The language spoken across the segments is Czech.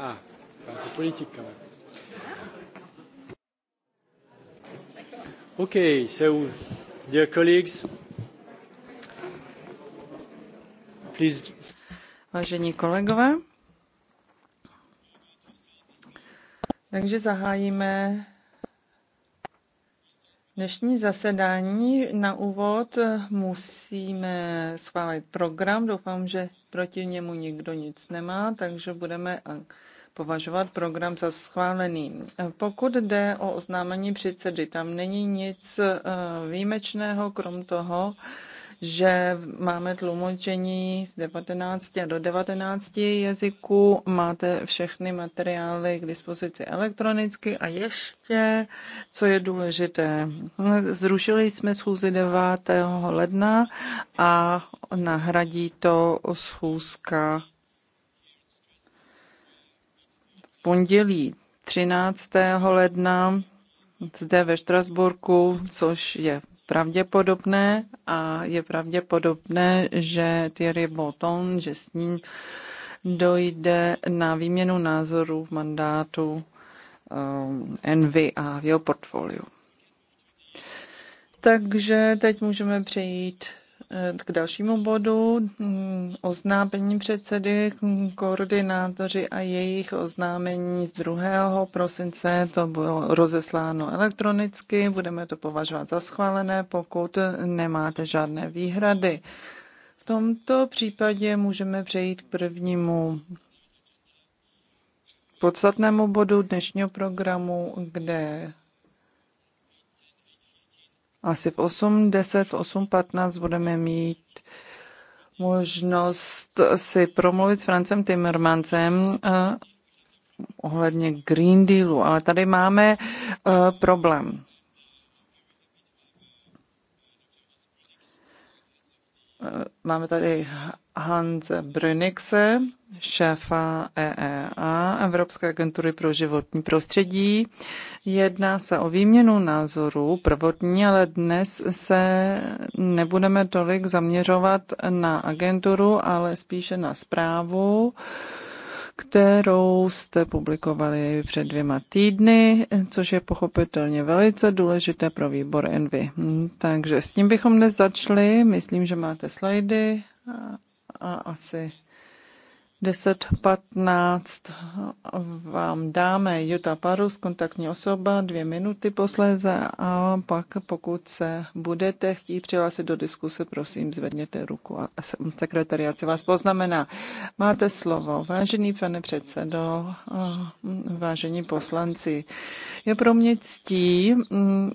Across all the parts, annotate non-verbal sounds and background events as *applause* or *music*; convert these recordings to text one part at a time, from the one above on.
Ah, c'est un peu politique quand même. Okay, so, dear colleagues, please. Vážení kolegové, takže zahájíme Dnešní zasedání na úvod musíme schválit program. Doufám, že proti němu nikdo nic nemá, takže budeme eh, považovat program za schválený. Eh, pokud jde o oznámení předsedy, tam není nic eh, výjimečného, krom toho, že máme tlumočení z 19 do 19 jazyků, máte všechny materiály k dispozici elektronicky a ještě, co je důležité, zrušili jsme schůzi 9. ledna a nahradí to schůzka v pondělí 13. ledna zde ve Štrasburku, což je pravděpodobné a je pravděpodobné, že Thierry Bouton, že s ním dojde na výměnu názorů v mandátu Envy eh, a v jeho portfoliu. Takže teď můžeme přejít Eh, k dalšímu bodu. Mm, oznámení předsedy, koordinátoři a jejich oznámení z 2. prosince. To bylo rozesláno elektronicky. Budeme to považovat za schválené, pokud nemáte žádné výhrady. V tomto případě můžeme přejít k prvnímu podstatnému bodu dnešního programu, kde asi v 8.10, v 8.15 budeme mít možnost si promluvit s Francem Timmermansem uh, ohledně Green Dealu, ale tady máme uh, problém. Uh, Máme tady Hanze Brynixe, šéfa EEA, Evropské agentury pro životní prostředí. Jedná se o výměnu názorů prvotní, ale dnes se nebudeme tolik zaměřovat na agenturu, ale spíše na zprávu kterou jste publikovali před dvěma týdny, což je pochopitelně velice důležité pro výbor Envy. Takže s tím bychom dnes začali. Myslím, že máte slajdy a asi 10.15 vám dáme Juta Parus, kontaktní osoba, dvě minuty posléze a pak pokud se budete chtít přihlásit do diskuse, prosím zvedněte ruku a sekretariat se vás poznamená. Máte slovo. Vážený pane předsedo, vážení poslanci, je pro mě ctí mm,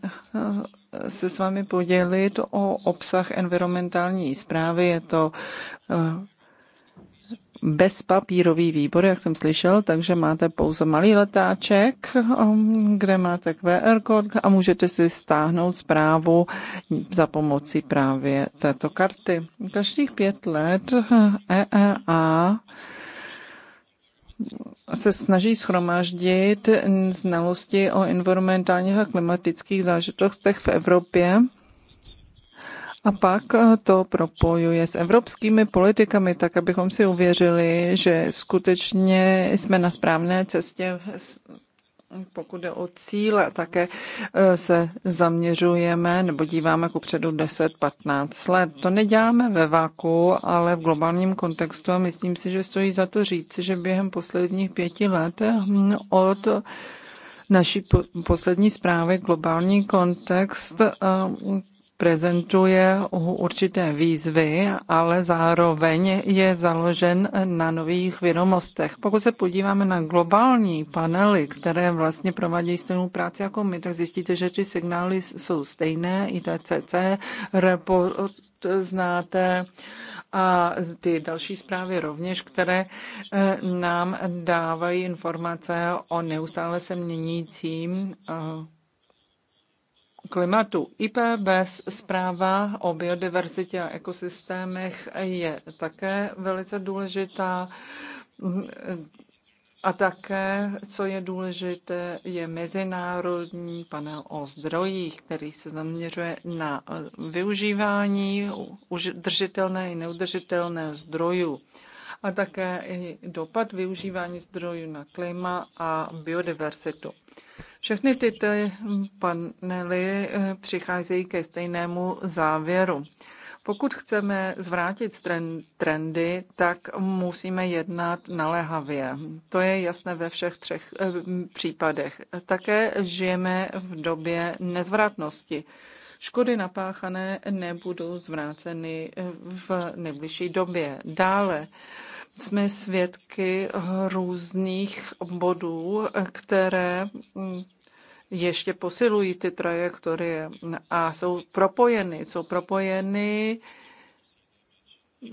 se s vámi podělit o obsah environmentální zprávy. Je to bezpapírový výbor, jak jsem slyšel, takže máte pouze malý letáček, um, kde máte QR kód a můžete si stáhnout zprávu za pomocí právě této karty. Každých pět let EEA se snaží schromáždit znalosti o environmentálních a klimatických zážitostech v Evropě a pak eh, to propojuje s evropskými politikami, tak abychom si uvěřili, že skutečně jsme na správné cestě pokud jde o cíle, také eh, se zaměřujeme nebo díváme ku předu 10-15 let. To neděláme ve váku, ale v globálním kontextu a myslím si, že stojí za to říct, že během posledních pěti let hm, od naší poslední zprávy globální kontext eh, prezentuje určité výzvy, ale zároveň je založen na nových vědomostech. Pokud se podíváme na globální panely, které vlastně provádějí stejnou práci jako my, tak zjistíte, že ty signály jsou stejné, ITCC, report znáte a ty další zprávy rovněž, které eh, nám dávají informace o neustále se měnícím eh, klimatu. IPB zpráva o biodiverzitě a ekosystémech je také velice důležitá. A také, co je důležité, je mezinárodní panel o zdrojích, který se zaměřuje na využívání udržitelné i neudržitelné zdrojů a také i dopad využívání zdrojů na klima a biodiverzitu. Všechny tyto panely eh, přicházejí ke stejnému závěru. Pokud chceme zvrátit trendy, tak musíme jednat naléhavě. To je jasné ve všech třech eh, případech. Také žijeme v době nezvratnosti. Škody napáchané nebudou zvráceny eh, v nejbližší době. Dále jsme svědky různých bodů, které mm, ještě posilují ty trajektorie a jsou propojeny. Jsou propojeny,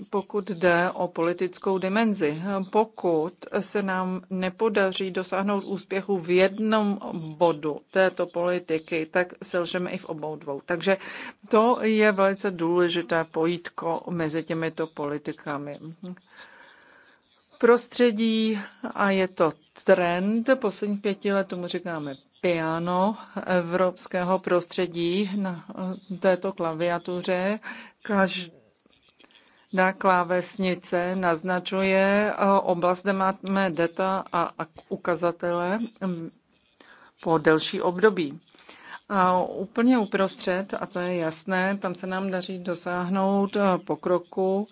pokud jde o politickou dimenzi. Pokud se nám nepodaří dosáhnout úspěchu v jednom bodu této politiky, tak selžeme i v obou dvou. Takže to je velice důležité pojítko mezi těmito politikami prostředí a je to trend. Poslední pěti let tomu říkáme piano evropského prostředí na této klaviatuře. Každá klávesnice naznačuje eh, oblast, kde máme data a ukazatele mm, po delší období. A úplně uprostřed, a to je jasné, tam se nám daří dosáhnout eh, pokroku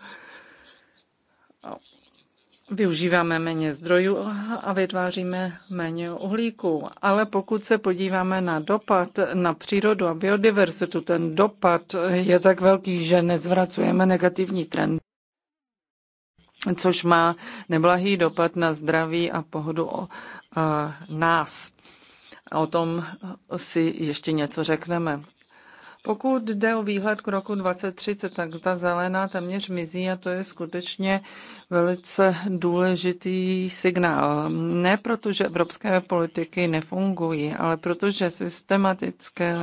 využíváme méně zdrojů a vytváříme méně uhlíku. Ale pokud se podíváme na dopad na přírodu a biodiverzitu, ten dopad je tak velký, že nezvracujeme negativní trend, což má neblahý dopad na zdraví a pohodu o, a, nás. O tom si ještě něco řekneme. Pokud jde o výhled k roku 2030, tak ta zelená téměř mizí a to je skutečně velice důležitý signál. Ne proto, že evropské politiky nefungují, ale protože systematické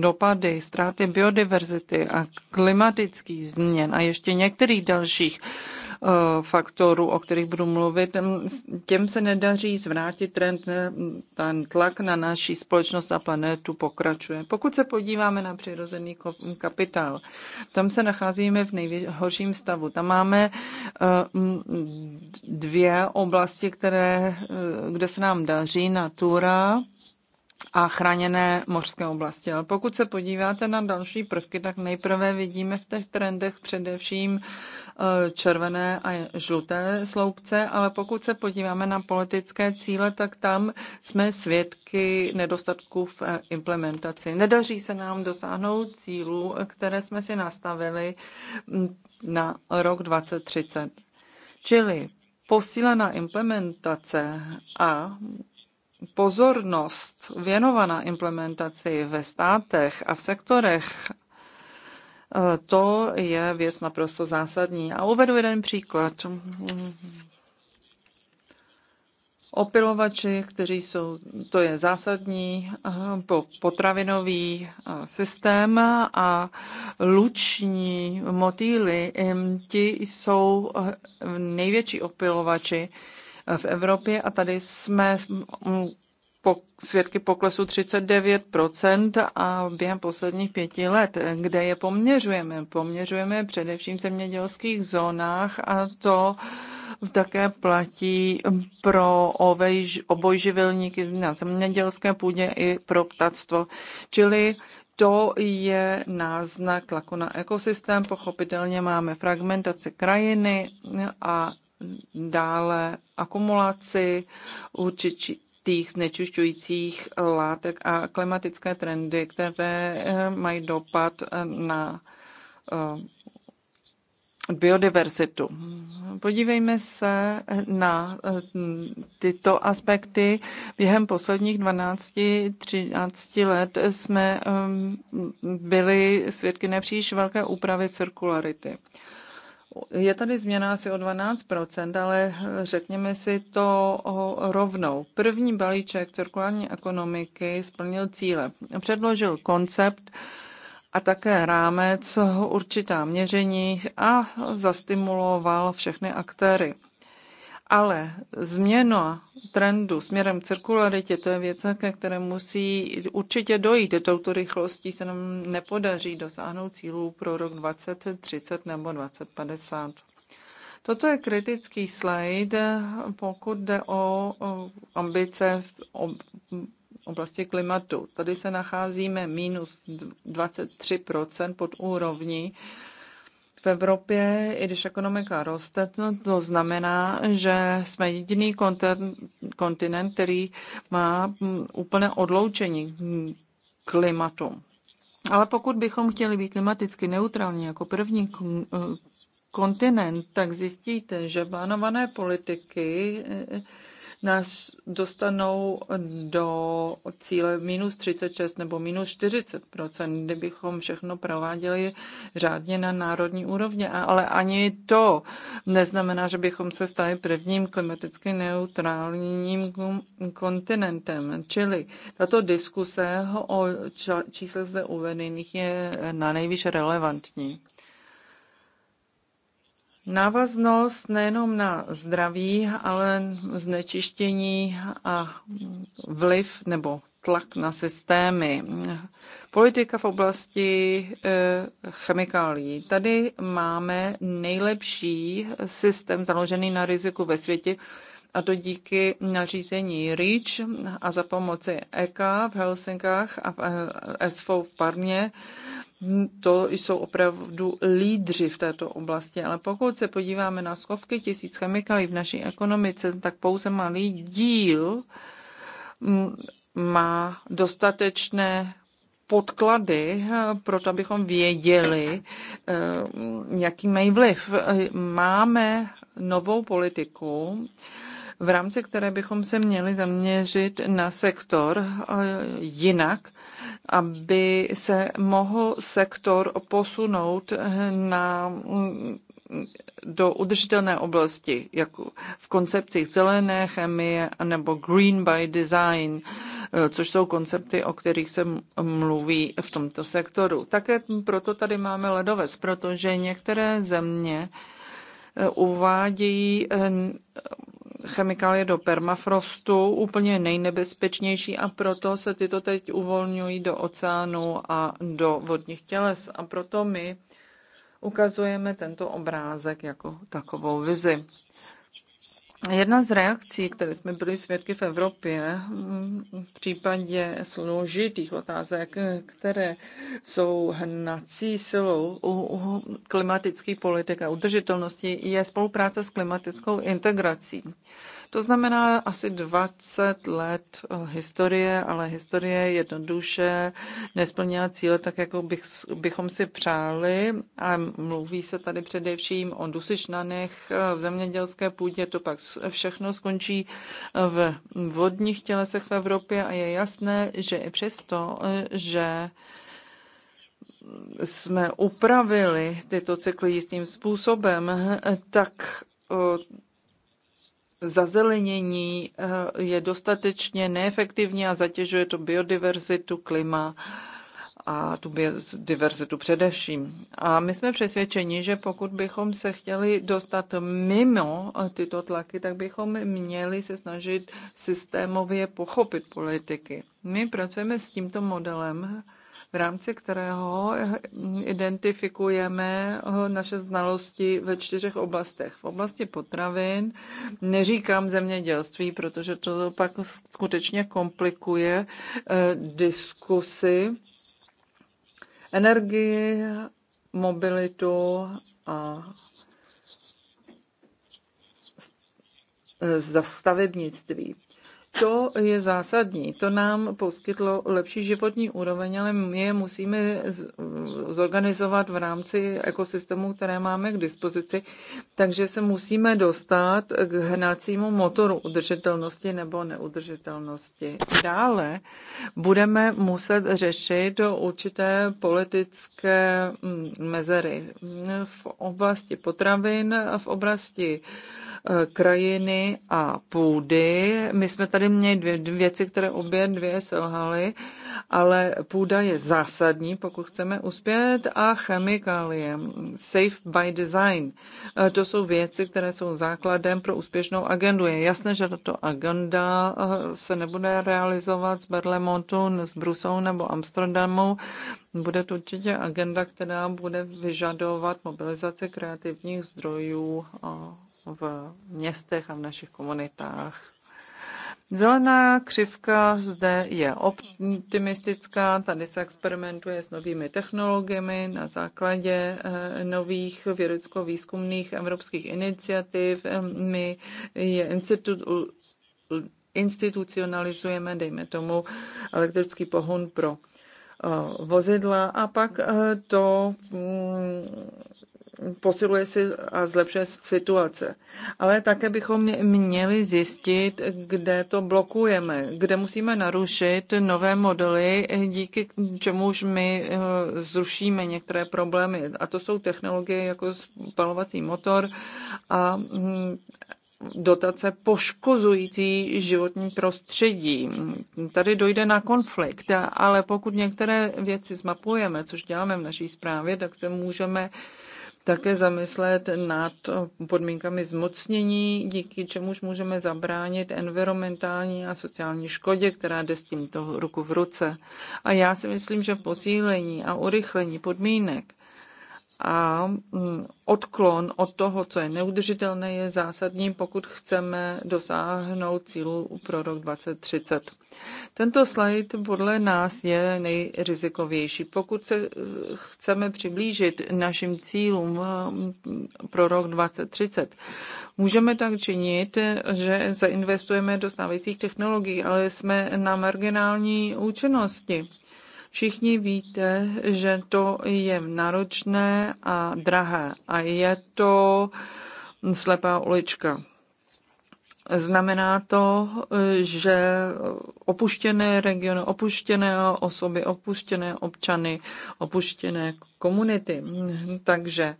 dopady, ztráty biodiverzity a klimatických změn a ještě některých dalších Eh, faktorů, o kterých budu mluvit, těm se nedaří zvrátit trend, ten tlak na naší společnost a planetu pokračuje. Pokud se podíváme na přirozený kapitál, tam se nacházíme v nejhorším stavu. Tam máme eh, dvě oblasti, které, eh, kde se nám daří, natura a chráněné mořské oblasti. Ale pokud se podíváte na další prvky, tak nejprve vidíme v těch trendech především Eh, červené a žluté sloupce, ale pokud se podíváme na politické cíle, tak tam jsme svědky nedostatků v eh, implementaci. Nedaří se nám dosáhnout cílů, které jsme si nastavili mm, na rok 2030. Čili posílená implementace a pozornost věnovaná implementaci ve státech a v sektorech to je věc naprosto zásadní. A uvedu jeden příklad. Opilovači, kteří jsou, to je zásadní potravinový eh, systém a luční motýly, ti jsou eh, největší opilovači eh, v Evropě a tady jsme mm, svědky poklesu 39% a během posledních pěti let. Kde je poměřujeme? Poměřujeme především v zemědělských zónách a to také platí pro obojživelníky na zemědělské půdě i pro ptactvo. Čili to je náznak tlaku na ekosystém. Pochopitelně máme fragmentaci krajiny a dále akumulaci určití, těch znečišťujících látek a klimatické trendy, které eh, mají dopad eh, na eh, biodiverzitu. Podívejme se na tyto aspekty. Během posledních 12-13 let jsme byli svědky nepříliš velké úpravy cirkularity. Je tady změna asi o 12%, ale eh, řekněme si to rovnou. První balíček cirkulární ekonomiky splnil cíle. Předložil koncept a také rámec, určitá měření a zastimuloval všechny aktéry. Ale změna trendu směrem k cirkularitě, to je věc, ke které musí určitě dojít. Touto rychlostí se nám nepodaří dosáhnout cílů pro rok 2030 nebo 2050. Toto je kritický slide, pokud jde o ambice v oblasti klimatu. Tady se nacházíme minus 23% pod úrovní v Evropě, i když ekonomika roste, no, to znamená, že jsme jediný kontinent, který má mm, úplné odloučení klimatu. Ale pokud bychom chtěli být klimaticky neutrální jako první e, kontinent, tak zjistíte, že plánované politiky e, nás dostanou do cíle minus 36 nebo minus 40 kdybychom všechno prováděli řádně na národní úrovně. Ale ani to neznamená, že bychom se stali prvním klimaticky neutrálním kontinentem. Čili tato diskuse o číslech zde uvedených je na nejvíc relevantní návaznost nejenom na zdraví, ale znečištění a vliv nebo tlak na systémy. Politika v oblasti eh, chemikálií. Tady máme nejlepší systém založený na riziku ve světě, a to díky nařízení REACH a za pomoci EKA v Helsinkách a eh, SFO v Parmě to jsou opravdu lídři v této oblasti. Ale pokud se podíváme na skovky tisíc chemikálí v naší ekonomice, tak pouze malý díl mm, má dostatečné podklady, eh, proto abychom věděli, eh, jaký mají vliv. Máme novou politiku v rámci které bychom se měli zaměřit na sektor eh, jinak, aby se mohl sektor posunout eh, na mm, do udržitelné oblasti, jako v koncepcích zelené chemie nebo green by design, eh, což jsou koncepty, o kterých se mluví v tomto sektoru. Také proto tady máme ledovec, protože některé země uvádějí eh, chemikálie do permafrostu, úplně nejnebezpečnější a proto se tyto teď uvolňují do oceánu a do vodních těles. A proto my ukazujeme tento obrázek jako takovou vizi. Jedna z reakcí, které jsme byli svědky v Evropě mm, v případě složitých otázek, které jsou hnací silou u klimatických politik a udržitelnosti, je spolupráce s klimatickou integrací. To znamená asi 20 let eh, historie, ale historie jednoduše nesplnila cíle tak, jako bych, bychom si přáli. A mluví se tady především o dusičnanech eh, v zemědělské půdě. To pak všechno skončí eh, v vodních tělesech v Evropě a je jasné, že i přesto, že jsme upravili tyto cykly jistým způsobem, tak zazelenění eh, je dostatečně neefektivní a zatěžuje to biodiverzitu, klima a tu biodiverzitu především. A my jsme přesvědčeni, že pokud bychom se chtěli dostat mimo eh, tyto tlaky, tak bychom měli se snažit systémově pochopit politiky. My pracujeme s tímto modelem v rámci kterého hm, identifikujeme hm, naše znalosti ve čtyřech oblastech. V oblasti potravin neříkám zemědělství, protože to pak skutečně komplikuje hm, diskusy, energii, mobilitu a e, zastavebnictví. To je zásadní. To nám poskytlo lepší životní úroveň, ale my je musíme zorganizovat v rámci ekosystému, které máme k dispozici. Takže se musíme dostat k hnacímu motoru udržitelnosti nebo neudržitelnosti. Dále budeme muset řešit do určité politické mm, mezery v oblasti potravin, v oblasti uh, Eh, krajiny a půdy. My jsme tady měli dvě, dvě věci, které obě dvě selhaly, ale půda je zásadní, pokud chceme uspět, a chemikálie, safe by design. Eh, to jsou věci, které jsou základem pro úspěšnou agendu. Je jasné, že tato agenda eh, se nebude realizovat z Berlemontu, s Brusou nebo Amsterdamu. Bude to určitě agenda, která bude vyžadovat mobilizaci kreativních zdrojů a v městech a v našich komunitách. Zelená křivka zde je optimistická, tady se experimentuje s novými technologiemi na základě eh, nových vědecko-výzkumných evropských iniciativ. My je institut institucionalizujeme, dejme tomu, elektrický pohon pro eh, vozidla a pak eh, to mm, posiluje si a zlepšuje situace. Ale také bychom měli zjistit, kde to blokujeme, kde musíme narušit nové modely, díky čemuž my eh, zrušíme některé problémy. A to jsou technologie jako spalovací motor a hm, dotace poškozující životní prostředí. Tady dojde na konflikt, ale pokud některé věci zmapujeme, což děláme v naší zprávě, tak se můžeme uh, také zamyslet nad eh, podmínkami zmocnění, díky čemuž můžeme zabránit environmentální a sociální škodě, která jde s tímto ruku v ruce. A já si myslím, že posílení a urychlení podmínek a mm, odklon od toho, co je neudržitelné, je zásadní, pokud chceme dosáhnout cílu pro rok 2030. Tento slide podle nás je nejrizikovější. Pokud se eh, chceme přiblížit našim cílům eh, pro rok 2030, Můžeme tak činit, že zainvestujeme do stávajících technologií, ale jsme na marginální účinnosti. Všichni víte, že to je náročné a drahé a je to slepá ulička. Znamená to, že opuštěné regiony, opuštěné osoby, opuštěné občany, opuštěné komunity. Takže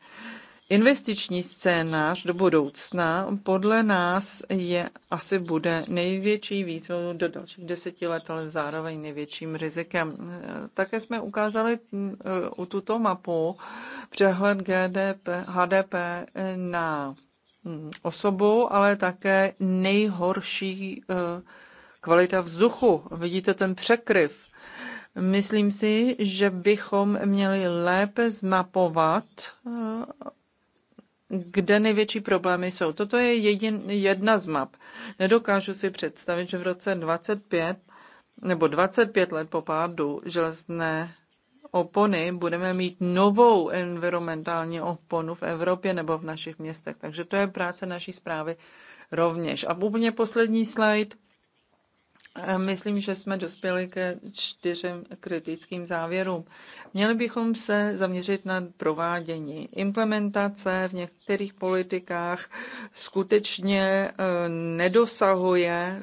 investiční scénář do budoucna podle nás je asi bude největší výzvou do dalších deseti let, ale zároveň největším rizikem. Také jsme ukázali eh, u tuto mapu přehled GDP, HDP na hm, osobu, ale také nejhorší eh, kvalita vzduchu. Vidíte ten překryv. Myslím si, že bychom měli lépe zmapovat eh, kde největší problémy jsou. Toto je jedin, jedna z map. Nedokážu si představit, že v roce 25 nebo 25 let po pádu železné opony budeme mít novou environmentální oponu v Evropě nebo v našich městech. Takže to je práce naší zprávy rovněž. A úplně poslední slide. Myslím, že jsme dospěli ke čtyřem kritickým závěrům. Měli bychom se zaměřit na provádění. Implementace v některých politikách skutečně e, nedosahuje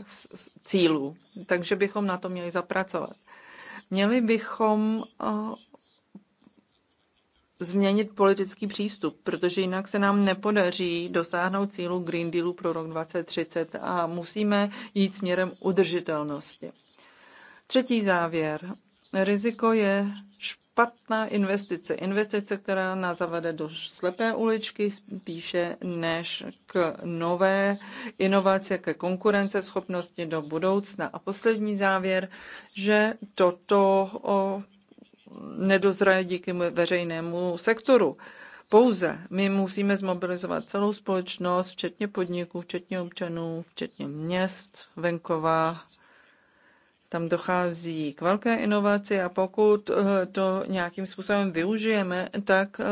cílů, takže bychom na to měli zapracovat. Měli bychom e, změnit politický přístup, protože jinak se nám nepodaří dosáhnout cílu Green Dealu pro rok 2030 a musíme jít směrem udržitelnosti. Třetí závěr. Riziko je špatná investice. Investice, která nás zavede do slepé uličky, spíše než k nové inovace, ke konkurenceschopnosti do budoucna. A poslední závěr, že toto nedozraje díky veřejnému sektoru. Pouze my musíme zmobilizovat celou společnost, včetně podniků, včetně občanů, včetně měst, venkova. Tam dochází k velké inovaci a pokud eh, to nějakým způsobem využijeme, tak eh,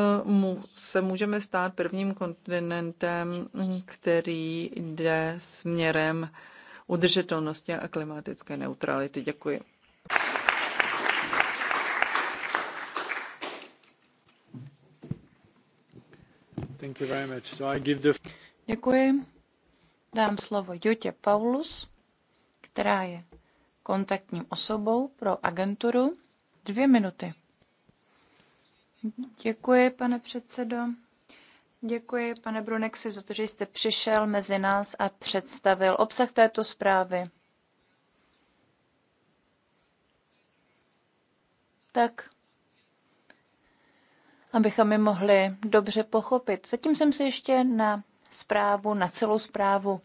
se můžeme stát prvním kontinentem, který jde směrem udržitelnosti a klimatické neutrality. Děkuji. Děkuji. Dám slovo Jutě Paulus, která je kontaktní osobou pro agenturu. Dvě minuty. Děkuji, pane předsedo. Děkuji, pane Brunexi, za to, že jste přišel mezi nás a představil obsah této zprávy. Tak, abychom je mohli dobře pochopit. Zatím jsem se ještě na zprávu, na celou zprávu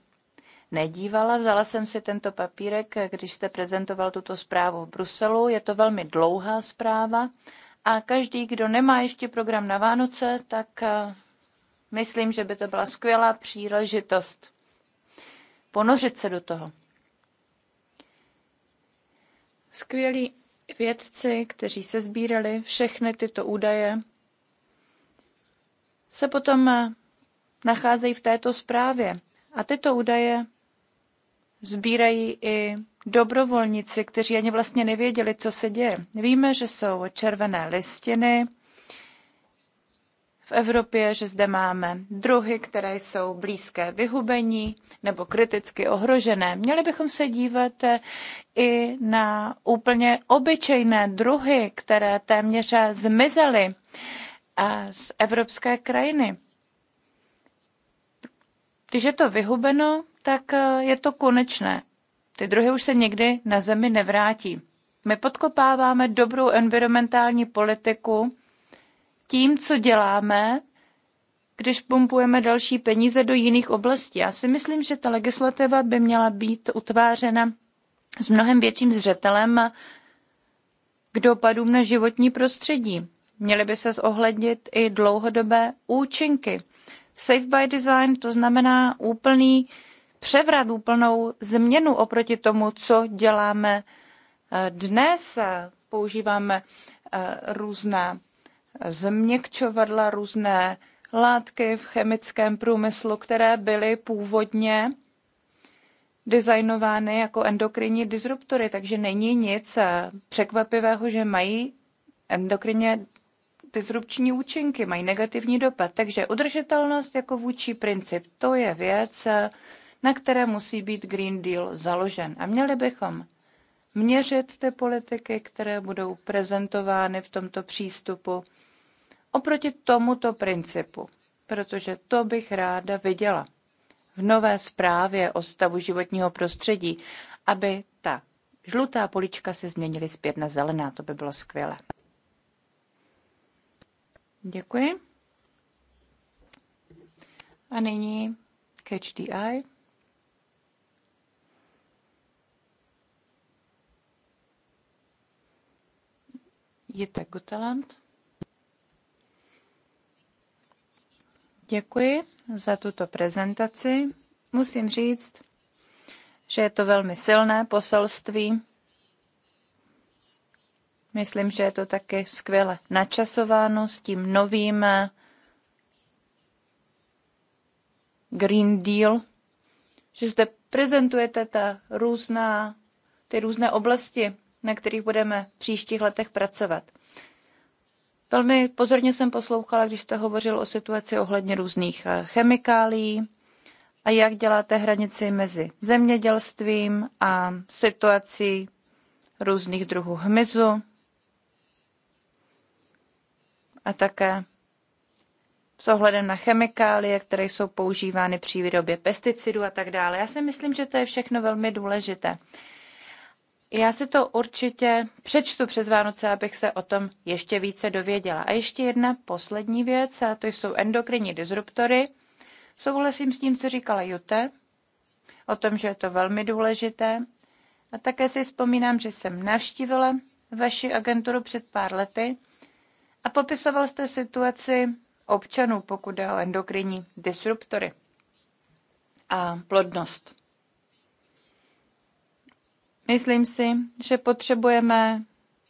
nedívala. Vzala jsem si tento papírek, když jste prezentoval tuto zprávu v Bruselu. Je to velmi dlouhá zpráva a každý, kdo nemá ještě program na Vánoce, tak eh, myslím, že by to byla skvělá příležitost ponořit se do toho. Skvělí vědci, kteří se sbírali všechny tyto údaje, se potom eh, nacházejí v této zprávě. A tyto údaje sbírají i dobrovolníci, kteří ani vlastně nevěděli, co se děje. Víme, že jsou červené listiny v Evropě, že zde máme druhy, které jsou blízké vyhubení nebo kriticky ohrožené. Měli bychom se dívat eh, i na úplně obyčejné druhy, které téměř eh, zmizely a z evropské krajiny. Když je to vyhubeno, tak eh, je to konečné. Ty druhy už se někdy na zemi nevrátí. My podkopáváme dobrou environmentální politiku tím, co děláme, když pumpujeme další peníze do jiných oblastí. Já si myslím, že ta legislativa by měla být utvářena s mnohem větším zřetelem k dopadům na životní prostředí. Měly by se zohlednit i dlouhodobé účinky. Safe by design to znamená úplný převrat, úplnou změnu oproti tomu, co děláme eh, dnes. Používáme eh, různá změkčovadla, různé látky v chemickém průmyslu, které byly původně designovány jako endokrinní disruptory, takže není nic eh, překvapivého, že mají endokrinně disrupční účinky, mají negativní dopad. Takže udržitelnost jako vůči princip, to je věc, eh, na které musí být Green Deal založen. A měli bychom měřit ty politiky, které budou prezentovány v tomto přístupu oproti tomuto principu, protože to bych ráda viděla v nové zprávě o stavu životního prostředí, aby ta žlutá polička se změnily zpět na zelená. To by bylo skvělé. Děkuji. A nyní Catch the Eye. Jitek Guteland. Děkuji za tuto prezentaci. Musím říct, že je to velmi silné poselství Myslím, že je to taky skvěle načasováno s tím novým eh, Green Deal, že zde prezentujete ta různá, ty různé oblasti, na kterých budeme v příštích letech pracovat. Velmi pozorně jsem poslouchala, když jste hovořil o situaci ohledně různých eh, chemikálií a jak děláte hranici mezi zemědělstvím a situací různých druhů hmyzu a také s ohledem na chemikálie, které jsou používány při výrobě pesticidů a tak dále. Já si myslím, že to je všechno velmi důležité. Já si to určitě přečtu přes Vánoce, abych se o tom ještě více dověděla. A ještě jedna poslední věc, a to jsou endokrinní disruptory. Souhlasím s tím, co říkala Jute, o tom, že je to velmi důležité. A také si vzpomínám, že jsem navštívila vaši agenturu před pár lety a popisoval jste situaci občanů, pokud jde o endokrinní disruptory a plodnost. Myslím si, že potřebujeme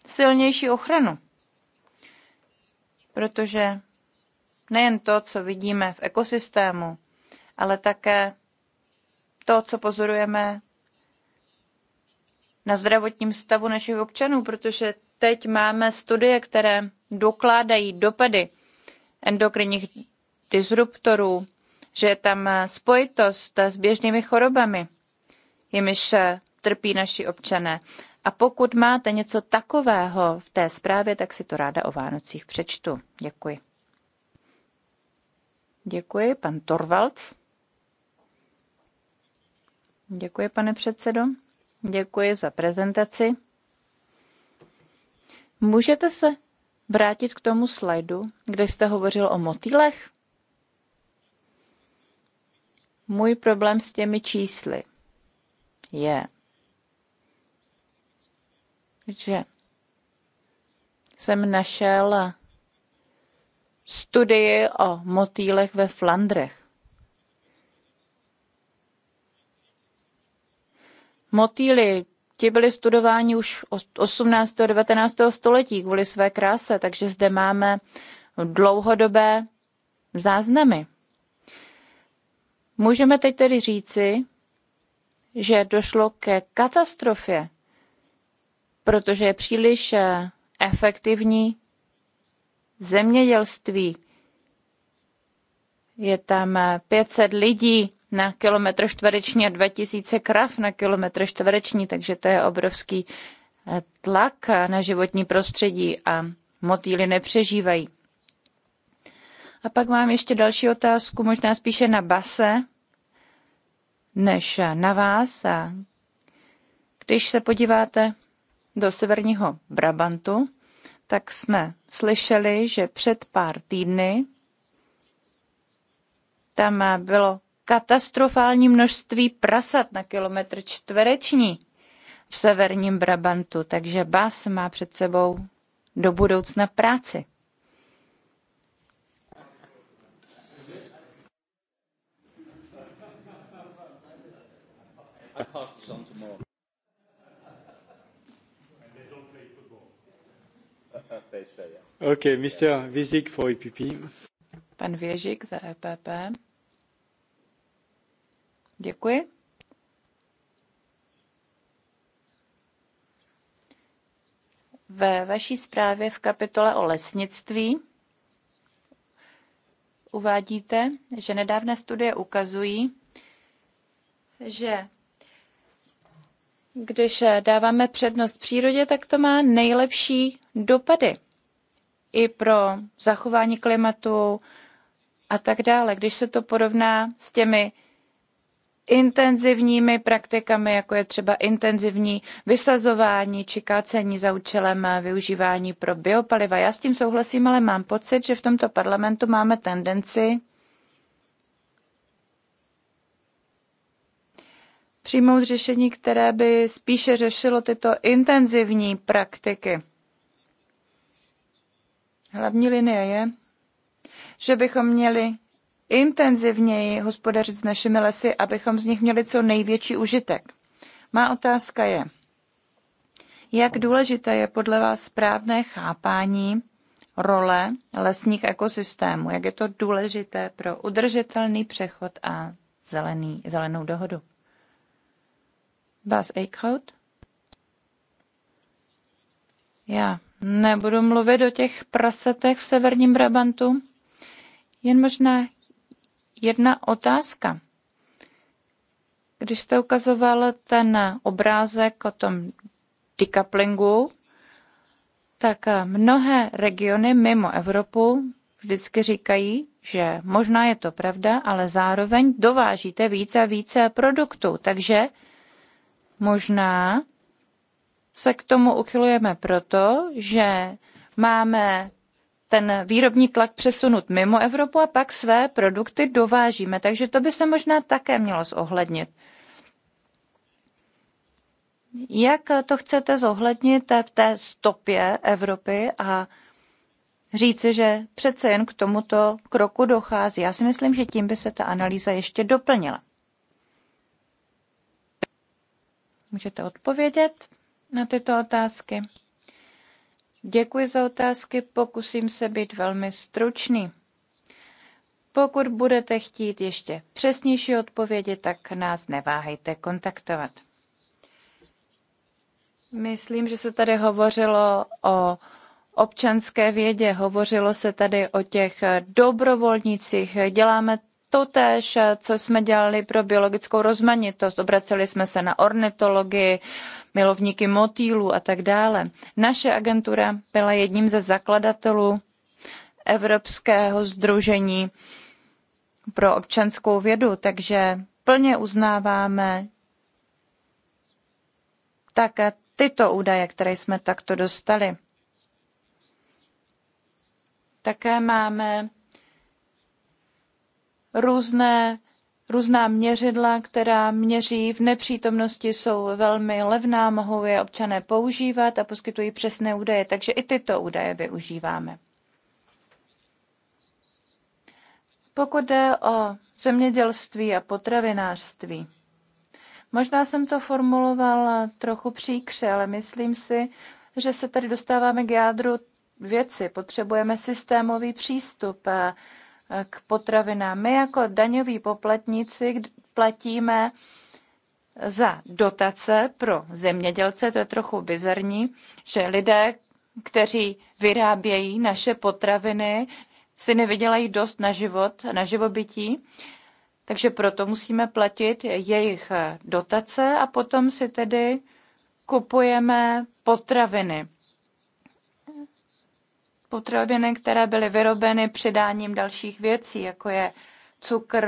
silnější ochranu, protože nejen to, co vidíme v ekosystému, ale také to, co pozorujeme na zdravotním stavu našich občanů, protože teď máme studie, které dokládají dopady endokrinních disruptorů, že je tam spojitost s běžnými chorobami, jimiž trpí naši občané. A pokud máte něco takového v té zprávě, tak si to ráda o Vánocích přečtu. Děkuji. Děkuji, pan Torvalds. Děkuji, pane předsedo. Děkuji za prezentaci. Můžete se vrátit k tomu slajdu, kde jste hovořil o motýlech? Můj problém s těmi čísly je, že jsem našel studii o motýlech ve Flandrech. Motýly Ti byli studováni už 18. a 19. století kvůli své kráse, takže zde máme dlouhodobé záznamy. Můžeme teď tedy říci, že došlo ke katastrofě, protože je příliš eh, efektivní zemědělství. Je tam 500 eh, lidí, na kilometr čtvereční a 2000 krav na kilometr čtvereční, takže to je obrovský eh, tlak na životní prostředí a motýly nepřežívají. A pak mám ještě další otázku, možná spíše na base, než na vás. A když se podíváte do severního Brabantu, tak jsme slyšeli, že před pár týdny tam bylo katastrofální množství prasat na kilometr čtvereční v severním Brabantu, takže Bas má před sebou do budoucna práci. Okay, Mr. Vizik for EPP. Pan Věžik za EPP. Děkuji. Ve vaší zprávě v kapitole o lesnictví uvádíte, že nedávné studie ukazují, že když dáváme přednost přírodě, tak to má nejlepší dopady i pro zachování klimatu a tak dále. Když se to porovná s těmi intenzivními praktikami, jako je třeba intenzivní vysazování či kácení za účelem eh, využívání pro biopaliva. Já s tím souhlasím, ale mám pocit, že v tomto parlamentu máme tendenci přijmout řešení, které by spíše řešilo tyto intenzivní praktiky. Hlavní linie je, že bychom měli intenzivněji hospodařit s našimi lesy, abychom z nich měli co největší užitek. Má otázka je, jak důležité je podle vás správné chápání role lesních ekosystémů? Jak je to důležité pro udržitelný přechod a zelený, zelenou dohodu? Bas Eichhout? Já nebudu mluvit o těch prasetech v severním Brabantu, jen možná jedna otázka. Když jste ukazoval ten obrázek o tom decouplingu, tak mnohé regiony mimo Evropu vždycky říkají, že možná je to pravda, ale zároveň dovážíte více a více produktů, takže možná se k tomu uchylujeme proto, že máme ten výrobní tlak přesunut mimo Evropu a pak své produkty dovážíme. Takže to by se možná také mělo zohlednit. Jak to chcete zohlednit v té stopě Evropy a říci, že přece jen k tomuto kroku dochází? Já si myslím, že tím by se ta analýza ještě doplnila. Můžete odpovědět na tyto otázky? Děkuji za otázky, pokusím se být velmi stručný. Pokud budete chtít ještě přesnější odpovědi, tak nás neváhejte kontaktovat. Myslím, že se tady hovořilo o občanské vědě, hovořilo se tady o těch dobrovolnicích. Děláme totéž, co jsme dělali pro biologickou rozmanitost. Obraceli jsme se na ornitologii, milovníky motýlů a tak dále. Naše agentura byla jedním ze zakladatelů Evropského združení pro občanskou vědu, takže plně uznáváme také tyto údaje, které jsme takto dostali. Také máme různé, různá měřidla, která měří v nepřítomnosti, jsou velmi levná, mohou je občané používat a poskytují přesné údaje, takže i tyto údaje využíváme. Pokud jde o zemědělství a potravinářství, možná jsem to formuloval trochu příkře, ale myslím si, že se tady dostáváme k jádru věci. Potřebujeme systémový přístup. A k potravinám. My jako daňoví poplatníci platíme za dotace pro zemědělce, to je trochu bizarní, že lidé, kteří vyrábějí naše potraviny, si nevydělají dost na život, na živobytí, takže proto musíme platit jejich dotace a potom si tedy kupujeme potraviny potraviny, které byly vyrobeny přidáním dalších věcí, jako je cukr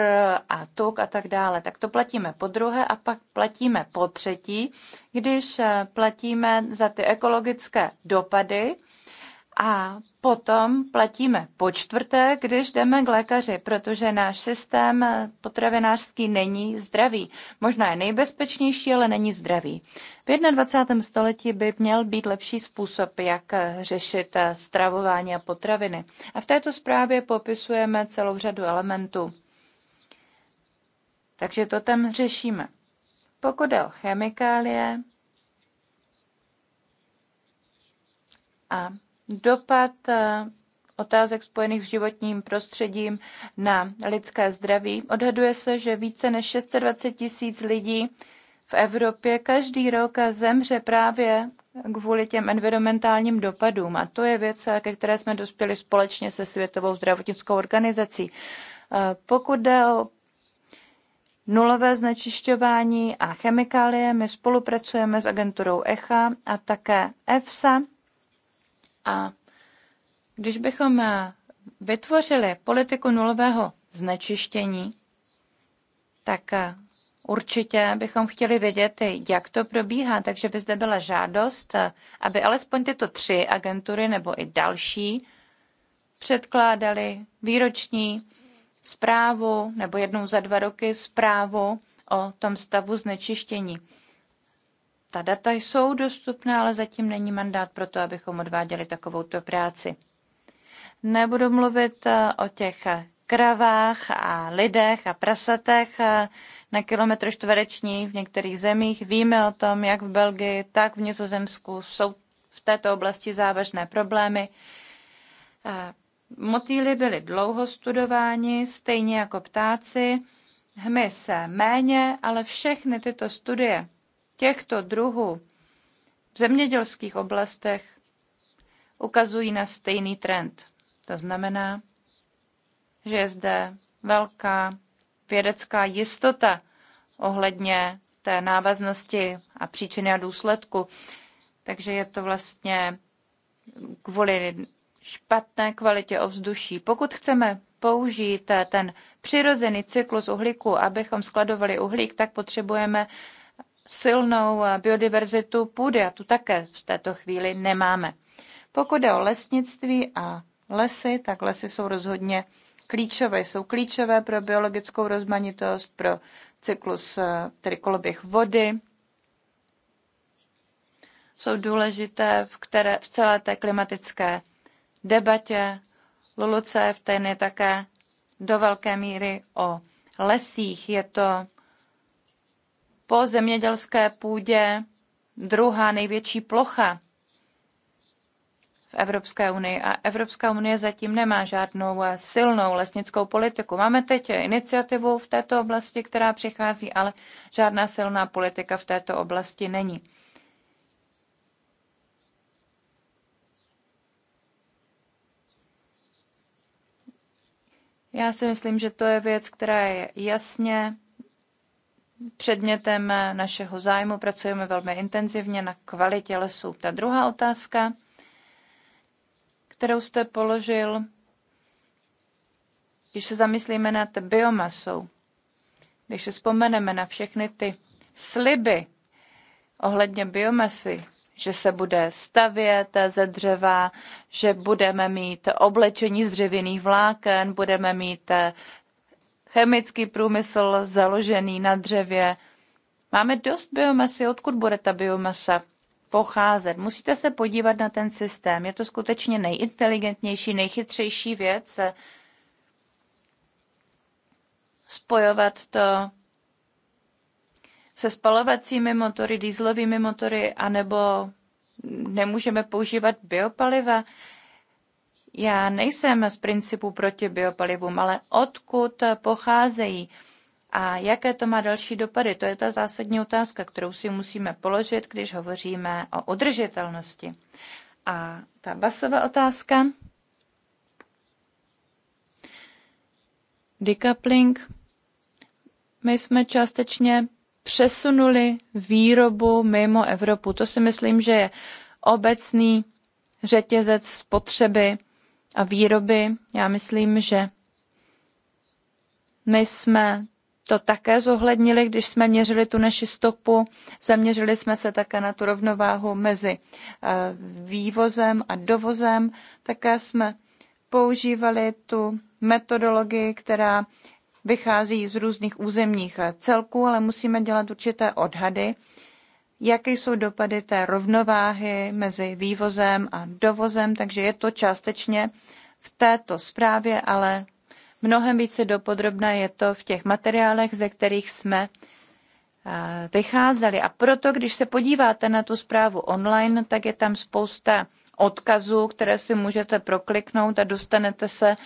a tuk a tak dále. Tak to platíme po druhé a pak platíme po třetí, když eh, platíme za ty ekologické dopady, a potom platíme po čtvrté, když jdeme k lékaři, protože náš systém potravinářský není zdravý. Možná je nejbezpečnější, ale není zdravý. V 21. století by měl být lepší způsob, jak řešit stravování a potraviny. A v této zprávě popisujeme celou řadu elementů. Takže to tam řešíme. Pokud jde o chemikálie a dopad eh, otázek spojených s životním prostředím na lidské zdraví. Odhaduje se, že více než 620 tisíc lidí v Evropě každý rok zemře právě kvůli těm environmentálním dopadům. A to je věc, eh, ke které jsme dospěli společně se Světovou zdravotnickou organizací. Eh, pokud jde o nulové znečišťování a chemikálie, my spolupracujeme s agenturou ECHA a také EFSA a když bychom eh, vytvořili politiku nulového znečištění, tak eh, určitě bychom chtěli vědět, jak to probíhá. Takže by zde byla žádost, eh, aby alespoň tyto tři agentury nebo i další předkládali výroční zprávu nebo jednou za dva roky zprávu o tom stavu znečištění. Ta data jsou dostupná, ale zatím není mandát pro to, abychom odváděli takovouto práci. Nebudu mluvit eh, o těch eh, kravách a lidech a prasatech eh, na kilometr čtvereční v některých zemích. Víme o tom, jak v Belgii, tak v Nizozemsku jsou v této oblasti závažné problémy. Motýly byly dlouho studováni, stejně jako ptáci, hmyz méně, ale všechny tyto studie těchto druhů v zemědělských oblastech ukazují na stejný trend. To znamená, že je zde velká vědecká jistota ohledně té návaznosti a příčiny a důsledku. Takže je to vlastně kvůli špatné kvalitě ovzduší. Pokud chceme použít ten přirozený cyklus uhlíku, abychom skladovali uhlík, tak potřebujeme silnou eh, biodiverzitu půdy a tu také v této chvíli nemáme. Pokud je o lesnictví a lesy, tak lesy jsou rozhodně klíčové. Jsou klíčové pro biologickou rozmanitost, pro cyklus, eh, tedy koloběh vody. Jsou důležité v, které, v celé té klimatické debatě. LULUCF ten je také do velké míry o lesích. Je to po zemědělské půdě druhá největší plocha v Evropské unii a Evropská unie zatím nemá žádnou silnou lesnickou politiku. Máme teď iniciativu v této oblasti, která přichází, ale žádná silná politika v této oblasti není. Já si myslím, že to je věc, která je jasně předmětem našeho zájmu. Pracujeme velmi intenzivně na kvalitě lesů. Ta druhá otázka, kterou jste položil, když se zamyslíme nad biomasou, když se vzpomeneme na všechny ty sliby ohledně biomasy, že se bude stavět ze dřeva, že budeme mít oblečení z dřevěných vláken, budeme mít chemický průmysl založený na dřevě. Máme dost biomasy, odkud bude ta biomasa pocházet? Musíte se podívat na ten systém. Je to skutečně nejinteligentnější, nejchytřejší věc. Spojovat to se spalovacími motory, dýzlovými motory, anebo nemůžeme používat biopaliva. Já nejsem z principu proti biopalivům, ale odkud pocházejí a jaké to má další dopady, to je ta zásadní otázka, kterou si musíme položit, když hovoříme o udržitelnosti. A ta basová otázka. Decoupling. My jsme částečně přesunuli výrobu mimo Evropu. To si myslím, že je obecný řetězec spotřeby a výroby. Já myslím, že my jsme to také zohlednili, když jsme měřili tu naši stopu. Zaměřili jsme se také na tu rovnováhu mezi eh, vývozem a dovozem. Také jsme používali tu metodologii, která vychází z různých územních eh, celků, ale musíme dělat určité odhady jaké jsou dopady té rovnováhy mezi vývozem a dovozem, takže je to částečně v této zprávě, ale mnohem více dopodrobna je to v těch materiálech, ze kterých jsme eh, vycházeli. A proto, když se podíváte na tu zprávu online, tak je tam spousta odkazů, které si můžete prokliknout a dostanete se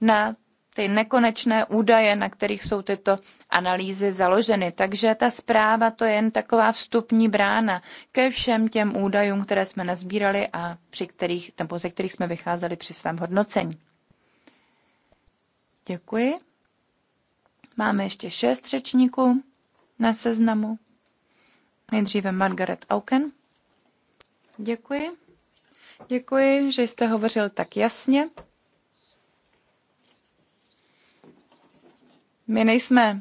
na ty nekonečné údaje, na kterých jsou tyto analýzy založeny. Takže ta zpráva to je jen taková vstupní brána ke všem těm údajům, které jsme nazbírali a při kterých, nebo ze kterých jsme vycházeli při svém hodnocení. Děkuji. Máme ještě šest řečníků na seznamu. Nejdříve Margaret Auken. Děkuji. Děkuji, že jste hovořil tak jasně. My nejsme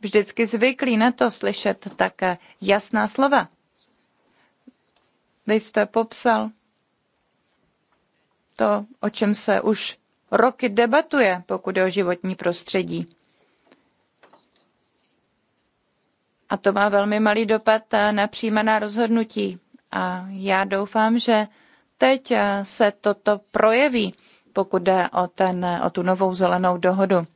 vždycky zvyklí na to slyšet tak jasná slova. Vy jste popsal to, o čem se už roky debatuje, pokud je o životní prostředí. A to má velmi malý dopad na přijímaná rozhodnutí. A já doufám, že teď se toto projeví, pokud jde o, ten, o tu novou zelenou dohodu.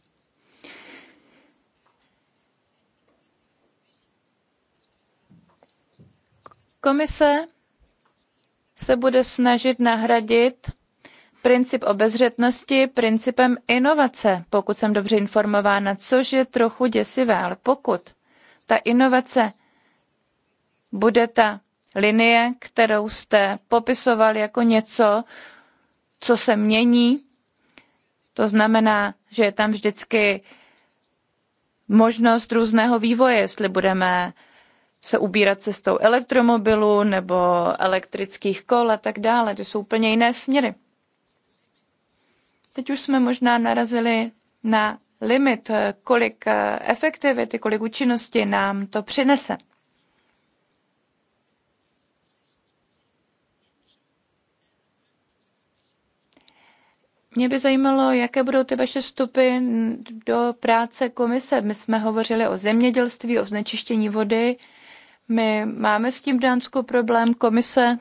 Komise se bude snažit nahradit princip obezřetnosti principem inovace, pokud jsem dobře informována, což je trochu děsivé, ale pokud ta inovace bude ta linie, kterou jste popisoval jako něco, co se mění, to znamená, že je tam vždycky možnost různého vývoje, jestli budeme se ubírat cestou elektromobilu nebo elektrických kol a tak dále. To jsou úplně jiné směry. Teď už jsme možná narazili na limit, kolik eh, efektivity, kolik účinnosti nám to přinese. Mě by zajímalo, jaké budou ty vaše vstupy do práce komise. My jsme hovořili o zemědělství, o znečištění vody, my máme s tím v Dánsku problém, komise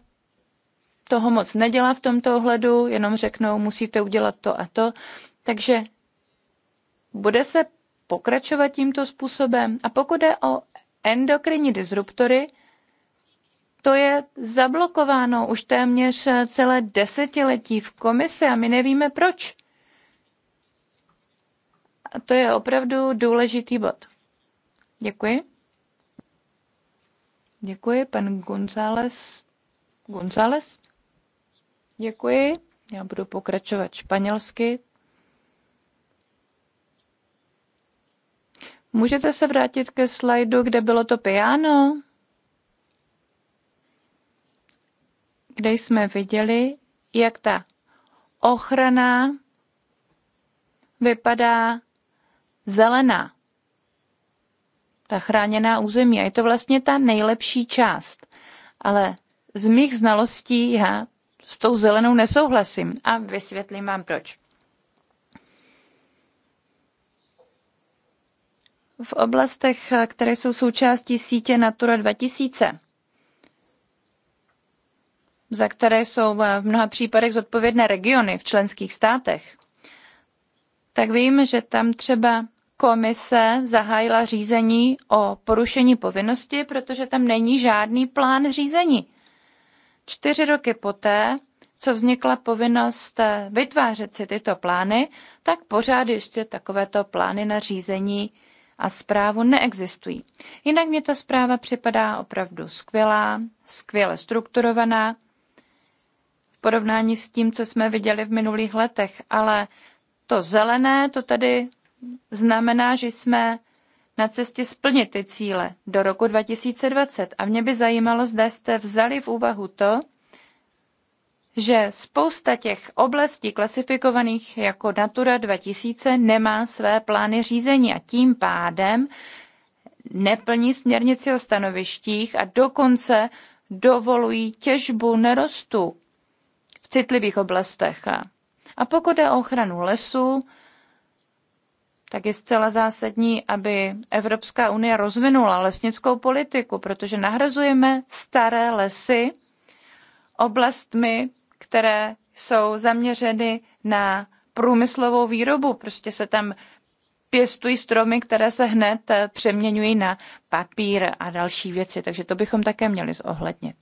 toho moc nedělá v tomto ohledu, jenom řeknou, musíte udělat to a to. Takže bude se pokračovat tímto způsobem. A pokud je o endokrinní disruptory, to je zablokováno už téměř celé desetiletí v komisi a my nevíme proč. A to je opravdu důležitý bod. Děkuji. Děkuji, pan González. González? Děkuji. Já budu pokračovat španělsky. Můžete se vrátit ke slajdu, kde bylo to piano? Kde jsme viděli, jak ta ochrana vypadá zelená ta chráněná území. A je to vlastně ta nejlepší část. Ale z mých znalostí já s tou zelenou nesouhlasím a vysvětlím vám proč. V oblastech, které jsou součástí sítě Natura 2000, za které jsou v mnoha případech zodpovědné regiony v členských státech, tak vím, že tam třeba komise zahájila řízení o porušení povinnosti, protože tam není žádný plán řízení. Čtyři roky poté, co vznikla povinnost eh, vytvářet si tyto plány, tak pořád ještě takovéto plány na řízení a zprávu neexistují. Jinak mě ta zpráva připadá opravdu skvělá, skvěle strukturovaná, v porovnání s tím, co jsme viděli v minulých letech, ale to zelené, to tady znamená, že jsme na cestě splnit ty cíle do roku 2020. A mě by zajímalo, zda jste vzali v úvahu to, že spousta těch oblastí klasifikovaných jako Natura 2000 nemá své plány řízení a tím pádem neplní směrnici o stanovištích a dokonce dovolují těžbu nerostů v citlivých oblastech. A pokud je o ochranu lesů, tak je zcela zásadní, aby Evropská unie rozvinula lesnickou politiku, protože nahrazujeme staré lesy oblastmi, které jsou zaměřeny na průmyslovou výrobu. Prostě se tam pěstují stromy, které se hned eh, přeměňují na papír a další věci, takže to bychom také měli zohlednit.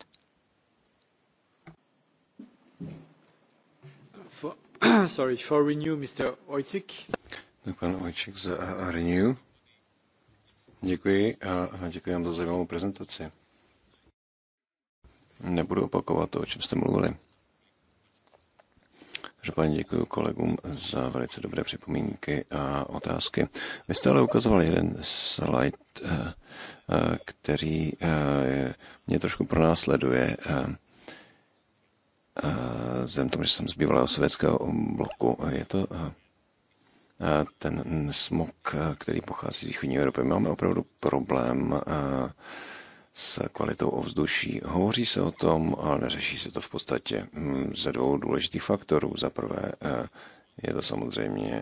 For, *coughs* sorry, for renew, Mr. Oitzik. Tak pan Ojček za Renew. Děkuji a děkuji vám za zajímavou prezentaci. Nebudu opakovat to, o čem jste mluvili. Každopádně děkuji kolegům za velice dobré připomínky a otázky. Vy jste ale ukazoval jeden slide, eh, eh, který eh, mě trošku pronásleduje. Zem tomu, že jsem z bývalého sovětského bloku. Je to Eh, ten smog, eh, který pochází z východní Evropy. Máme opravdu problém eh, s kvalitou ovzduší. Hovoří se o tom, ale neřeší se to v podstatě hm, ze dvou důležitých faktorů. Za prvé je to samozřejmě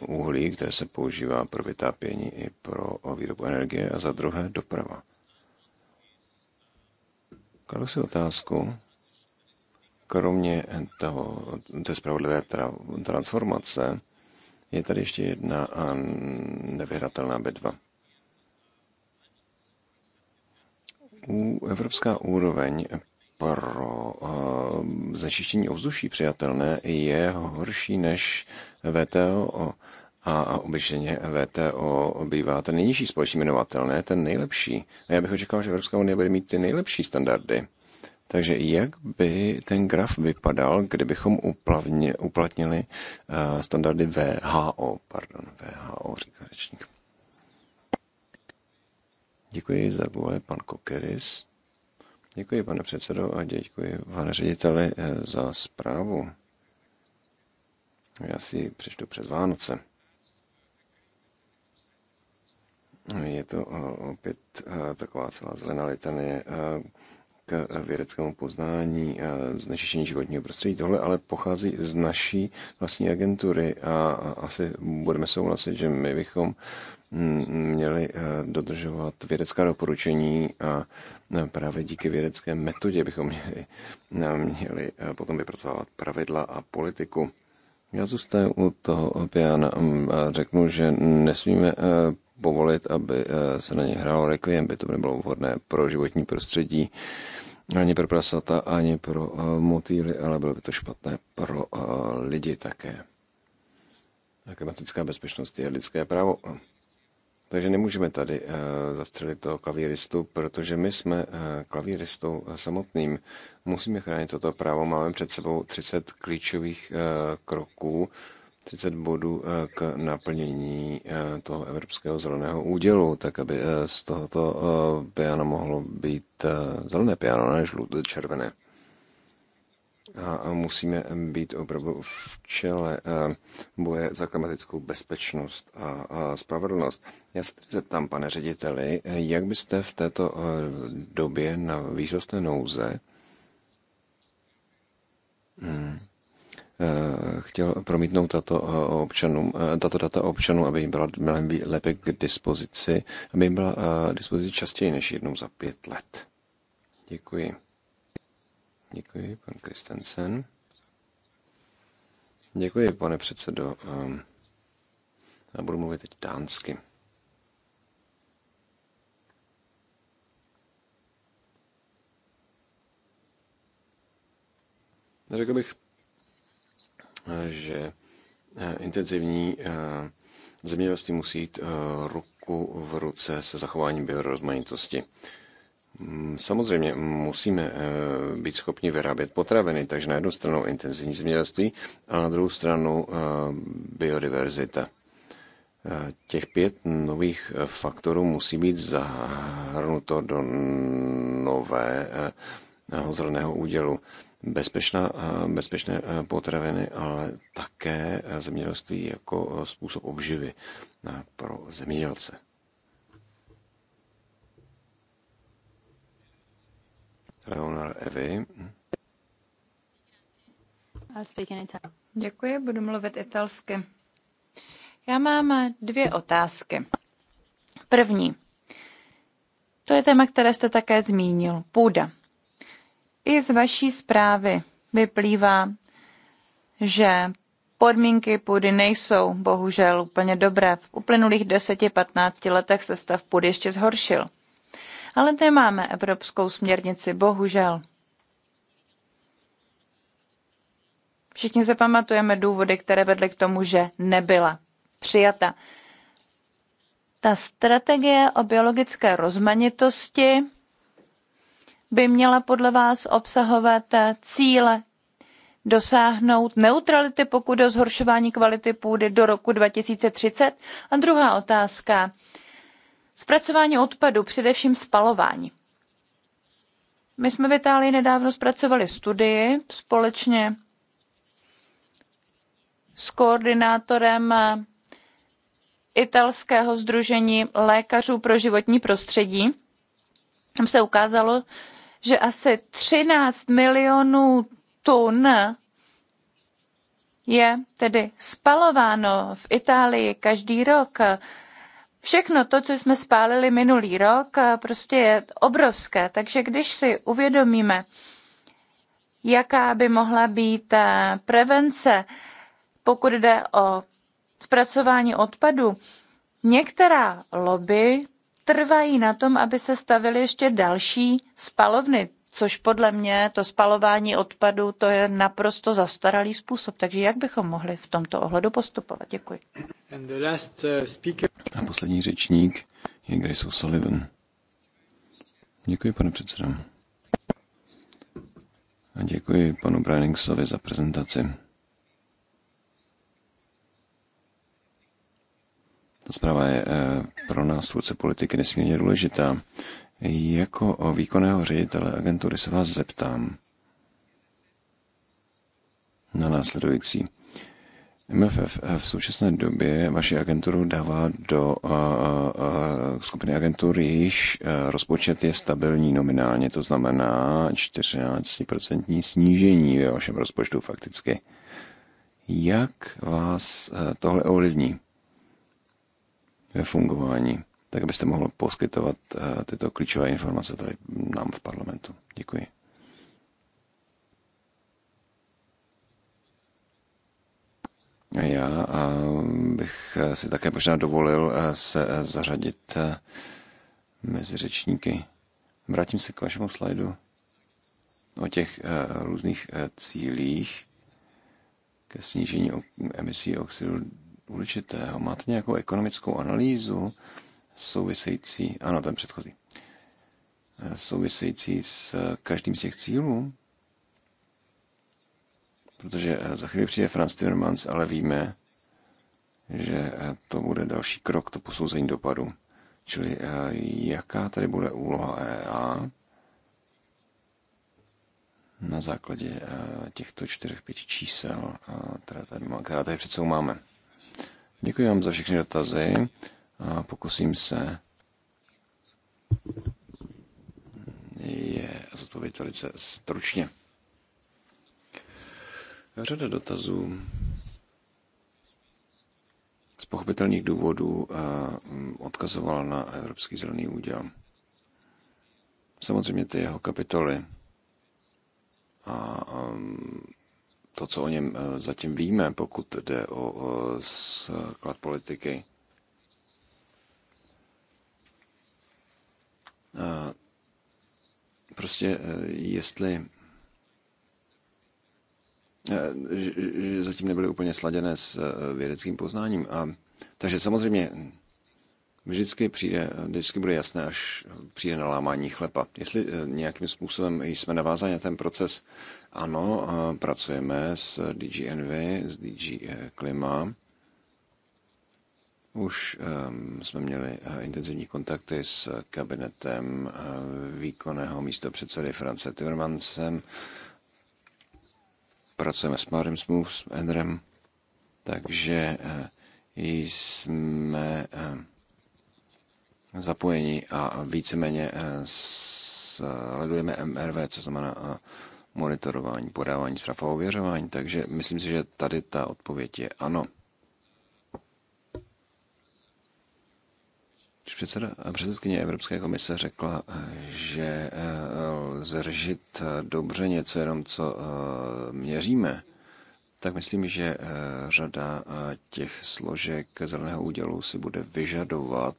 uhlí, které se používá pro vytápění i pro výrobu energie, a za druhé doprava. Kladu si otázku, kromě toho, té spravodlivé transformace, je tady ještě jedna a nevyhratelná bitva. Evropská úroveň pro eh, začištění ovzduší přijatelné je horší než VTO a obyčejně VTO bývá ten nejnižší společný ne? ten nejlepší. A já bych očekával, že Evropská unie bude mít ty nejlepší standardy. Takže jak by ten graf vypadal, kdybychom uplavně, uplatnili uh, standardy VHO? Pardon, VHO, říká řečník. Děkuji za vůle, pan Kokeris. Děkuji, pane předsedo, a děkuji, pane řediteli, eh, za zprávu. Já si přečtu přes Vánoce. Je to eh, opět taková celá zelená litanie k eh, vědeckému poznání, eh, znečištění životního prostředí. Tohle ale pochází z naší vlastní agentury a asi budeme souhlasit, že my bychom mm, měli eh, dodržovat vědecká doporučení a právě díky vědecké metodě bychom měli, měli potom vypracovávat pravidla a politiku. Já zůstávám u toho piana a mm, řeknu, že nesmíme povolit, aby eh, se na ně hrálo requiem, by to nebylo vhodné pro životní prostředí, ani pro prasata, ani pro eh, motýly, ale bylo by to špatné pro eh, lidi také. A klimatická bezpečnost je lidské právo. Takže nemůžeme tady zastřelit toho klavíristu, protože my jsme klavíristou samotným. Musíme chránit toto právo. Máme před sebou 30 klíčových kroků, 30 bodů eh, k naplnění eh, toho evropského zeleného údělu, tak aby eh, z tohoto piano mohlo být zelené piano, ne žluté, červené. A musíme být opravdu v čele boje za klimatickou bezpečnost a spravedlnost. Já se tedy zeptám, pane řediteli, jak byste v této době na výzostné nouze hmm Eh, chtěl promítnout tato, eh, občanům, eh, tato data občanům, aby jim byla mnohem lépe k dispozici, aby jim byla k dispozici častěji než jednou za pět let. Děkuji. Děkuji, pan Kristensen. Děkuji, pane předsedo. Já ehm, budu mluvit teď dánsky. Řekl bych že eh, intenzivní eh, zemědělství musí jít eh, ruku v ruce se zachováním biorozmanitosti. Mm, samozřejmě musíme být schopni vyrábět potraviny, takže na jednu stranu intenzivní zemědělství a na druhou stranu biodiverzita. Těch pět nových faktorů musí být zahrnuto do nového zeleného údělu bezpečná, bezpečné e, potraviny, ale také e, zemědělství jako e, způsob obživy pro zemědělce. Leonard Evi. Děkuji, budu mluvit italsky. Já mám dvě otázky. První. To je téma, které jste také zmínil. Půda. I z vaší zprávy vyplývá, že podmínky půdy nejsou bohužel úplně dobré. V uplynulých 10-15 letech se stav půdy ještě zhoršil. Ale nemáme evropskou směrnici, bohužel. Všichni se pamatujeme důvody, které vedly k tomu, že nebyla přijata. Ta strategie o biologické rozmanitosti by měla podle vás obsahovat eh, cíle dosáhnout neutrality, pokud o zhoršování kvality půdy do roku 2030? A druhá otázka. Zpracování odpadu, především spalování. My jsme v Itálii nedávno zpracovali studii společně s koordinátorem eh, italského združení lékařů pro životní prostředí. Tam se ukázalo, že asi 13 milionů tun je tedy spalováno v Itálii každý rok. Všechno to, co jsme spálili minulý rok, prostě je obrovské. Takže když si uvědomíme, jaká by mohla být eh, prevence, pokud jde o zpracování odpadu, některá lobby trvají na tom, aby se stavily ještě další spalovny, což podle mě to spalování odpadu, to je naprosto zastaralý způsob. Takže jak bychom mohli v tomto ohledu postupovat? Děkuji. And the last uh, speaker... A poslední řečník je Grace Sullivan. Děkuji, pane předsedo. A děkuji panu Brainingsovi za prezentaci. Ta zpráva je eh, pro nás tvůrce politiky nesmírně důležitá. Jako výkonného ředitele agentury se vás zeptám na následující. MFF v současné době vaši agenturu dává do uh, uh, skupiny agentur, jejíž uh, rozpočet je stabilní nominálně, to znamená 14% snížení ve vašem rozpočtu fakticky. Jak vás tohle ovlivní? fungování, tak abyste mohl poskytovat eh, tyto klíčové informace tady nám v parlamentu. Děkuji. Já bych eh, si také možná dovolil eh, se zařadit mezi řečníky. Vrátím se k vašemu slajdu o těch různých cílích ke snížení emisí oxidu důležitého. Máte nějakou ekonomickou analýzu související, ano, ten předchozí, eh, související s eh, každým z těch cílů? Protože eh, za chvíli přijde Franz Timmermans, ale víme, že to bude další krok, to posouzení dopadu. Čili jaká tady bude úloha EA na základě těchto čtyřech, pěti čísel, která tady, která tady před sebou máme. Děkuji vám za všechny dotazy a pokusím se je zodpovědět velice stručně. Řada dotazů z pochopitelných důvodů eh, odkazovala na Evropský zelený úděl. Samozřejmě ty jeho kapitoly a to, co o něm eh, zatím víme, pokud jde o eh, sklad politiky. Prostě eh, jestli zatím nebyly úplně sladěné s vědeckým poznáním. A, takže samozřejmě Vždycky přijde, vždycky bude jasné, až přijde na lámání chleba. Jestli eh, nějakým způsobem jsme navázáni na ten proces, ano, pracujeme s DG Envy, s DG eh, Klima. Už ehm, jsme měli eh, intenzivní kontakty s kabinetem výkonného místopředsedy France Timmermansem. Pracujeme s Marim Smooth, s Endrem, takže jsme ehm, Zapojení a víceméně eh, sledujeme MRV, co znamená eh, monitorování, podávání zpráv a ověřování, takže myslím si, že tady ta odpověď je ano. předseda, předsedkyně Evropské komise řekla, eh, že lze řešit dobře něco jenom, co měříme, tak myslím, že řada těch složek zeleného údělu si bude vyžadovat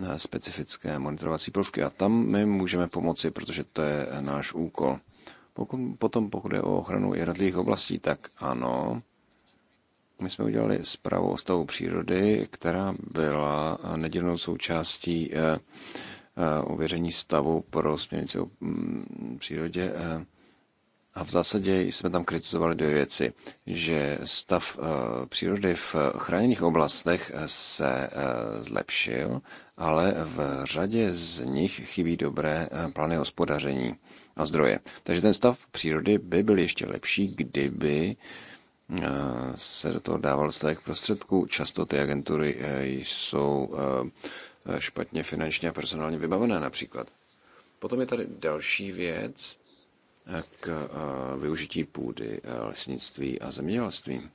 Eh, specifické monitorovací prvky. A tam my můžeme pomoci, protože to je eh, náš úkol. Pokud, potom, pokud je o ochranu jednotlivých oblastí, tak ano. My jsme udělali zprávu o stavu přírody, která byla eh, nedělnou součástí uvěření stavu pro směrnici o mm, přírodě. A v zásadě jsme tam kritizovali dvě věci, že stav eh, přírody v chráněných oblastech eh, se eh, zlepšil, ale v řadě z nich chybí dobré plány hospodaření a zdroje. Takže ten stav přírody by byl ještě lepší, kdyby se do toho dával stavek prostředků. Často ty agentury jsou špatně finančně a personálně vybavené například. Potom je tady další věc, k eh, využití půdy, eh, lesnictví a zemědělství.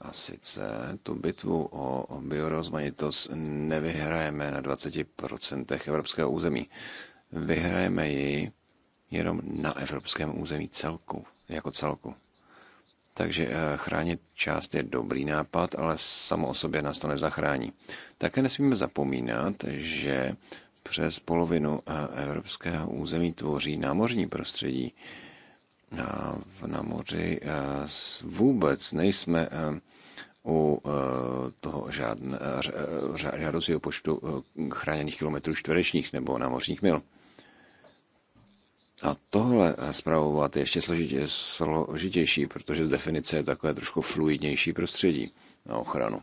A sice tu bitvu o biorozmanitost nevyhrajeme na 20% evropského území. Vyhrajeme ji jenom na evropském území celku, jako celku. Takže eh, chránit část je dobrý nápad, ale samo o sobě nás to nezachrání. Také nesmíme zapomínat, že přes polovinu eh, evropského území tvoří námořní prostředí. A na moři eh, vůbec nejsme eh, u toho žádn, žádoucího počtu chráněných kilometrů čtverečních nebo námořních mil. A tohle zpravovat je ještě složitě, složitější, protože z definice je takové trošku fluidnější prostředí na ochranu.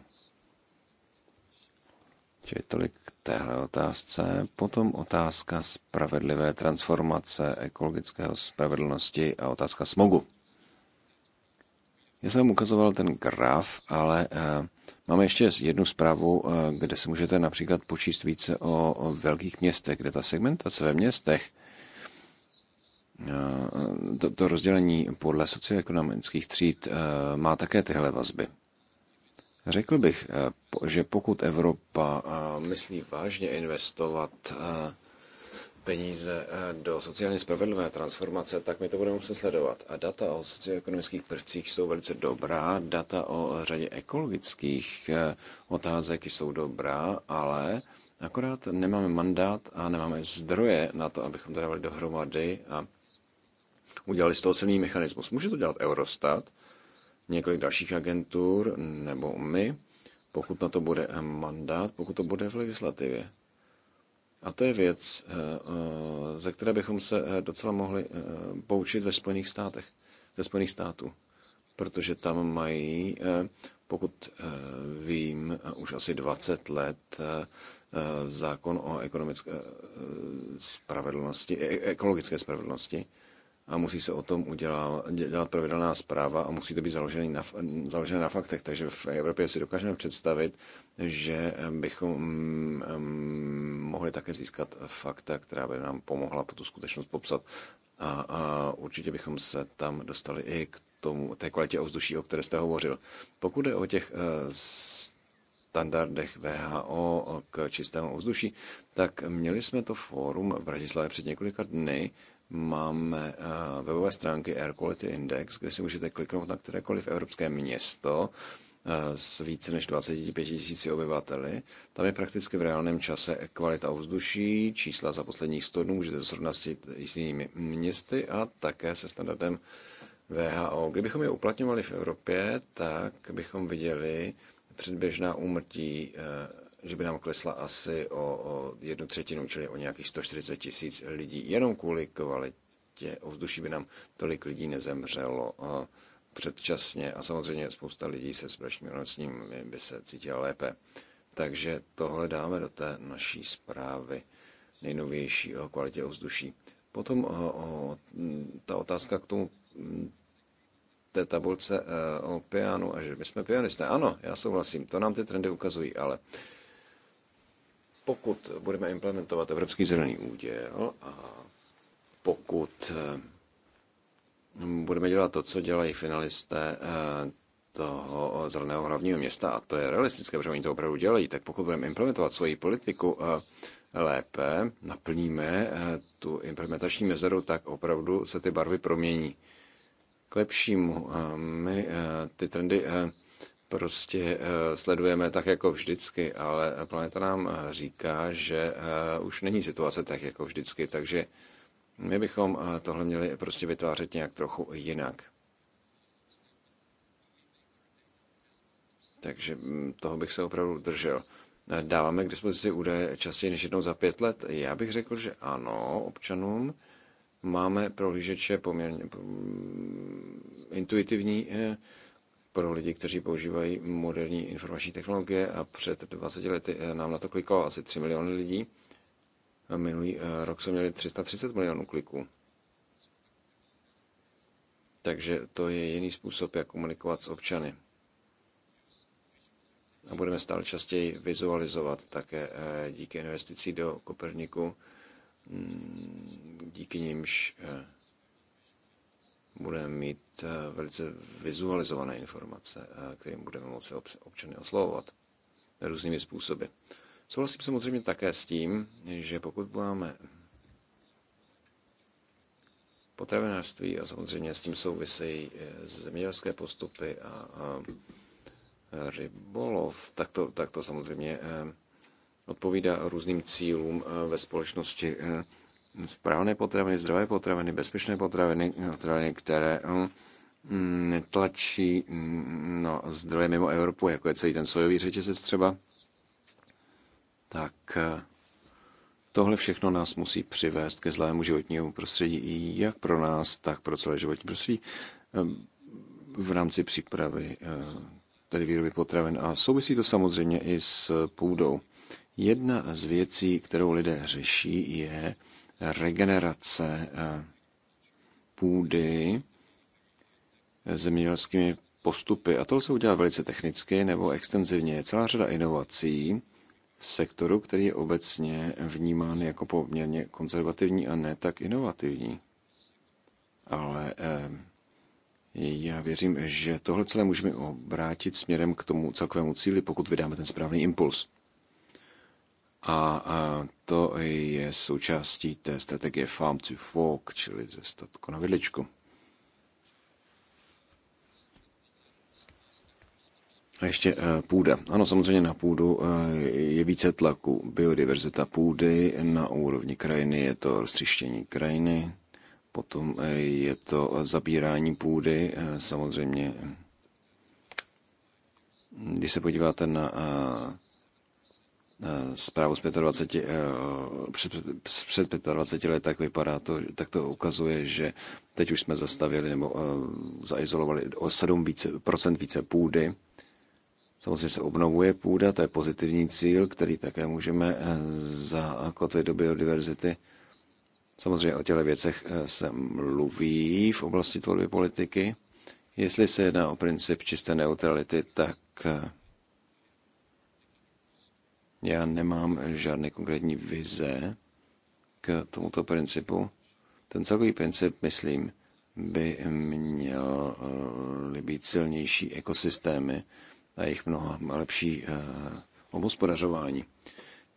Čili tolik téhle otázce, potom otázka spravedlivé transformace ekologického spravedlnosti a otázka smogu. Já jsem vám ukazoval ten graf, ale eh, máme ještě jednu zprávu, eh, kde si můžete například počíst více o, o velkých městech, kde ta segmentace ve městech, eh, to, to rozdělení podle socioekonomických tříd má také tyhle vazby. Řekl bych, eh, že pokud Evropa eh, myslí vážně investovat eh, peníze do sociálně spravedlivé transformace, tak my to budeme muset sledovat. A data o socioekonomických prvcích jsou velice dobrá, data o řadě ekologických otázek jsou dobrá, ale akorát nemáme mandát a nemáme zdroje na to, abychom to dávali dohromady a udělali z toho celý mechanismus. Může to dělat Eurostat, několik dalších agentur nebo my, pokud na to bude mandát, pokud to bude v legislativě. A to je věc, eh, eh, ze které bychom se eh, docela mohli poučit ve Spojených státech, ze Spojených států, protože tam mají, pokud vím, už asi 20 let zákon o ekonomické spravedlnosti, e, e, ekologické spravedlnosti, a musí se o tom udělat, dělat pravidelná zpráva a musí to být založené na, založené na faktech. Takže v Evropě si dokážeme představit, že bychom mm, mm, mohli také získat fakta, která by nám pomohla po tu skutečnost popsat. A, a určitě bychom se tam dostali i k tomu, té kvalitě ovzduší, o které jste hovořil. Pokud je o těch eh, standardech VHO k čistému ovzduší, tak měli jsme to fórum v Bratislavě před několika dny, máme eh, webové stránky Air Quality Index, kde si můžete kliknout na kterékoliv evropské město eh, s více než 25 000 obyvateli. Tam je prakticky v reálném čase kvalita ovzduší, čísla za posledních 100 dnů, můžete to srovnat s jinými městy a také se standardem VHO. Kdybychom je uplatňovali v Evropě, tak bychom viděli předběžná úmrtí eh, že by nám klesla asi o, o jednu třetinu, čili o nějakých 140 tisíc lidí. Jenom kvůli kvalitě ovzduší by nám tolik lidí nezemřelo předčasně a samozřejmě spousta lidí se s nemocním by se cítila lépe. Takže tohle dáme do té naší zprávy nejnovější o kvalitě ovzduší. Potom o, o, ta otázka k tomu té tabulce e, o pianu a že my jsme pianisté. Ano, já souhlasím, to nám ty trendy ukazují, ale pokud budeme implementovat Evropský zelený úděl a pokud eh, budeme dělat to, co dělají finalisté eh, toho zeleného hlavního města, a to je realistické, protože oni to opravdu dělají, tak pokud budeme implementovat svoji politiku eh, lépe, naplníme tu implementační mezeru, tak opravdu se ty barvy promění k lepšímu. My ty trendy prostě eh, sledujeme tak jako vždycky, ale planeta nám eh, říká, že eh, už není situace tak jako vždycky, takže my bychom tohle měli prostě vytvářet nějak trochu jinak. Takže mm, toho bych se opravdu držel. Dáváme k dispozici údaje častěji než jednou za pět let? Já bych řekl, že ano, občanům. Máme prohlížeče poměrně mm, intuitivní, pro lidi, kteří používají moderní informační technologie a před 20 lety eh, nám na to klikalo asi 3 miliony lidí. A minulý eh, rok jsme měli 330 milionů kliků. Takže to je jiný způsob, jak komunikovat s občany. A budeme stále častěji vizualizovat také eh, díky investicí do Koperniku, mm, díky nímž budeme mít eh, velice vizualizované informace, eh, kterým budeme moci občany oslovovat různými způsoby. Souhlasím samozřejmě také s tím, že pokud máme potravinářství a samozřejmě s tím souvisejí eh, zemědělské postupy a, a rybolov, tak to, tak to samozřejmě odpovídá různým cílům ve společnosti správné potraviny, zdravé potraviny, bezpečné potraviny, potraviny, které hm, hm, netlačí hm, no, zdroje mimo Evropu, jako je celý ten sojový řetězec třeba, tak eh, tohle všechno nás musí přivést ke zlému životnímu prostředí, jak pro nás, tak pro celé životní prostředí ehm, v rámci přípravy eh, tedy výroby potravin. A souvisí to samozřejmě i s půdou. Jedna z věcí, kterou lidé řeší, je, regenerace eh, půdy eh, zemědělskými postupy. A to se udělá velice technicky nebo extenzivně. Je celá řada inovací v sektoru, který je obecně vnímán jako poměrně konzervativní a ne tak inovativní. Ale eh, já věřím, že tohle celé můžeme obrátit směrem k tomu celkovému cíli, pokud vydáme ten správný impuls. A to je součástí té strategie Farm to Fork, čili ze statku na vidličku. A ještě e, půda. Ano, samozřejmě na půdu e, je více tlaku. Biodiverzita půdy na úrovni krajiny je to roztřištění krajiny, potom e, je to zabírání půdy, samozřejmě. Když se podíváte na Eh, zprávu z 25, eh, před, před 25 let, tak vypadá to, tak to ukazuje, že teď už jsme zastavili nebo eh, zaizolovali o 7 více, procent více půdy. Samozřejmě se obnovuje půda, to je pozitivní cíl, který také můžeme zakotvit do biodiverzity. Samozřejmě o těchto věcech se mluví v oblasti tvorby politiky. Jestli se jedná o princip čisté neutrality, tak já nemám žádné konkrétní vize k tomuto principu. Ten celkový princip, myslím, by měl být silnější ekosystémy a jejich mnoha lepší eh, obhospodařování.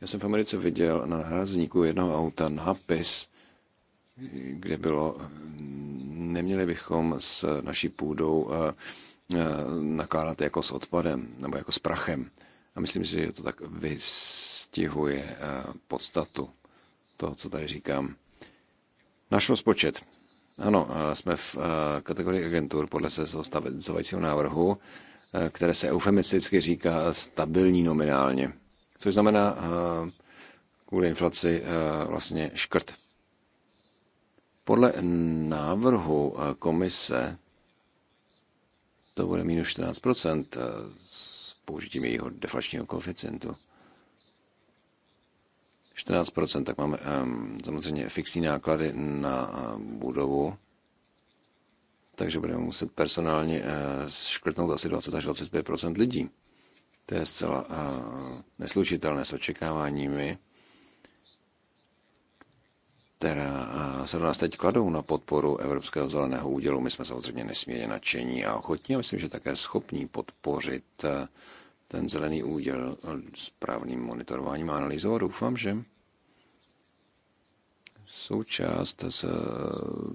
Já jsem v Americe viděl na nárazníku jednoho auta nápis, kde bylo, eh, neměli bychom s naší půdou eh, nakládat jako s odpadem nebo jako s prachem. A myslím si, že to tak vystihuje eh, podstatu toho, co tady říkám. Náš rozpočet. Ano, eh, jsme v eh, kategorii agentur podle se zavajícího návrhu, které se eufemisticky říká stabilní nominálně, což znamená kvůli inflaci vlastně škrt. Podle návrhu komise to bude minus 14 použitím jejího deflačního koeficientu. 14%, tak máme um, samozřejmě fixní náklady na um, budovu, takže budeme muset personálně uh, škrtnout asi 20 až 25% lidí. To je zcela uh, neslučitelné s očekáváními, která uh, se do nás teď kladou na podporu Evropského zeleného údělu. My jsme samozřejmě nesmírně nadšení a ochotní a myslím, že také schopní podpořit uh, ten zelený úděl eh, správným monitorováním a analýzou doufám, že součást z, eh,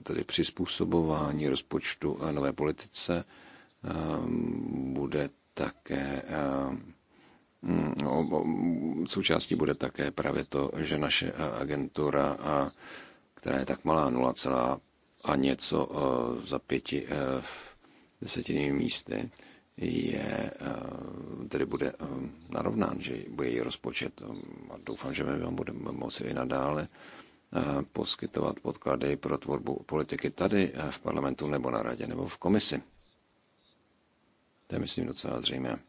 tedy přizpůsobování rozpočtu a nové politice eh, bude také mm, součástí bude také právě to, že naše agentura, která je tak malá 0, a něco za pěti desetinými místy, je, eh, tedy bude eh, narovnán, že bude její rozpočet eh, a doufám, že my vám budeme moci i nadále poskytovat podklady pro tvorbu politiky tady v parlamentu nebo na radě nebo v komisi. To je, myslím, docela zřejmé.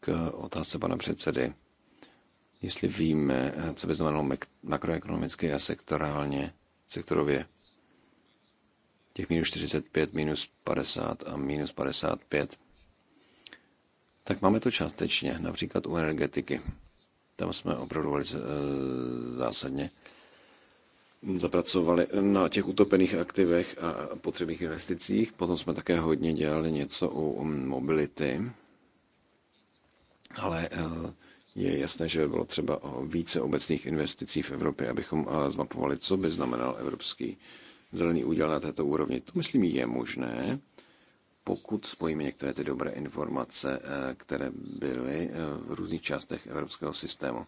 K otázce pana předsedy jestli víme, eh, co by znamenalo makroekonomicky a sektorálně, sektorově. Těch minus 45, minus 50 a minus 55. Tak máme to částečně, například u energetiky. Tam jsme opravdu velice eh, zásadně zapracovali na těch utopených aktivech a potřebných investicích. Potom jsme také hodně dělali něco u mobility, ale eh, je jasné, že by bylo třeba o více obecných investicí v Evropě, abychom eh, zmapovali, co by znamenal evropský zelený úděl na této úrovni. To, myslím, je možné, pokud spojíme některé ty dobré informace, eh, které byly eh, v různých částech evropského systému.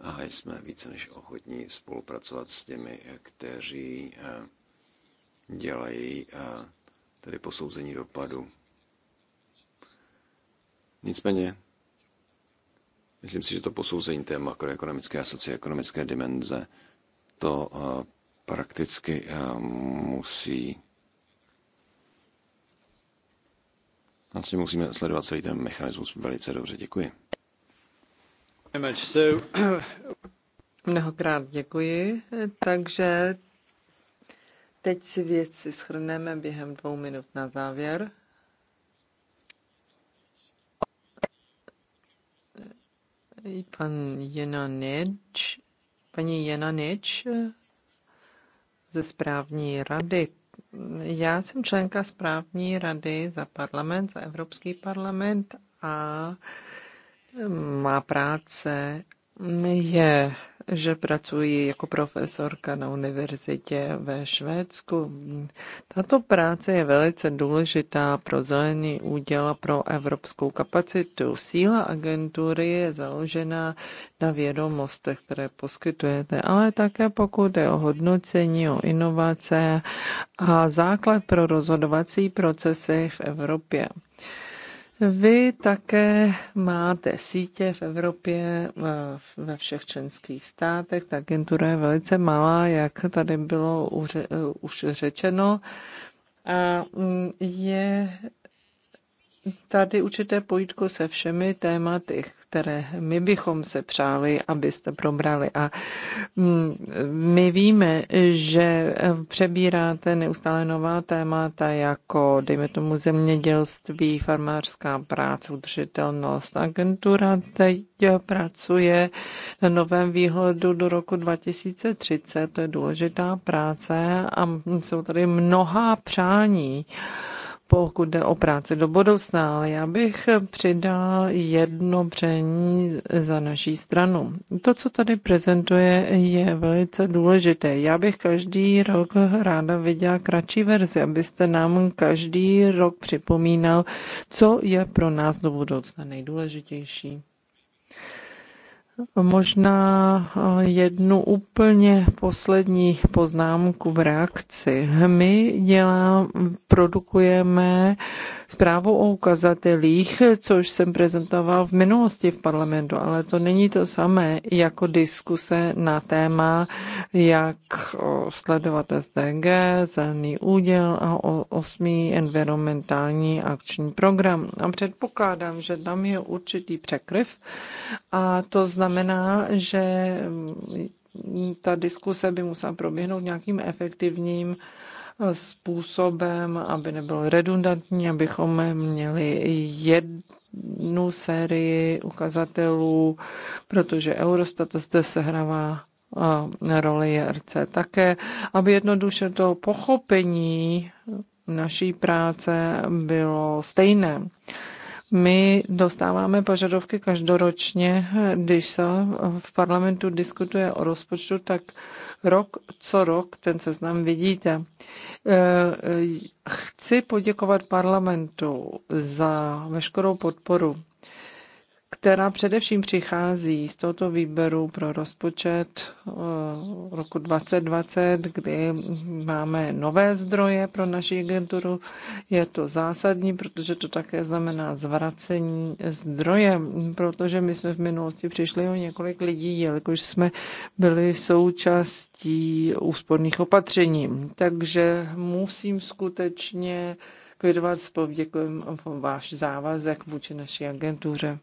A jsme více než ochotní spolupracovat s těmi, kteří dělají tedy posouzení dopadu. Nicméně Myslím si, že to posouzení té makroekonomické a socioekonomické dimenze to eh, prakticky eh, musí Asi musíme sledovat celý ten mechanismus velice dobře. Děkuji. Mnohokrát děkuji. Takže teď si věci schrneme během dvou minut na závěr. pan Jena Neč, paní Jena Neč eh, ze správní rady. Já jsem členka správní rady za parlament, za Evropský parlament a má práce je že pracuji jako profesorka na univerzitě ve Švédsku. Tato práce je velice důležitá pro zelený úděl a pro evropskou kapacitu. Síla agentury je založena na vědomostech, které poskytujete, ale také pokud je o hodnocení, o inovace a základ pro rozhodovací procesy v Evropě. Vy také máte sítě v Evropě, eh, ve všech členských státech. Ta agentura je velice malá, jak tady bylo eh, už řečeno. A mm, je tady určité pojítko se všemi tématy, které my bychom se přáli, abyste probrali. A mm, my víme, že přebíráte neustále nová témata, jako dejme tomu zemědělství, farmářská práce, udržitelnost. Agentura teď pracuje na novém výhledu do roku 2030, to je důležitá práce a jsou tady mnohá přání pokud jde o práci do budoucna, ale já bych přidal jedno pření za naší stranu. To, co tady prezentuje, je velice důležité. Já bych každý rok ráda viděla kratší verzi, abyste nám každý rok připomínal, co je pro nás do budoucna nejdůležitější. Možná eh, jednu úplně poslední poznámku v reakci. My dělá, produkujeme zprávu o ukazatelích, což jsem prezentoval v minulosti v parlamentu, ale to není to samé jako diskuse na téma, jak sledovat SDG, zelený úděl a osmý environmentální akční program. A předpokládám, že tam je určitý překryv a to znamená, že ta diskuse by musela proběhnout nějakým efektivním způsobem, aby nebylo redundantní, abychom měli jednu sérii ukazatelů, protože Eurostat zde sehrává eh, roli RC také, aby jednoduše to pochopení naší práce bylo stejné. My dostáváme požadovky každoročně, když se v parlamentu diskutuje o rozpočtu, tak rok co rok ten seznam vidíte. Eh, eh, chci poděkovat parlamentu za veškerou podporu která především přichází z tohoto výběru pro rozpočet eh, roku 2020, kdy máme nové zdroje pro naši agenturu. Je to zásadní, protože to také znamená zvracení zdroje, protože my jsme v minulosti přišli o několik lidí, jelikož jsme byli součástí úsporných opatření. Takže musím skutečně kvědovat s povděkem váš závazek vůči naší agentuře.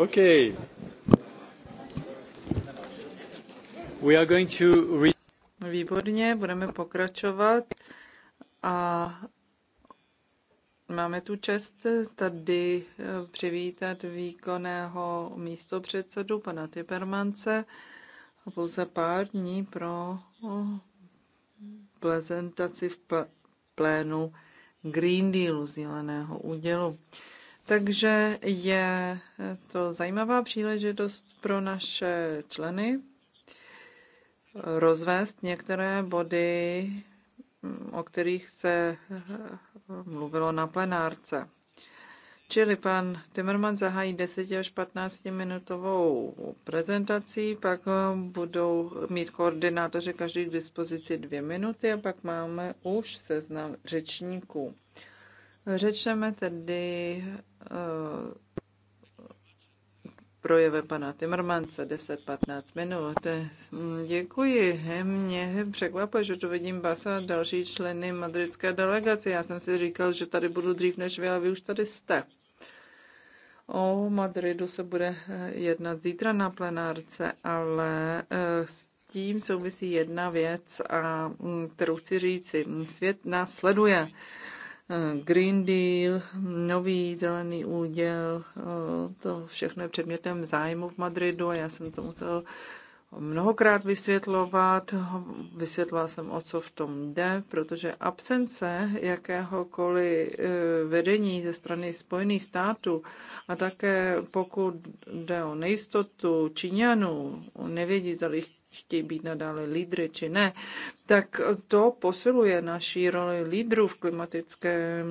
OK. We are going to re- Výborně, budeme pokračovat. A máme tu čest tady eh, přivítat výkonného místopředsedu pana Tibermance, a pouze pár dní pro eh, prezentaci v plénu Green Dealu, zeleného údělu. Takže je eh, to zajímavá příležitost pro naše členy eh, rozvést některé body, mm, o kterých se eh, mluvilo na plenárce. Čili pan Timmerman zahájí 10 až 15 minutovou prezentací, pak budou mít koordinátoři každý k dispozici dvě minuty a pak máme už seznam řečníků. Řečeme tedy eh, projevem pana Timmermanse 10-15 minut. Děkuji. Mě překvapuje, že tu vidím Basa a další členy madridské delegace. Já jsem si říkal, že tady budu dřív než vy, ale vy už tady jste. O Madridu se bude eh, jednat zítra na plenárce, ale eh, s tím souvisí jedna věc, a, mm, kterou chci říci. Svět nás sleduje. Eh, Green Deal, nový zelený úděl, eh, to všechno je předmětem zájmu v Madridu a já jsem to musel mnohokrát vysvětlovat. Vysvětlila jsem, o co v tom jde, protože absence jakéhokoliv eh, vedení ze strany Spojených států a také pokud jde o nejistotu Číňanů, nevědí, zda chtějí být nadále lídry či ne, tak to posiluje naší roli lídrů v klimatické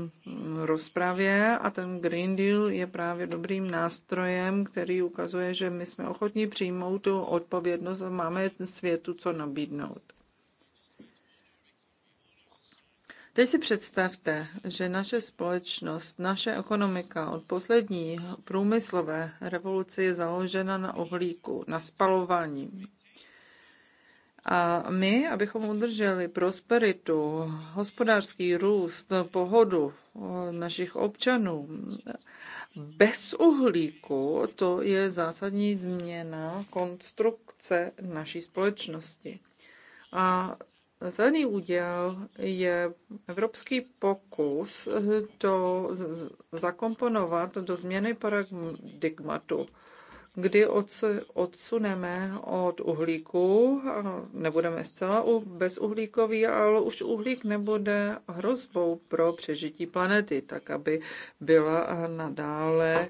rozpravě a ten Green Deal je právě dobrým nástrojem, který ukazuje, že my jsme ochotní přijmout tu odpovědnost a máme světu co nabídnout. Teď si představte, že naše společnost, naše ekonomika od poslední průmyslové revoluce je založena na uhlíku, na spalování a my, abychom udrželi prosperitu, hospodářský růst, pohodu eh, našich občanů bez uhlíku, to je zásadní změna konstrukce naší společnosti. A zelený úděl je evropský pokus to zakomponovat do změny paradigmatu kdy odsuneme od uhlíku, nebudeme zcela bezuhlíkový, ale už uhlík nebude hrozbou pro přežití planety, tak aby byla nadále eh,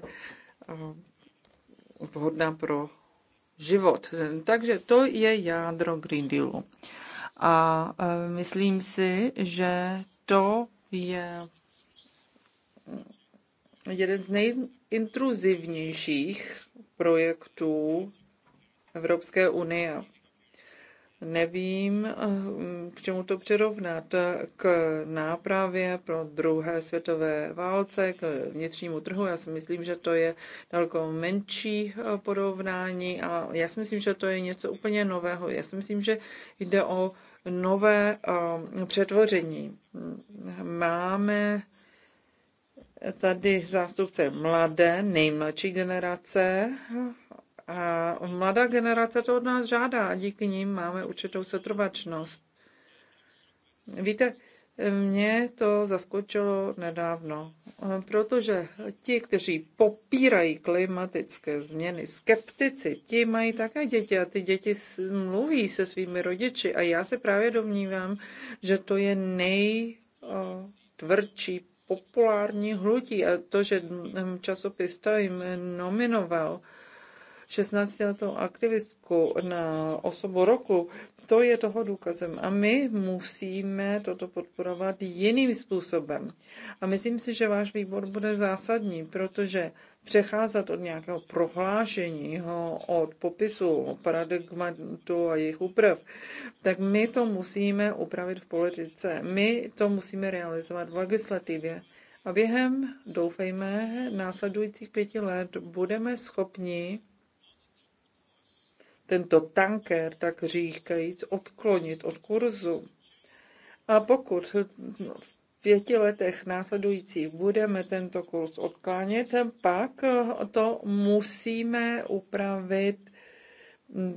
vhodná pro život. Takže to je jádro Green Dealu. A eh, myslím si, že to je jeden z nejintruzivnějších projektů Evropské unie. Nevím, eh, k čemu to přirovnat. K nápravě pro druhé světové válce, k vnitřnímu trhu. Já si myslím, že to je daleko menší eh, porovnání a já si myslím, že to je něco úplně nového. Já si myslím, že jde o nové eh, přetvoření. Máme tady zástupce mladé, nejmladší generace. A mladá generace to od nás žádá a díky nim máme určitou setrvačnost. Víte, mě to zaskočilo nedávno, protože ti, kteří popírají klimatické změny, skeptici, ti mají také děti a ty děti mluví se svými rodiči a já se právě domnívám, že to je nejtvrdší populární hnutí a to, že mm, časopis Time nominoval 16-letou aktivistku na osobu roku, to je toho důkazem. A my musíme toto podporovat jiným způsobem. A myslím si, že váš výbor bude zásadní, protože přecházet od nějakého prohlášení, od popisu paradigmatu a jejich úprav, tak my to musíme upravit v politice. My to musíme realizovat v legislativě. A během, doufejme, následujících pěti let budeme schopni tento tanker, tak říkajíc, odklonit od kurzu. A pokud v pěti letech následujících budeme tento kurz odklánět, pak to musíme upravit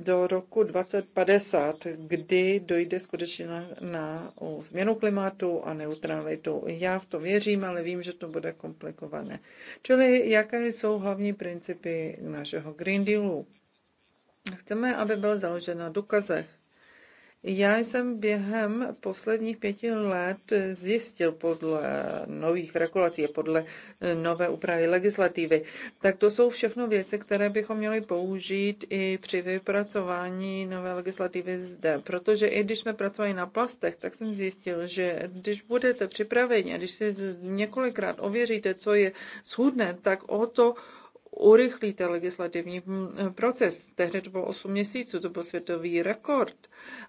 do roku 2050, kdy dojde skutečně na, na změnu klimatu a neutralitu. Já v to věřím, ale vím, že to bude komplikované. Čili jaké jsou hlavní principy našeho Green Dealu? Chceme, aby byl založen na důkazech. Já jsem během posledních pěti let zjistil podle nových regulací a podle nové úpravy legislativy. Tak to jsou všechno věci, které bychom měli použít i při vypracování nové legislativy zde. Protože i když jsme pracovali na plastech, tak jsem zjistil, že když budete připraveni a když si několikrát ověříte, co je schůdné, tak o to urychlí ten legislativní mm, proces. Tehdy to bylo 8 měsíců, to byl světový rekord.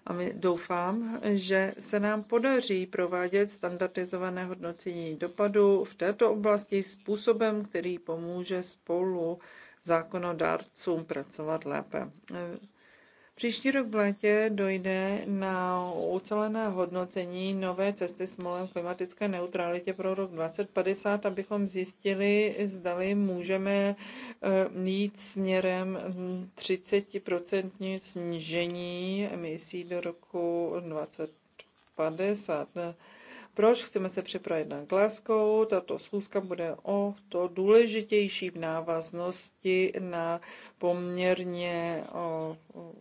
A my doufám, že se nám podaří provádět standardizované hodnocení dopadu v této oblasti způsobem, který pomůže spolu zákonodárcům pracovat lépe. Příští rok v létě dojde na ucelené hodnocení nové cesty s molem klimatické neutralitě pro rok 2050, abychom zjistili, zdali můžeme mít eh, směrem 30% snížení emisí do roku 2050. Proč chceme se připravit na Glasgow? Tato schůzka bude o to důležitější v návaznosti na poměrně o, o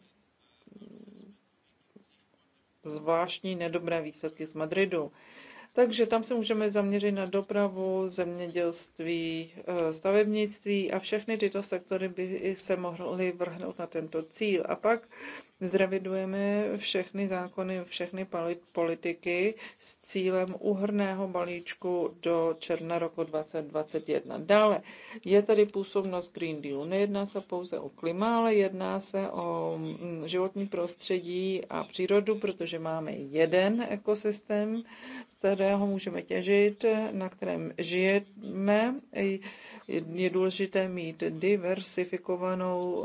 zvláštní nedobré výsledky z Madridu. Takže tam se můžeme zaměřit na dopravu, zemědělství, eh, stavebnictví a všechny tyto sektory by se mohly vrhnout na tento cíl. A pak Zrevidujeme všechny zákony, všechny politiky s cílem uhrného balíčku do června roku 2021. Dále je tady působnost Green Deal. Nejedná se pouze o klima, ale jedná se o mm, životní prostředí a přírodu, protože máme jeden ekosystém, z kterého můžeme těžit, na kterém žijeme. Je důležité mít diversifikovanou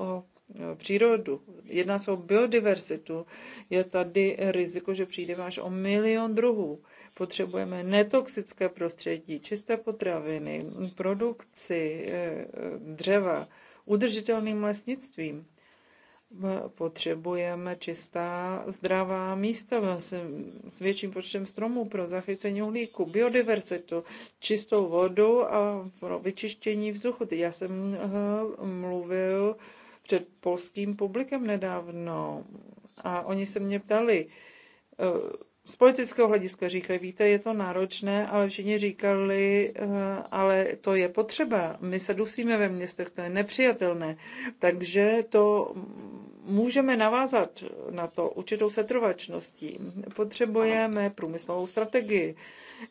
Eh, přírodu, jedná se o biodiverzitu, je tady riziko, že přijde, až o milion druhů. Potřebujeme netoxické prostředí, čisté potraviny, produkci eh, eh, dřeva, udržitelným lesnictvím. Potřebujeme čistá, zdravá místa s větším počtem stromů pro zachycení uhlíku, biodiverzitu, čistou vodu a pro vyčištění vzduchu. Já jsem mluvil před polským publikem nedávno a oni se mě ptali, eh, z politického hlediska říkali, víte, je to náročné, ale všichni říkali, eh, ale to je potřeba. My se dusíme ve městech, to je nepřijatelné. Takže to můžeme navázat na to určitou setrvačností. Potřebujeme průmyslovou strategii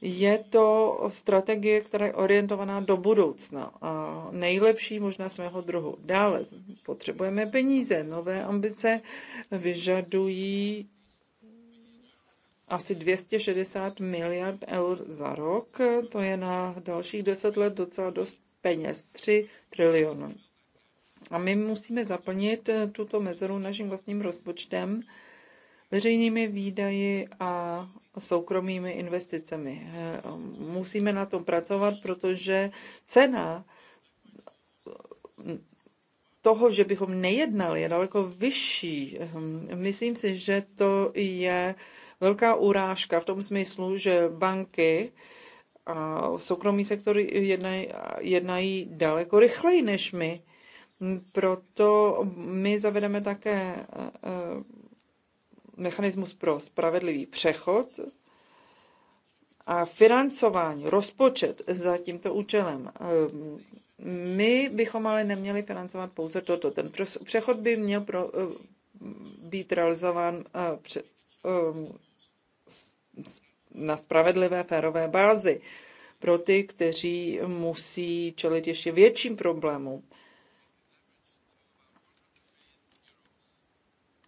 je to strategie, která je orientovaná do budoucna a nejlepší možná svého druhu. Dále potřebujeme peníze, nové ambice vyžadují asi 260 miliard eur za rok, to je na dalších 10 let docela dost peněz, 3 trilionů. A my musíme zaplnit tuto mezeru naším vlastním rozpočtem, veřejnými výdaji a soukromými investicemi. Musíme na tom pracovat, protože cena toho, že bychom nejednali, je daleko vyšší. Myslím si, že to je velká urážka v tom smyslu, že banky a soukromý sektor jednají, jednají daleko rychleji než my. Proto my zavedeme také mechanismus pro spravedlivý přechod a financování, rozpočet za tímto účelem. Ehm, my bychom ale neměli financovat pouze toto. Ten přechod by měl pro, ehm, být realizován eh, ehm, na spravedlivé, férové bázi pro ty, kteří musí čelit ještě větším problémům.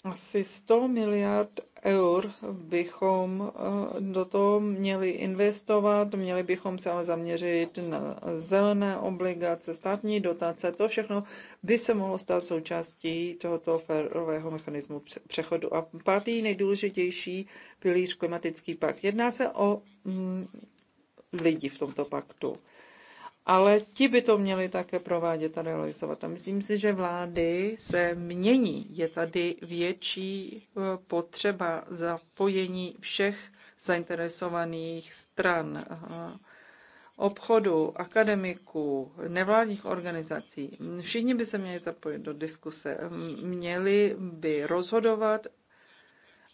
asi 100 miliard eur bychom eh, do toho měli investovat, měli bychom se ale zaměřit na zelené obligace, státní dotace, to všechno by se mohlo stát součástí tohoto férového mechanismu přechodu. A pátý nejdůležitější pilíř klimatický pakt. Jedná se o mm, lidi v tomto paktu ale ti by to měli také provádět a realizovat. A myslím si, že vlády se mění. Je tady větší eh, potřeba zapojení všech zainteresovaných stran, eh, obchodu, akademiků, nevládních organizací. Všichni by se měli zapojit do diskuse, měli by rozhodovat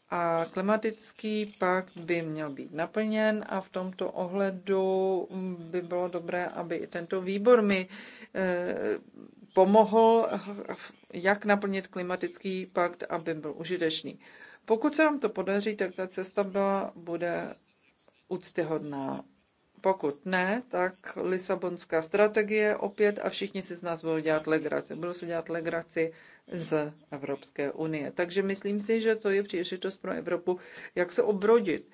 a klimatický pakt by měl být naplněn a v tomto ohledu by bylo dobré, aby i tento výbor mi eh, pomohl, jak naplnit klimatický pakt, aby byl užitečný. Pokud se nám to podaří, tak ta cesta byla, bude úctyhodná. Pokud ne, tak Lisabonská strategie opět a všichni si z nás budou dělat legraci. Budou se dělat legraci z Evropské unie. Takže myslím si, že to je příležitost pro Evropu, jak se obrodit.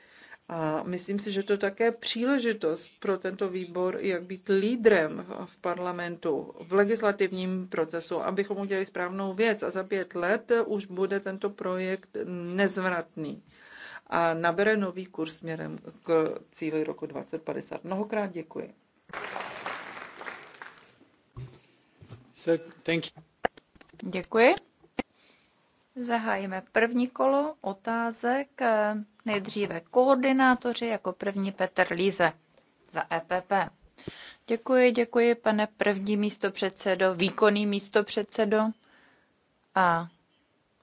A myslím si, že to také příležitost pro tento výbor, jak být lídrem v parlamentu, v legislativním procesu, abychom udělali správnou věc. A za pět let už bude tento projekt nezvratný a nabere nový kurz směrem k cíli roku 2050. Mnohokrát děkuji. So, thank you. Děkuji. Zahájíme první kolo otázek. Eh, nejdříve koordinátoři, jako první Petr Líze za EPP. Děkuji, děkuji, pane první místopředsedo, výkonný místopředsedo a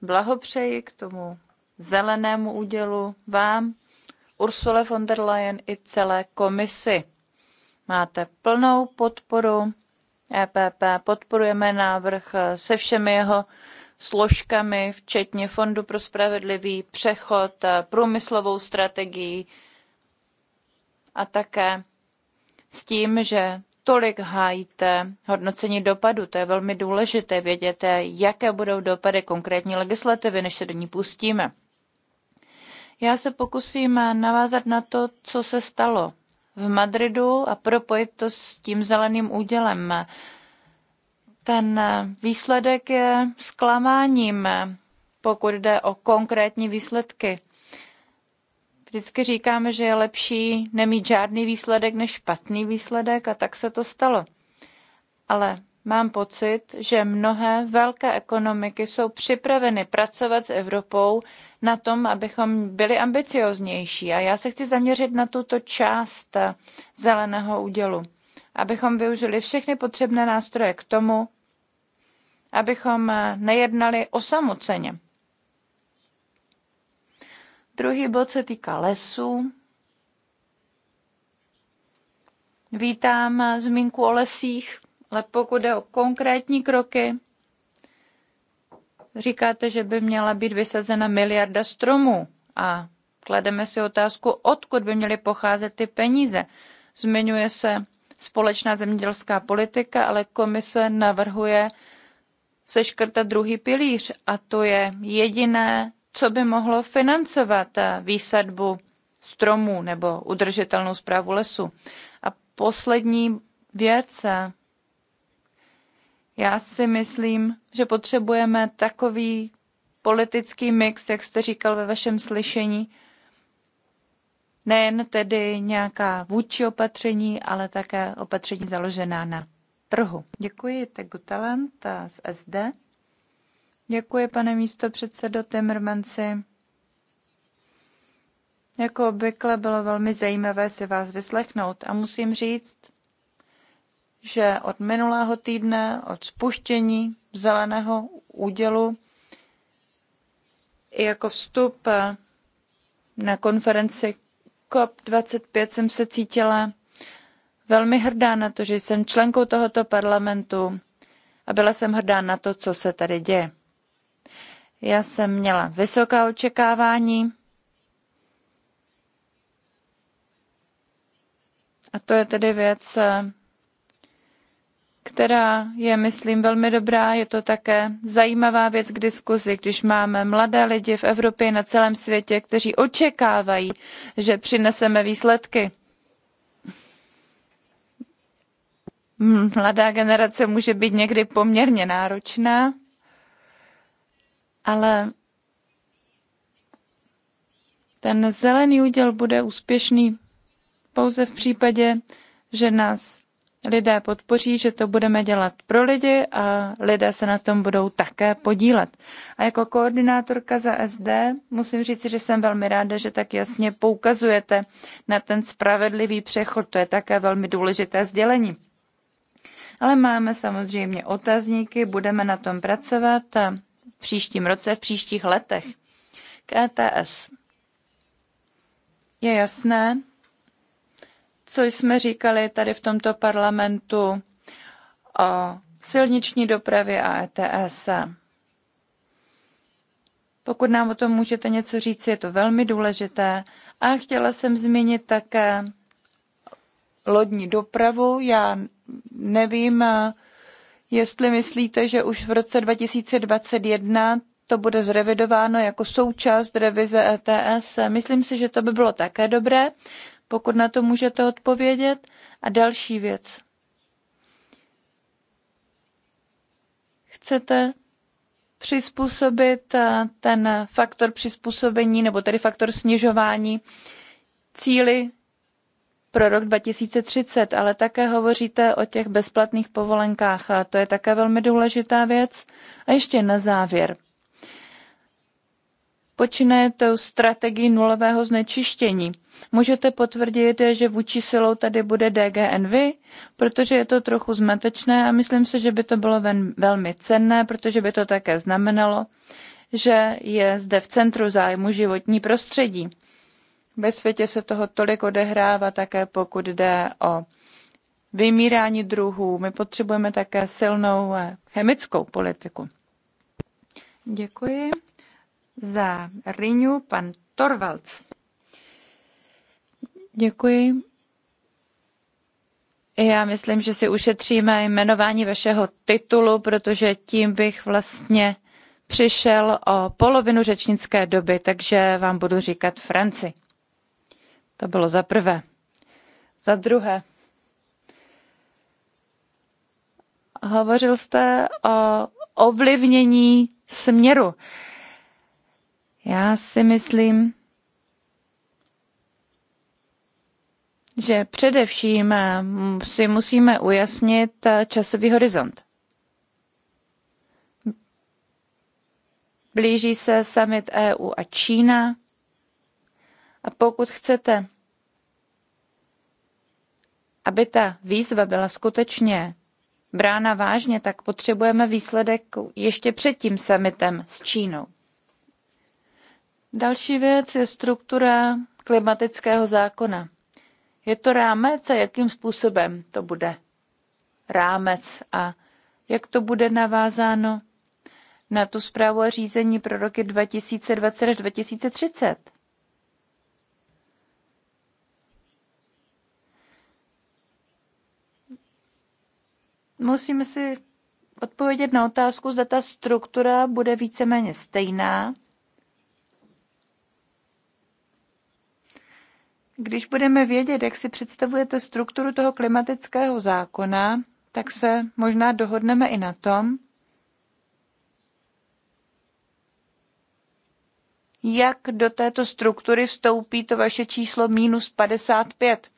blahopřeji k tomu zelenému údělu vám, Ursule von der Leyen i celé komisi. Máte plnou podporu EPP podporujeme návrh se všemi jeho složkami, včetně Fondu pro spravedlivý přechod, průmyslovou strategii a také s tím, že tolik hájíte hodnocení dopadu. To je velmi důležité vědět, jaké budou dopady konkrétní legislativy, než se do ní pustíme. Já se pokusím navázat na to, co se stalo v Madridu a propojit to s tím zeleným údělem. Ten výsledek je zklamáním, pokud jde o konkrétní výsledky. Vždycky říkáme, že je lepší nemít žádný výsledek než špatný výsledek a tak se to stalo. Ale Mám pocit, že mnohé velké ekonomiky jsou připraveny pracovat s Evropou na tom, abychom byli ambicioznější. A já se chci zaměřit na tuto část zeleného údělu, abychom využili všechny potřebné nástroje k tomu, abychom nejednali osamoceně. Druhý bod se týká lesů. Vítám zmínku o lesích ale pokud jde o konkrétní kroky, říkáte, že by měla být vysazena miliarda stromů a klademe si otázku, odkud by měly pocházet ty peníze. Zmiňuje se společná zemědělská politika, ale komise navrhuje seškrtat druhý pilíř a to je jediné, co by mohlo financovat výsadbu stromů nebo udržitelnou zprávu lesu. A poslední věc, já si myslím, že potřebujeme takový politický mix, jak jste říkal ve vašem slyšení, nejen tedy nějaká vůči opatření, ale také opatření založená na trhu. Děkuji Tegu Talent z SD. Děkuji, pane místo předsedo Timmermansi. Jako obvykle bylo velmi zajímavé si vás vyslechnout a musím říct, že od minulého týdne, od spuštění zeleného údělu, i jako vstup eh, na konferenci COP25 jsem se cítila velmi hrdá na to, že jsem členkou tohoto parlamentu a byla jsem hrdá na to, co se tady děje. Já jsem měla vysoká očekávání a to je tedy věc, eh, která je, myslím, velmi dobrá. Je to také zajímavá věc k diskuzi, když máme mladé lidi v Evropě na celém světě, kteří očekávají, že přineseme výsledky. Hmm, mladá generace může být někdy poměrně náročná, ale ten zelený úděl bude úspěšný pouze v případě, že nás lidé podpoří, že to budeme dělat pro lidi a lidé se na tom budou také podílet. A jako koordinátorka za SD musím říct, že jsem velmi ráda, že tak jasně poukazujete na ten spravedlivý přechod. To je také velmi důležité sdělení. Ale máme samozřejmě otazníky, budeme na tom pracovat v příštím roce, v příštích letech. KTS. E je jasné, co jsme říkali tady v tomto parlamentu o silniční dopravě a ETS. Pokud nám o tom můžete něco říct, je to velmi důležité. A chtěla jsem zmínit také lodní dopravu. Já nevím, jestli myslíte, že už v roce 2021 to bude zrevidováno jako součást revize ETS. Myslím si, že to by bylo také dobré pokud na to můžete odpovědět. A další věc. Chcete přizpůsobit eh, ten faktor přizpůsobení, nebo tedy faktor snižování cíly pro rok 2030, ale také hovoříte o těch bezplatných povolenkách a to je také velmi důležitá věc. A ještě na závěr počínaje tou strategií nulového znečištění. Můžete potvrdit, že vůči silou tady bude DGNV, protože je to trochu zmatečné a myslím se, že by to bylo ven, velmi cenné, protože by to také znamenalo, že je zde v centru zájmu životní prostředí. Ve světě se toho tolik odehrává také pokud jde o vymírání druhů. My potřebujeme také silnou chemickou politiku. Děkuji. Za Renew pan Torvalds. Děkuji. Já myslím, že si ušetříme jmenování vašeho titulu, protože tím bych vlastně přišel o polovinu řečnické doby, takže vám budu říkat Franci. To bylo za prvé. Za druhé. Hovořil jste o ovlivnění směru. Já si myslím, že především eh, si musíme ujasnit eh, časový horizont. Blíží se summit EU a Čína. A pokud chcete, aby ta výzva byla skutečně brána vážně, tak potřebujeme výsledek ještě před tím summitem s Čínou. Další věc je struktura klimatického zákona. Je to rámec a jakým způsobem to bude rámec a jak to bude navázáno na tu zprávu a řízení pro roky 2020 až 2030. Musíme si odpovědět na otázku, zda ta struktura bude víceméně stejná Když budeme vědět, jak si představujete strukturu toho klimatického zákona, tak se možná dohodneme i na tom, jak do této struktury vstoupí to vaše číslo minus 55.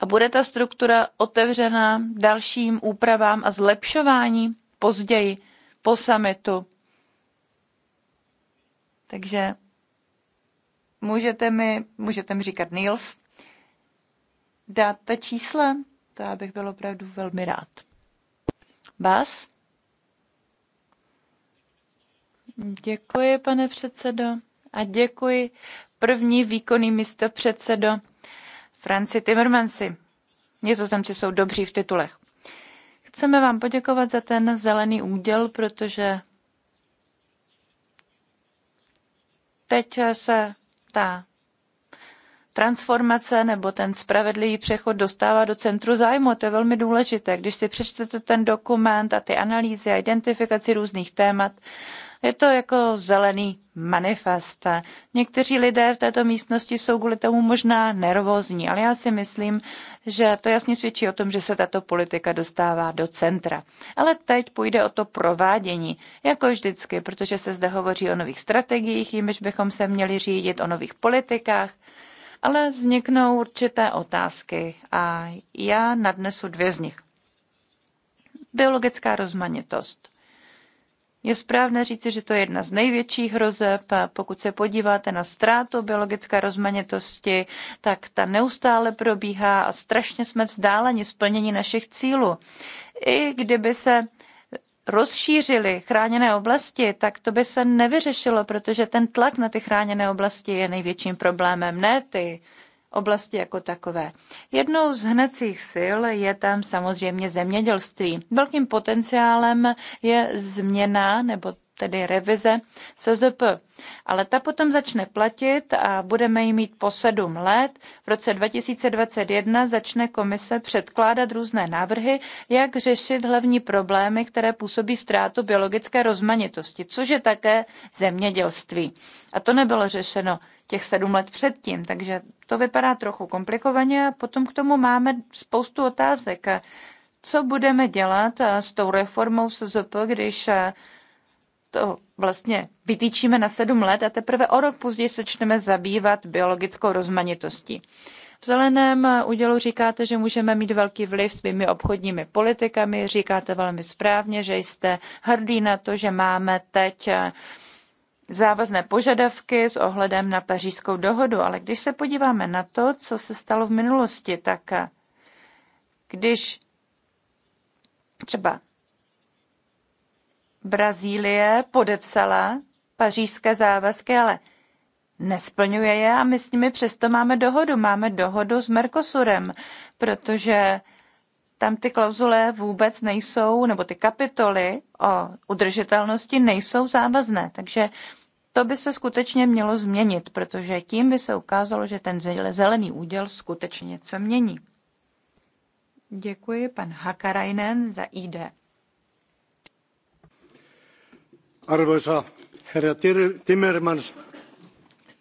A bude ta struktura otevřená dalším úpravám a zlepšování později po summitu. Takže Můžete mi, můžete mi říkat Niels, dát ta čísla? To já bych byl opravdu velmi rád. Bas? Děkuji, pane předsedo. A děkuji první výkonný místo předsedo Franci Timmermansi. Nizozemci jsou dobří v titulech. Chceme vám poděkovat za ten zelený úděl, protože teď se ta transformace nebo ten spravedlivý přechod dostává do centru zájmu. To je velmi důležité. Když si přečtete ten dokument a ty analýzy a identifikaci různých témat, je to jako zelený manifest. Někteří lidé v této místnosti jsou kvůli tomu možná nervózní, ale já si myslím, že to jasně svědčí o tom, že se tato politika dostává do centra. Ale teď půjde o to provádění, jako vždycky, protože se zde hovoří o nových strategiích, jimiž bychom se měli řídit, o nových politikách, ale vzniknou určité otázky a já nadnesu dvě z nich. Biologická rozmanitost. Je správné říci, že to je jedna z největších hrozeb. Pokud se podíváte na ztrátu biologické rozmanitosti, tak ta neustále probíhá a strašně jsme vzdáleni splnění našich cílů. I kdyby se rozšířily chráněné oblasti, tak to by se nevyřešilo, protože ten tlak na ty chráněné oblasti je největším problémem, ne ty oblasti jako takové. Jednou z hnacích sil je tam samozřejmě zemědělství. Velkým potenciálem je změna nebo tedy revize SZP. Ale ta potom začne platit a budeme ji mít po sedm let. V roce 2021 začne komise předkládat různé návrhy, jak řešit hlavní problémy, které působí ztrátu biologické rozmanitosti, což je také zemědělství. A to nebylo řešeno těch sedm let předtím, takže to vypadá trochu komplikovaně a potom k tomu máme spoustu otázek. Co budeme dělat s tou reformou SZP, když to vlastně vytýčíme na sedm let a teprve o rok později začneme zabývat biologickou rozmanitostí. V zeleném údělu říkáte, že můžeme mít velký vliv svými obchodními politikami, říkáte velmi správně, že jste hrdí na to, že máme teď eh, závazné požadavky s ohledem na pařížskou dohodu, ale když se podíváme na to, co se stalo v minulosti, tak eh, když třeba Brazílie podepsala pařížské závazky, ale nesplňuje je a my s nimi přesto máme dohodu. Máme dohodu s Mercosurem, protože tam ty klauzule vůbec nejsou, nebo ty kapitoly o udržitelnosti nejsou závazné. Takže to by se skutečně mělo změnit, protože tím by se ukázalo, že ten zelený úděl skutečně něco mění. Děkuji pan Hakarainen za IDE. arvoisa herra timmermans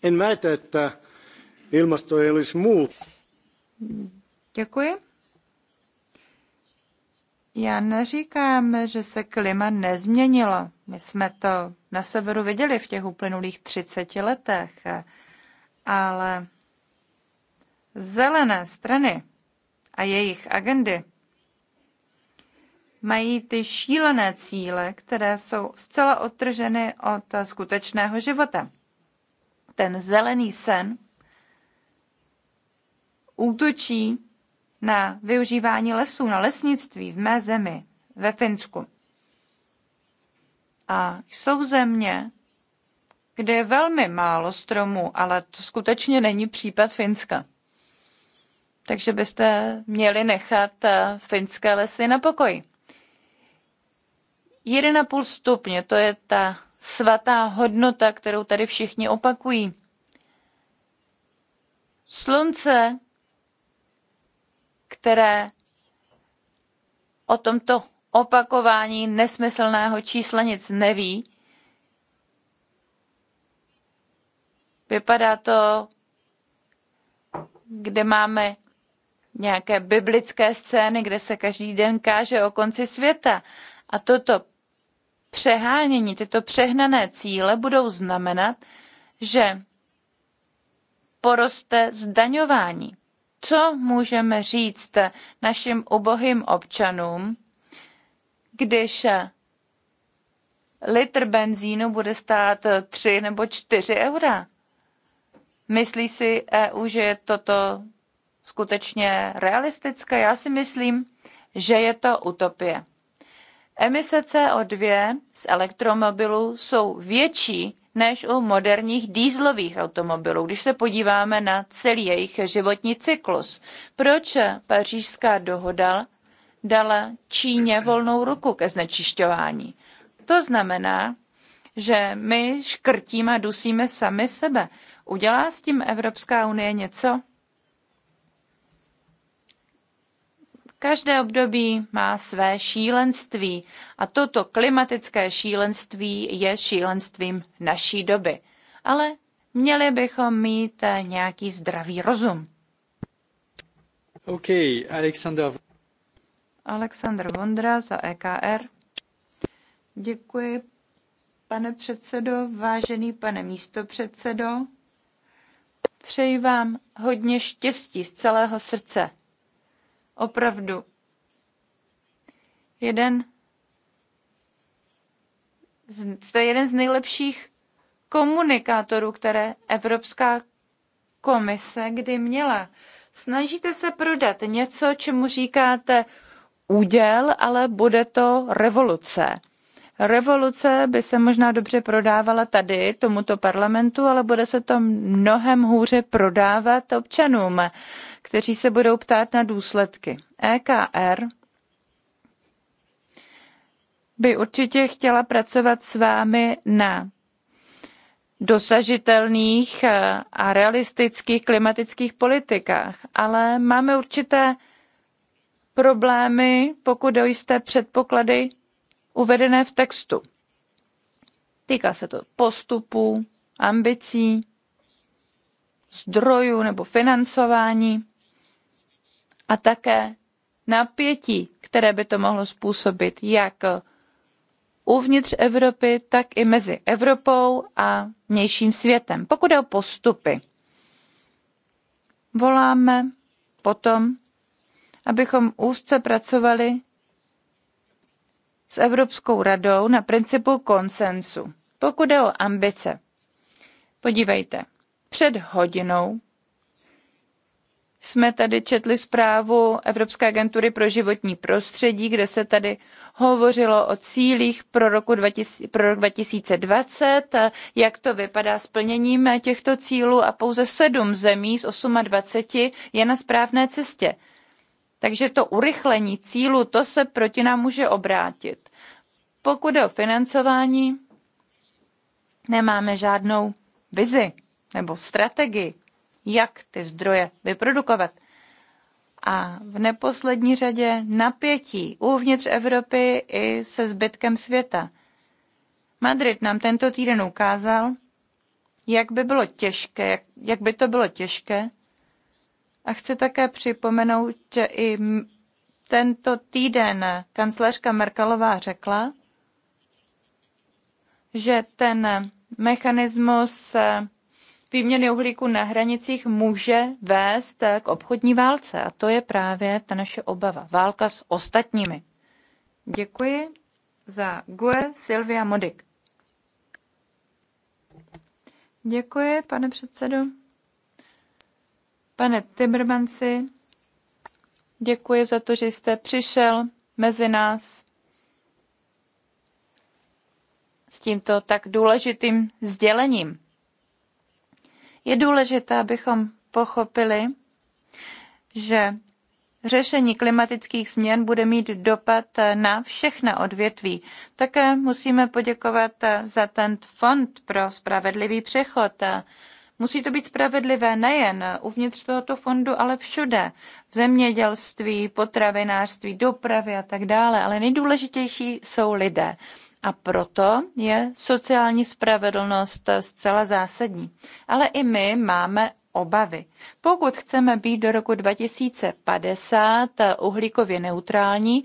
en väitä että ilmasto ei olisi muuttunut. Já neříkám, že se klima nezměnilo. My jsme to na severu viděli v těch uplynulých 30 letech, ale zelené strany a jejich agendy mají ty šílené cíle, které jsou zcela odtrženy od skutečného života. Ten zelený sen útočí na využívání lesů, na lesnictví v mé zemi, ve Finsku. A jsou země, kde je velmi málo stromů, ale to skutečně není případ Finska. Takže byste měli nechat eh, finské lesy na pokoji. 1,5 stupně, to je ta svatá hodnota, kterou tady všichni opakují. Slunce, které o tomto opakování nesmyslného čísla nic neví. Vypadá to, kde máme nějaké biblické scény, kde se každý den káže o konci světa. A toto přehánění, tyto přehnané cíle budou znamenat, že poroste zdaňování. Co můžeme říct našim ubohým občanům, když litr benzínu bude stát 3 nebo 4 eura? Myslí si EU, že je toto skutečně realistické? Já si myslím, že je to utopie. Emise CO2 z elektromobilů jsou větší než u moderních dýzlových automobilů, když se podíváme na celý jejich životní cyklus. Proč pařížská dohoda dala Číně volnou ruku ke znečišťování? To znamená, že my škrtíme a dusíme sami sebe. Udělá s tím Evropská unie něco? Každé období má své šílenství a toto klimatické šílenství je šílenstvím naší doby. Ale měli bychom mít nějaký zdravý rozum. OK, Alexander. Alexander Vondra za EKR. Děkuji, pane předsedo, vážený pane místopředsedo. Přeji vám hodně štěstí z celého srdce opravdu jeden jste jeden z nejlepších komunikátorů, které Evropská komise kdy měla. Snažíte se prodat něco, čemu říkáte úděl, ale bude to revoluce. Revoluce by se možná dobře prodávala tady, tomuto parlamentu, ale bude se to mnohem hůře prodávat občanům, kteří se budou ptát na důsledky. EKR by určitě chtěla pracovat s vámi na dosažitelných a realistických klimatických politikách, ale máme určité problémy, pokud jste předpoklady uvedené v textu. Týká se to postupů, ambicí, zdrojů nebo financování a také napětí, které by to mohlo způsobit jak uvnitř Evropy, tak i mezi Evropou a vnějším světem. Pokud je o postupy, voláme potom, abychom úzce pracovali s Evropskou radou na principu konsensu. Pokud je o ambice, podívejte, před hodinou jsme tady četli zprávu Evropské agentury pro životní prostředí, kde se tady hovořilo o cílích pro, roku 20, pro rok 2020, jak to vypadá s plněním těchto cílů a pouze sedm zemí z 28 je na správné cestě. Takže to urychlení cílu, to se proti nám může obrátit. Pokud je o financování, nemáme žádnou vizi nebo strategii, jak ty zdroje vyprodukovat. A v neposlední řadě napětí uvnitř Evropy i se zbytkem světa. Madrid nám tento týden ukázal, jak by bylo těžké, jak, jak by to bylo těžké a chci také připomenout, že i tento týden kancléřka Merkelová řekla, že ten mechanismus výměny uhlíku na hranicích může vést k obchodní válce. A to je právě ta naše obava. Válka s ostatními. Děkuji za GUE Silvia Modik. Děkuji, pane předsedo. Pane Timmermansi, děkuji za to, že jste přišel mezi nás s tímto tak důležitým sdělením. Je důležité, abychom pochopili, že řešení klimatických změn bude mít dopad na všechna odvětví. Také musíme poděkovat za ten fond pro spravedlivý přechod. Musí to být spravedlivé nejen uvnitř tohoto fondu, ale všude. V zemědělství, potravinářství, dopravy a tak dále. Ale nejdůležitější jsou lidé. A proto je sociální spravedlnost zcela zásadní. Ale i my máme obavy. Pokud chceme být do roku 2050 uhlíkově neutrální,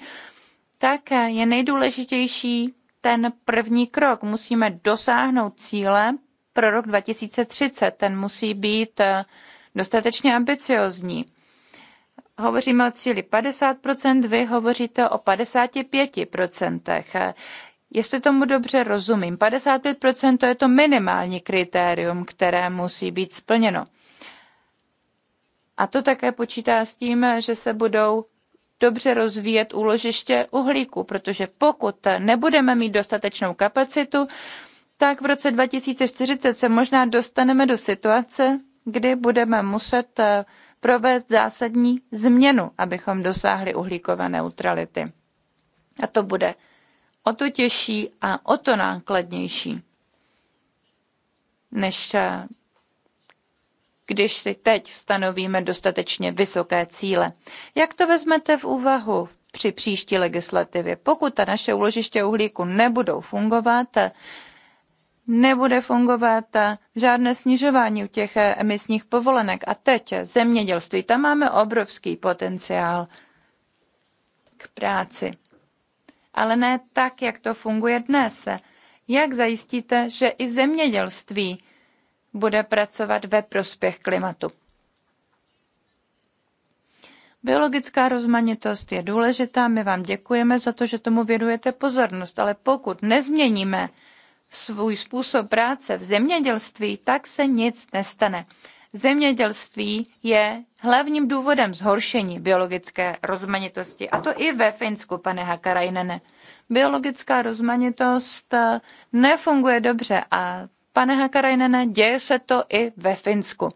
tak je nejdůležitější ten první krok. Musíme dosáhnout cíle pro rok 2030. Ten musí být eh, dostatečně ambiciozní. Hovoříme o cíli 50%, vy hovoříte o 55%. Jestli tomu dobře rozumím, 55% to je to minimální kritérium, které musí být splněno. A to také počítá s tím, že se budou dobře rozvíjet úložiště uhlíku, protože pokud nebudeme mít dostatečnou kapacitu, tak v roce 2040 se možná dostaneme do situace, kdy budeme muset eh, provést zásadní změnu, abychom dosáhli uhlíkové neutrality. A to bude o to těžší a o to nákladnější, než eh, když si teď stanovíme dostatečně vysoké cíle. Jak to vezmete v úvahu při příští legislativě? Pokud ta naše úložiště uhlíku nebudou fungovat, nebude fungovat žádné snižování u těch eh, emisních povolenek. A teď zemědělství. Tam máme obrovský potenciál k práci. Ale ne tak, jak to funguje dnes. Jak zajistíte, že i zemědělství bude pracovat ve prospěch klimatu? Biologická rozmanitost je důležitá, my vám děkujeme za to, že tomu věnujete pozornost, ale pokud nezměníme svůj způsob práce v zemědělství, tak se nic nestane. Zemědělství je hlavním důvodem zhoršení biologické rozmanitosti, a to i ve Finsku, pane Hakarajnene. Biologická rozmanitost eh, nefunguje dobře a pane Hakarajnene, děje se to i ve Finsku.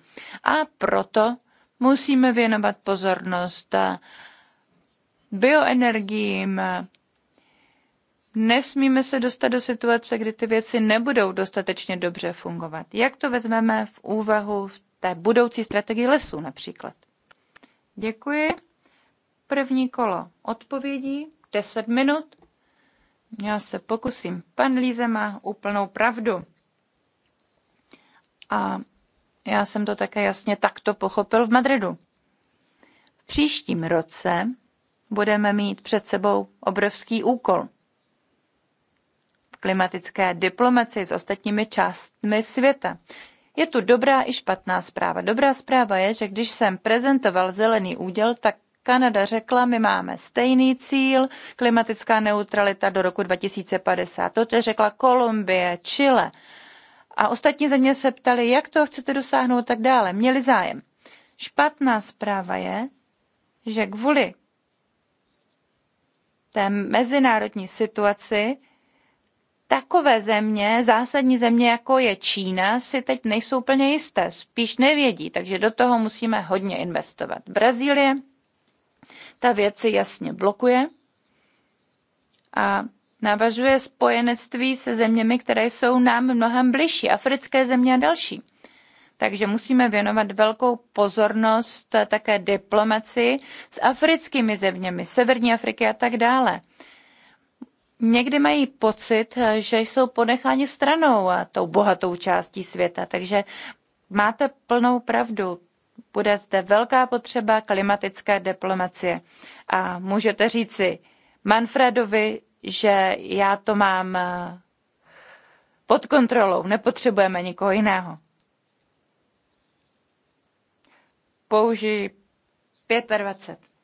A proto musíme věnovat pozornost eh, bioenergiím, nesmíme se dostat do situace, kdy ty věci nebudou dostatečně dobře fungovat. Jak to vezmeme v úvahu v té budoucí strategii lesů například? Děkuji. První kolo odpovědí, 10 minut. Já se pokusím. Pan Líze má úplnou pravdu. A já jsem to také jasně takto pochopil v Madridu. V příštím roce budeme mít před sebou obrovský úkol klimatické diplomaci s ostatními částmi světa. Je tu dobrá i špatná zpráva. Dobrá zpráva je, že když jsem prezentoval zelený úděl, tak Kanada řekla, my máme stejný cíl, klimatická neutralita do roku 2050. To řekla Kolumbie, Chile. A ostatní země se ptali, jak to chcete dosáhnout tak dále. Měli zájem. Špatná zpráva je, že kvůli té mezinárodní situaci takové země, zásadní země, jako je Čína, si teď nejsou úplně jisté, spíš nevědí, takže do toho musíme hodně investovat. Brazílie ta věci jasně blokuje a navazuje spojenectví se zeměmi, které jsou nám mnohem bližší, africké země a další. Takže musíme věnovat velkou pozornost také diplomaci s africkými zeměmi, Severní Afriky a tak dále někdy mají pocit, eh, že jsou ponecháni stranou a tou bohatou částí světa. Takže máte plnou pravdu. Bude zde velká potřeba klimatické diplomacie. A můžete říci Manfredovi, že já to mám eh, pod kontrolou, nepotřebujeme nikoho jiného. Použij 25.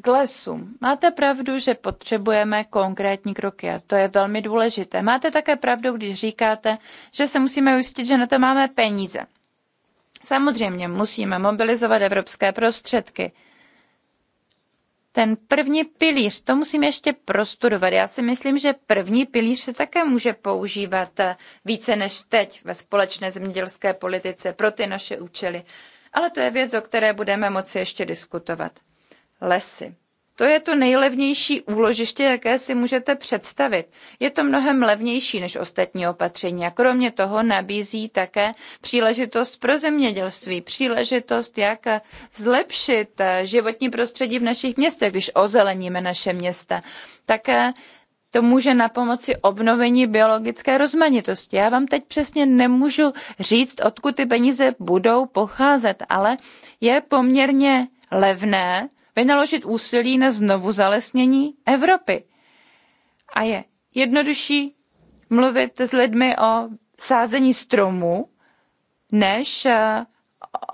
k lesům. Máte pravdu, že potřebujeme konkrétní kroky a to je velmi důležité. Máte také pravdu, když říkáte, že se musíme ujistit, že na to máme peníze. Samozřejmě musíme mobilizovat evropské prostředky. Ten první pilíř, to musím ještě prostudovat. Já si myslím, že první pilíř se také může používat více než teď ve společné zemědělské politice pro ty naše účely. Ale to je věc, o které budeme moci ještě diskutovat lesy. To je to nejlevnější úložiště, jaké si můžete představit. Je to mnohem levnější než ostatní opatření a kromě toho nabízí také příležitost pro zemědělství, příležitost, jak zlepšit životní prostředí v našich městech, když ozeleníme naše města. Také to může na pomoci obnovení biologické rozmanitosti. Já vám teď přesně nemůžu říct, odkud ty peníze budou pocházet, ale je poměrně levné vynaložit úsilí na znovu zalesnění Evropy. A je jednodušší mluvit s lidmi o sázení stromů, než eh,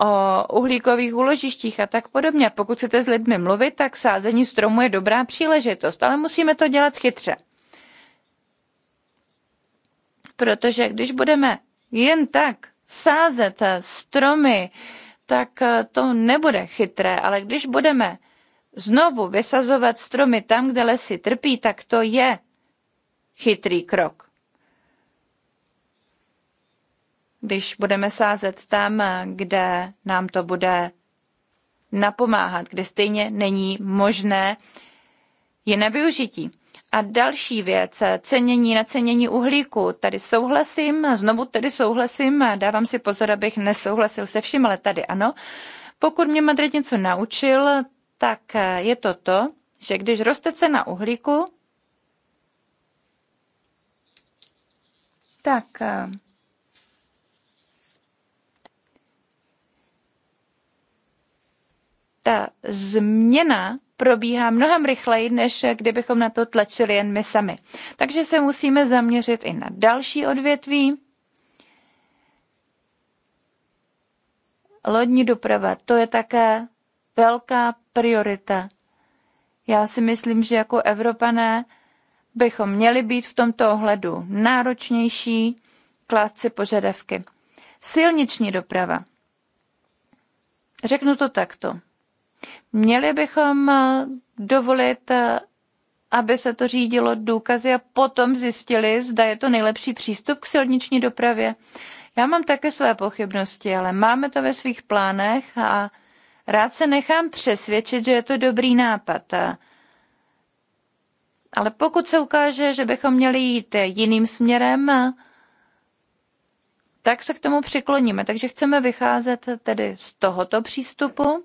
o uhlíkových úložištích a tak podobně. Pokud chcete s lidmi mluvit, tak sázení stromu je dobrá příležitost, ale musíme to dělat chytře. Protože když budeme jen tak sázet eh, stromy, tak eh, to nebude chytré, ale když budeme Znovu vysazovat stromy tam, kde lesy trpí, tak to je chytrý krok. Když budeme sázet tam, kde nám to bude napomáhat, kde stejně není možné je na využití. A další věc, cenění, nacenění uhlíku. Tady souhlasím, znovu tady souhlasím, dávám si pozor, abych nesouhlasil se vším, ale tady ano. Pokud mě Madrid něco naučil, tak eh, je to to, že když roste cena uhlíku, tak eh, ta změna probíhá mnohem rychleji, než kdybychom na to tlačili jen my sami. Takže se musíme zaměřit i na další odvětví. Lodní doprava, to je také velká priorita. Já si myslím, že jako Evropané bychom měli být v tomto ohledu náročnější, klást si požadavky. Silniční doprava. Řeknu to takto. Měli bychom eh, dovolit, eh, aby se to řídilo důkazy a potom zjistili, zda je to nejlepší přístup k silniční dopravě. Já mám také své pochybnosti, ale máme to ve svých plánech a Rád se nechám přesvědčit, že je to dobrý nápad. Ale pokud se ukáže, že bychom měli jít jiným směrem, tak se k tomu přikloníme. Takže chceme vycházet tedy z tohoto přístupu.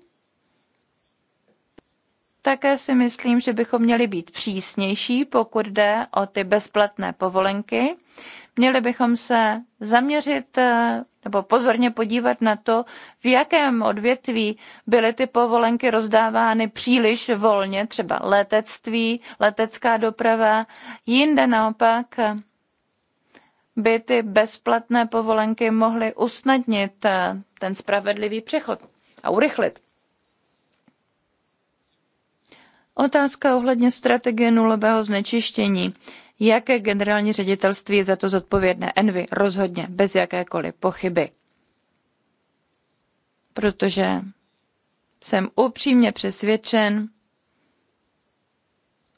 Také si myslím, že bychom měli být přísnější, pokud jde o ty bezplatné povolenky. Měli bychom se zaměřit eh, nebo pozorně podívat na to, v jakém odvětví byly ty povolenky rozdávány příliš volně, třeba letectví, letecká doprava, jinde naopak by ty bezplatné povolenky mohly usnadnit eh, ten spravedlivý přechod a urychlit. Otázka ohledně strategie nulového znečištění. Jaké generální ředitelství je za to zodpovědné. Envy rozhodně, bez jakékoliv pochyby. Protože jsem upřímně přesvědčen,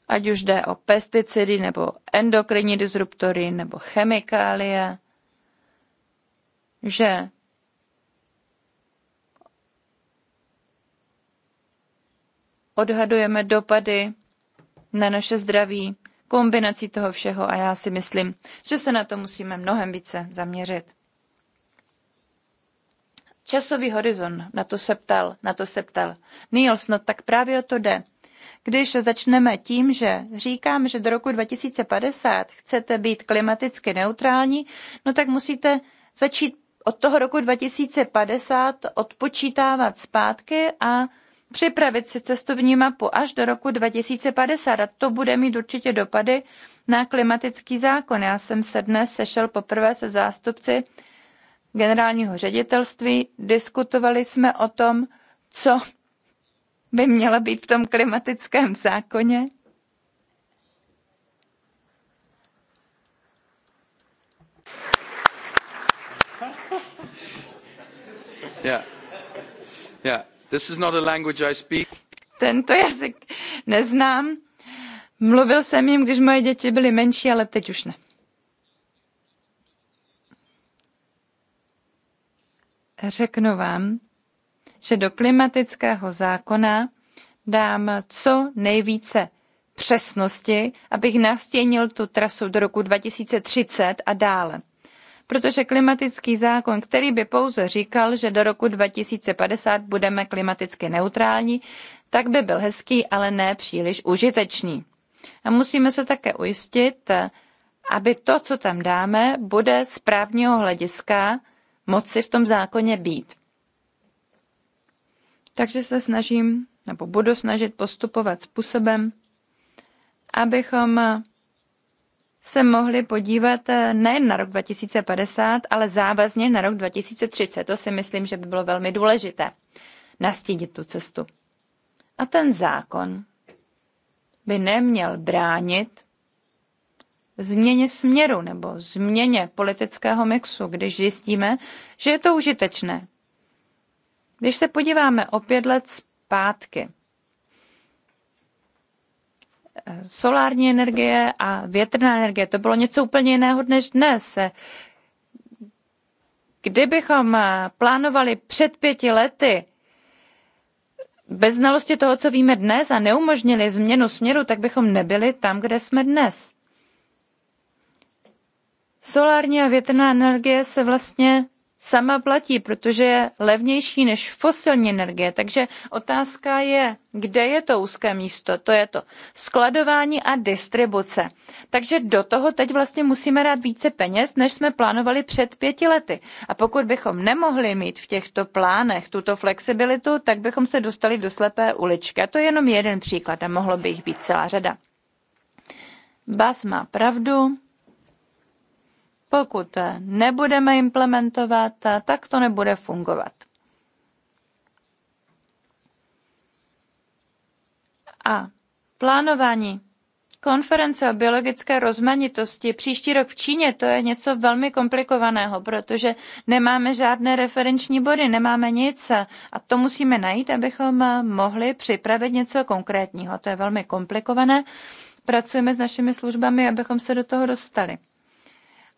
ať už jde o pesticidy nebo endokrinní disruptory nebo chemikálie, že odhadujeme dopady na naše zdraví kombinací toho všeho a já si myslím, že se na to musíme mnohem více zaměřit. Časový horizont, na to se ptal, na to se ptal. Niels, no tak právě o to jde. Když začneme tím, že říkám, že do roku 2050 chcete být klimaticky neutrální, no tak musíte začít od toho roku 2050 odpočítávat zpátky a připravit si cestovní mapu až do roku 2050 a to bude mít určitě dopady na klimatický zákon. Já jsem se dnes sešel poprvé se zástupci generálního ředitelství, diskutovali jsme o tom, co by mělo být v tom klimatickém zákoně. Yeah. Yeah. Tento jazyk neznám. Mluvil jsem jim, když moje děti byly menší, ale teď už ne. Řeknu vám, že do klimatického zákona dám co nejvíce přesnosti, abych nastínil tu trasu do roku 2030 a dále protože klimatický zákon, který by pouze říkal, že do roku 2050 budeme klimaticky neutrální, tak by byl hezký, ale ne příliš užitečný. A musíme se také ujistit, aby to, co tam dáme, bude z právního hlediska moci v tom zákoně být. Takže se snažím, nebo budu snažit postupovat způsobem, abychom se mohli podívat eh, nejen na rok 2050, ale závazně na rok 2030. To si myslím, že by bylo velmi důležité nastínit tu cestu. A ten zákon by neměl bránit změně směru nebo změně politického mixu, když zjistíme, že je to užitečné. Když se podíváme o pět let zpátky, solární energie a větrná energie. To bylo něco úplně jiného než dnes. Kdybychom plánovali před pěti lety bez znalosti toho, co víme dnes a neumožnili změnu směru, tak bychom nebyli tam, kde jsme dnes. Solární a větrná energie se vlastně sama platí, protože je levnější než fosilní energie. Takže otázka je, kde je to úzké místo? To je to skladování a distribuce. Takže do toho teď vlastně musíme dát více peněz, než jsme plánovali před pěti lety. A pokud bychom nemohli mít v těchto plánech tuto flexibilitu, tak bychom se dostali do slepé uličky. A to je jenom jeden příklad a mohlo by jich být celá řada. Bas má pravdu. Pokud nebudeme implementovat, tak to nebude fungovat. A plánování konference o biologické rozmanitosti příští rok v Číně, to je něco velmi komplikovaného, protože nemáme žádné referenční body, nemáme nic a to musíme najít, abychom mohli připravit něco konkrétního. To je velmi komplikované. Pracujeme s našimi službami, abychom se do toho dostali.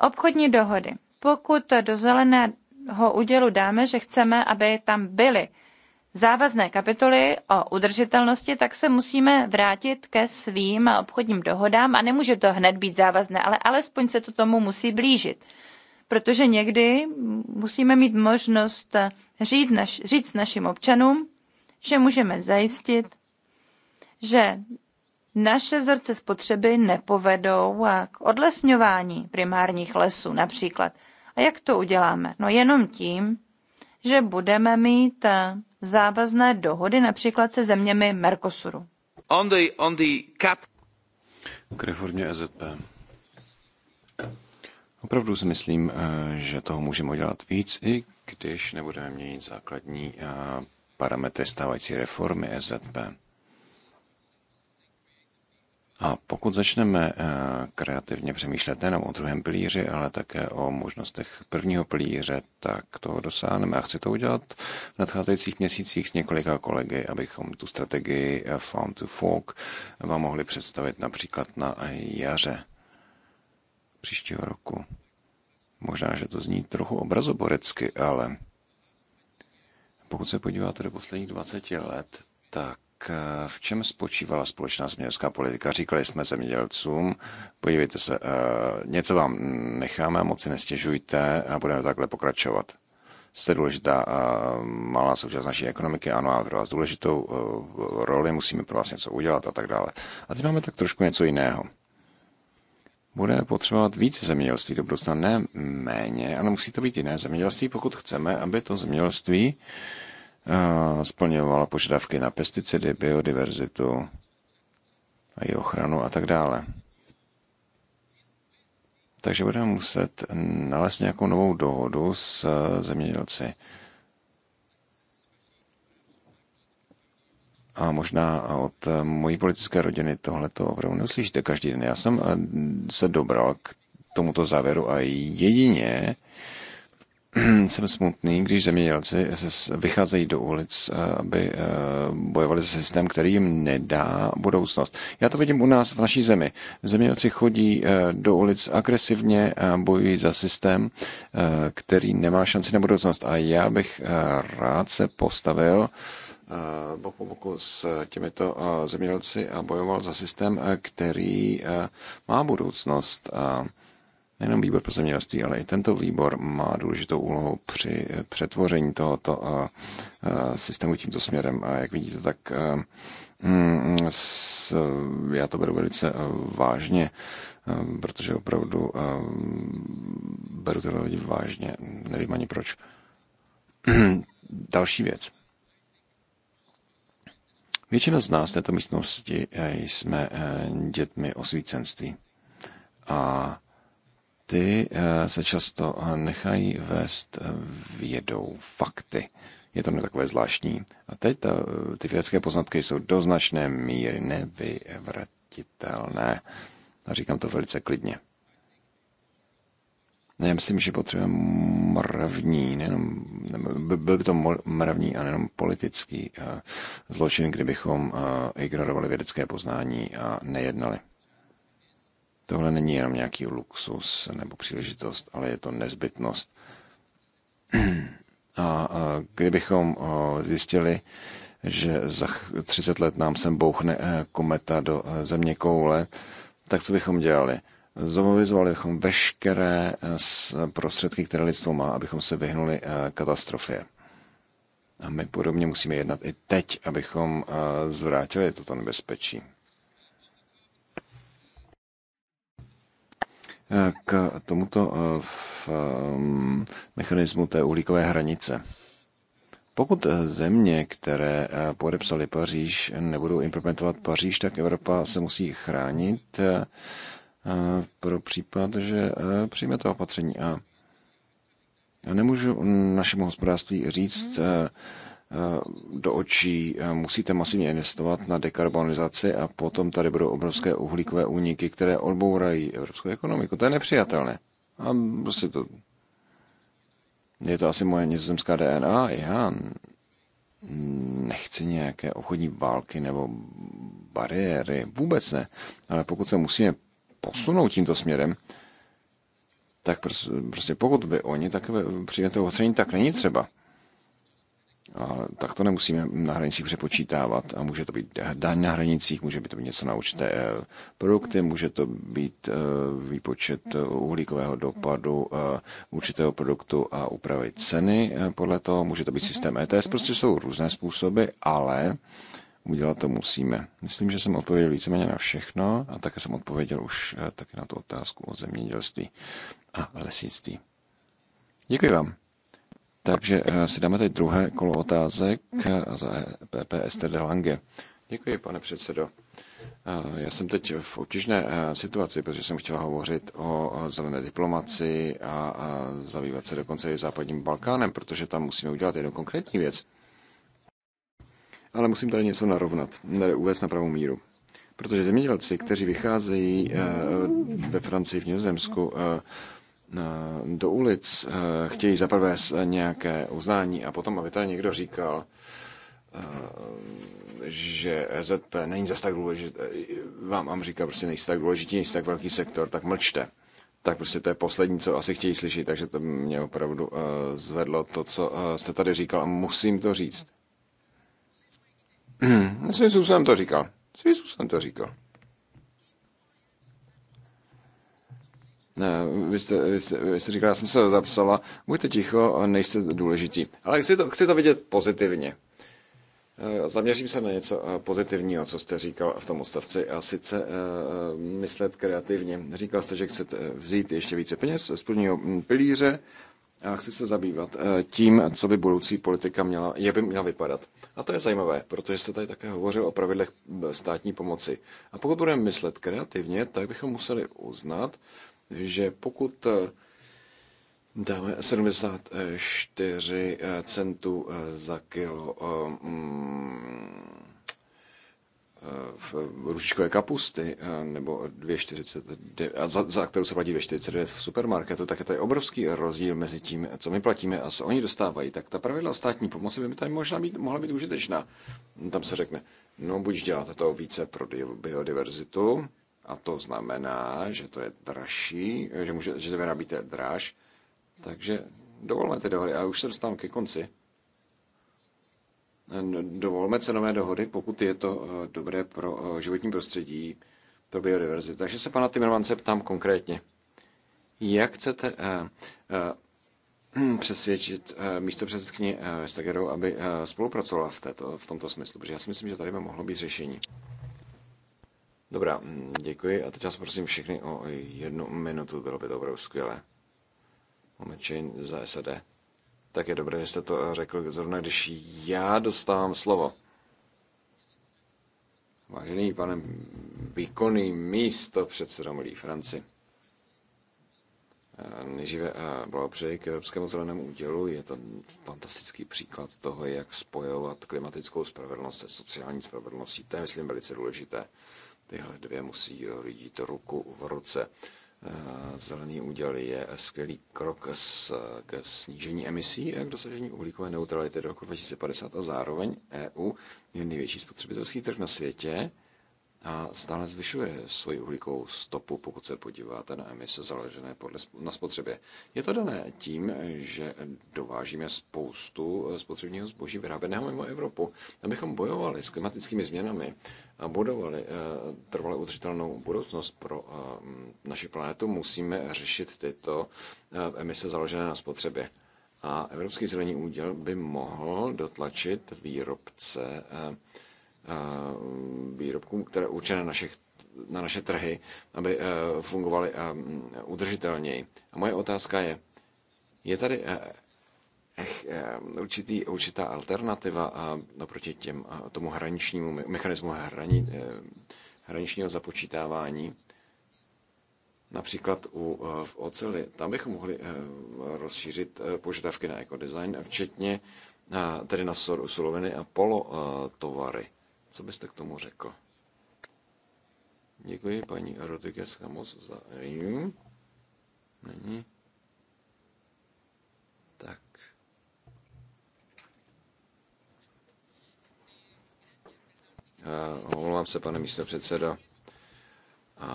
Obchodní dohody. Pokud do zeleného údělu dáme, že chceme, aby tam byly závazné kapitoly o udržitelnosti, tak se musíme vrátit ke svým obchodním dohodám a nemůže to hned být závazné, ale alespoň se to tomu musí blížit. Protože někdy musíme mít možnost říct, naš, říct našim občanům, že můžeme zajistit, že naše vzorce spotřeby nepovedou eh, k odlesňování primárních lesů například. A jak to uděláme? No jenom tím, že budeme mít eh, závazné dohody například se zeměmi Mercosuru. On the, on the cap. K reformě EZP. Opravdu si myslím, eh, že toho můžeme udělat víc, i když nebudeme měnit základní parametry stávající reformy EZP. A pokud začneme eh, kreativně přemýšlet nejenom o druhém pilíři, ale také o možnostech prvního pilíře, tak to dosáhneme. A chci to udělat v nadcházejících měsících s několika kolegy, abychom tu strategii Farm to Fork vám mohli představit například na jaře příštího roku. Možná, že to zní trochu obrazoborecky, ale pokud se podíváte do posledních 20 let, tak Eh, v čem spočívala společná zemědělská politika? Říkali jsme zemědělcům, podívejte se, eh, něco vám necháme, moc si nestěžujte a budeme takhle pokračovat. Jste důležitá eh, malá součást naší ekonomiky, ano, a pro vás důležitou roli, musíme pro vás něco udělat a tak dále. A teď máme tak trošku něco jiného. Bude potřebovat víc zemědělství do budoucna, ne méně, ale musí to být jiné zemědělství, pokud chceme, aby to zemědělství uh, splňovala požadavky na pesticidy, biodiverzitu a její ochranu a tak dále. Takže budeme muset nalézt nějakou novou dohodu s zemědělci. A možná od mojí politické rodiny tohle to opravdu neuslyšíte každý den. Já jsem se dobral k tomuto závěru a jedině *clears throat* Jsem smutný, když zemědělci vycházejí do ulic, eh, aby eh, bojovali se systém, který jim nedá budoucnost. Já to vidím u nás v naší zemi. Zemědělci chodí eh, do ulic agresivně a bojují za systém, který nemá šanci na budoucnost. A já bych rád se postavil bok po boku s těmito zemědělci a bojoval za systém, který má budoucnost. Nejenom výbor pro zemědělství, ale i tento výbor má důležitou úlohu při eh, přetvoření tohoto eh, eh, systému tímto směrem. A jak vidíte, tak mm, mm, já to beru velice vážně, protože opravdu beru tyhle lidi vážně. Nevím ani proč. *clears throat* Další věc. Většina z nás v této místnosti jsme dětmi osvícenství. A ty eh, se často eh, nechají vést eh, vědou fakty. Je to takové zvláštní. A teď ta, ty vědecké poznatky jsou do značné míry nevyvratitelné. A říkám to velice klidně. No, já myslím, že potřebujeme mravní, nejenom, byl by to mravní a nejenom politický zločin, kdybychom ignorovali vědecké poznání a nejednali. Tohle není jenom nějaký luxus nebo příležitost, ale je to nezbytnost. *clears throat* A kdybychom zjistili, že za 30 let nám sem bouchne e, kometa do e, země koule, tak co bychom dělali? Zomovizovali bychom veškeré e, prostředky, které lidstvo má, abychom se vyhnuli katastrofě. A my podobně musíme jednat i teď, abychom zvrátili toto nebezpečí. k tomuto eh, v mechanismu té uhlíkové hranice. Pokud eh, země, které eh, podepsali Paříž, nebudou implementovat Paříž, tak Evropa se musí chránit pro případ, že přijme to opatření. A nemůžu našemu hospodářství říct, mm. Eh, do očí. Eh, musíte masivně investovat na dekarbonizaci a potom tady budou obrovské uhlíkové úniky, které odbourají evropskou ekonomiku. To je nepřijatelné. A prostě to... Je to asi moje nizozemská DNA. Já nechci nějaké obchodní války nebo bariéry. Vůbec ne. Ale pokud se musíme posunout tímto směrem, tak prostě pokud vy oni tak přijmete opatření, tak není třeba. No, tak to nemusíme na hranicích přepočítávat a může to být daň na hranicích, může být to být něco na určité eh, produkty, může to být eh, výpočet eh, uhlíkového dopadu určitého produktu a upravit ceny podle toho, může to být systém ETS, prostě jsou různé způsoby, ale udělat to musíme. Myslím, že jsem odpověděl víceméně na všechno a také jsem odpověděl už taky na tu otázku o zemědělství a lesnictví. Děkuji vám. Takže eh, si dáme teď druhé kolo otázek eh, za e PP Ester de Lange. Děkuji, pane předsedo. Eh, já jsem teď v obtížné situaci, protože jsem chtěla hovořit o zelené diplomaci a zabývat se dokonce i západním Balkánem, protože tam musíme udělat jednu konkrétní věc. Ale musím tady něco narovnat, uvést na pravou míru. Protože zemědělci, kteří vycházejí ve Francii, v Nizozemsku, Eh, do ulic, eh, chtějí zaprvé nějaké uznání a potom, aby tady někdo říkal, eh, že EZP není zase tak důležitý, vám, vám říká, prostě nejste tak důležitý, nejste tak velký sektor, tak mlčte. Tak prostě to je poslední, co asi chtějí slyšet, takže to mě opravdu zvedlo to, co jste tady říkal a musím to říct. Svým *clears throat* způsobem to říkal. Svým způsobem to říkal. Vy jste, vy jste, vy jste říkala, já jsem se zapsala, buďte ticho, nejste důležití. Ale chci to, chci to vidět pozitivně. Eh, zaměřím se na něco eh, pozitivního, co jste říkal v tom odstavci, a sice eh, myslet kreativně. Říkal jste, že chcete vzít ještě více peněz z prvního hm, pilíře a chci se zabývat tím, co by budoucí politika měla, je by měla vypadat. A to je zajímavé, protože jste tady také hovořil o pravidlech státní pomoci. A pokud budeme myslet kreativně, tak bychom museli uznat, že pokud eh, dáme 74 eh, centů eh, za kilo mm, v ružičkové kapusty, nebo 2,49, a za, za kterou se platí 2,49 v supermarketu, tak je tady obrovský rozdíl mezi tím, co my platíme a co oni dostávají. Tak ta pravidla státní pomoci by mi tady možná být, mohla být užitečná. Tam se řekne, no buď děláte to více pro biodiverzitu, a to znamená, že to je dražší, že, může, že to vyrábíte draž, takže dovolme ty dohody. A už se dostávám ke konci. Dovolme cenové dohody, pokud je to eh, dobré pro eh, životní prostředí, pro biodiverzitu. Takže se pana Timmermanse ptám konkrétně. Jak chcete eh, *clears throat* přesvědčit místo předsedkyně Vestagerou, aby spolupracovala v, této, v tomto smyslu? Protože já si myslím, že tady by mohlo být řešení. Dobrá, mm, děkuji. A teď vás prosím všechny o jednu minutu, bylo by to opravdu skvělé. Moment za Sd. Tak je dobré, že jste to řekl zrovna, když já dostávám slovo. Vážený pane výkonný místo předsedom Lí Franci. Nejdříve eh, blahopřeji k Evropskému zelenému údělu. Je to fantastický příklad toho, jak spojovat klimatickou spravedlnost se sociální spravedlností. To je, myslím, velice důležité. Tyhle dvě musí jít ruku v ruce. Eh, zelený úděl je skvělý krok k snížení emisí a k dosažení uhlíkové neutrality do roku 2050 a zároveň EU je největší spotřebitelský trh na světě a stále zvyšuje svoji uhlíkovou stopu, pokud se podíváte na emise založené podle, na spotřebě. Je to dané tím, že dovážíme spoustu eh, spotřebního zboží vyráběného mimo Evropu. Abychom bojovali s klimatickými změnami a budovali eh, trvale udržitelnou budoucnost pro eh, naši planetu, musíme řešit tyto emise založené na spotřebě. A Evropský zelený úděl by mohl dotlačit výrobce výrobkům, které určené našich, na naše trhy, aby e, fungovaly udržitelněji. A moje otázka je, je tady e, e, určitý, určitá alternativa oproti těm, tomu hraničnímu mechanismu hrani, hraničního započítávání, například u, v oceli. Tam bychom mohli rozšířit požadavky na ekodesign, včetně tedy na suroviny a polotovary. Co byste k tomu řekl? Děkuji paní Rodriguez Ramos za EU. Není. Tak. omlouvám se, pane místo předsedo. A,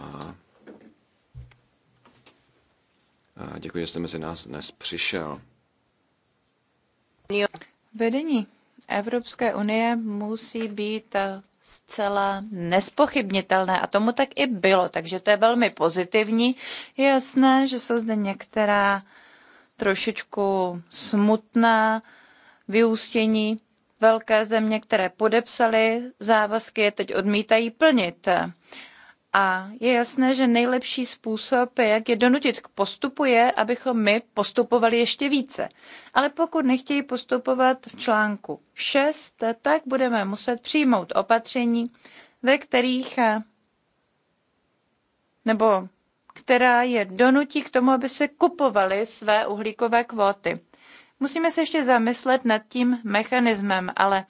a děkuji, že jste mezi nás dnes přišel. Vedení Evropské unie musí být eh, zcela nespochybnitelné a tomu tak i bylo, takže to je velmi pozitivní. Je jasné, že jsou zde některá trošičku smutná vyústění. Velké země, které podepsaly závazky, je teď odmítají plnit. A je jasné, že nejlepší způsob, jak je donutit k postupu, je, abychom my postupovali ještě více. Ale pokud nechtějí postupovat v článku 6, tak budeme muset přijmout opatření, ve kterých nebo která je donutí k tomu, aby se kupovaly své uhlíkové kvóty. Musíme se ještě zamyslet nad tím mechanismem, ale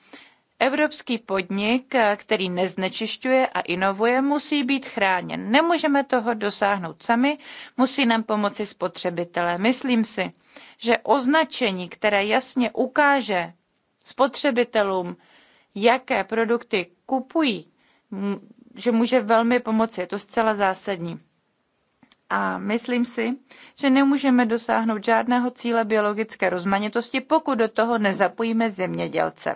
Evropský podnik, který neznečišťuje a inovuje, musí být chráněn. Nemůžeme toho dosáhnout sami, musí nám pomoci spotřebitelé. Myslím si, že označení, které jasně ukáže spotřebitelům, jaké produkty kupují, že může velmi pomoci. Je to zcela zásadní. A myslím si, že nemůžeme dosáhnout žádného cíle biologické rozmanitosti, pokud do toho nezapojíme zemědělce.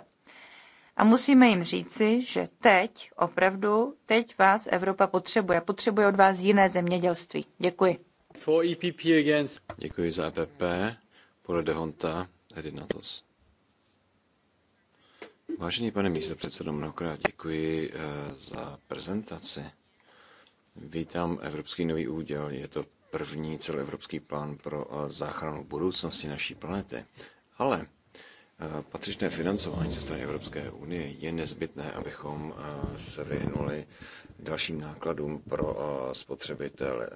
A musíme jim říci, že teď, opravdu, teď vás Evropa potřebuje. Potřebuje od vás jiné zemědělství. Děkuji. For EPP Děkuji za EPP. Pole de Honta, Edinatos. Vážený pane místo předsedo, mnohokrát děkuji eh, za prezentaci. Vítám Evropský nový úděl. Je to první celoevropský plán pro eh, záchranu budoucnosti naší planety. Ale Patřičné financování ze strany Evropské unie je nezbytné, abychom eh, se vyhnuli dalším nákladům pro eh, spotřebitele.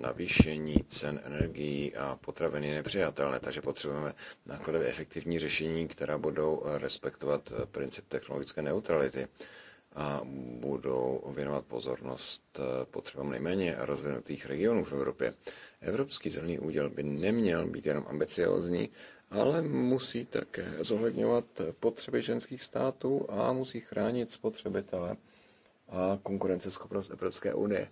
Navýšení cen energií a potravin je nepřijatelné, takže potřebujeme nákladově efektivní řešení, která budou eh, respektovat princip technologické neutrality a budou věnovat pozornost potřebám nejméně rozvinutých regionů v Evropě. Evropský zelený úděl by neměl být jenom ambiciózní, ale musí také zohledňovat potřeby ženských států a musí chránit spotřebitele a konkurenceschopnost Evropské unie.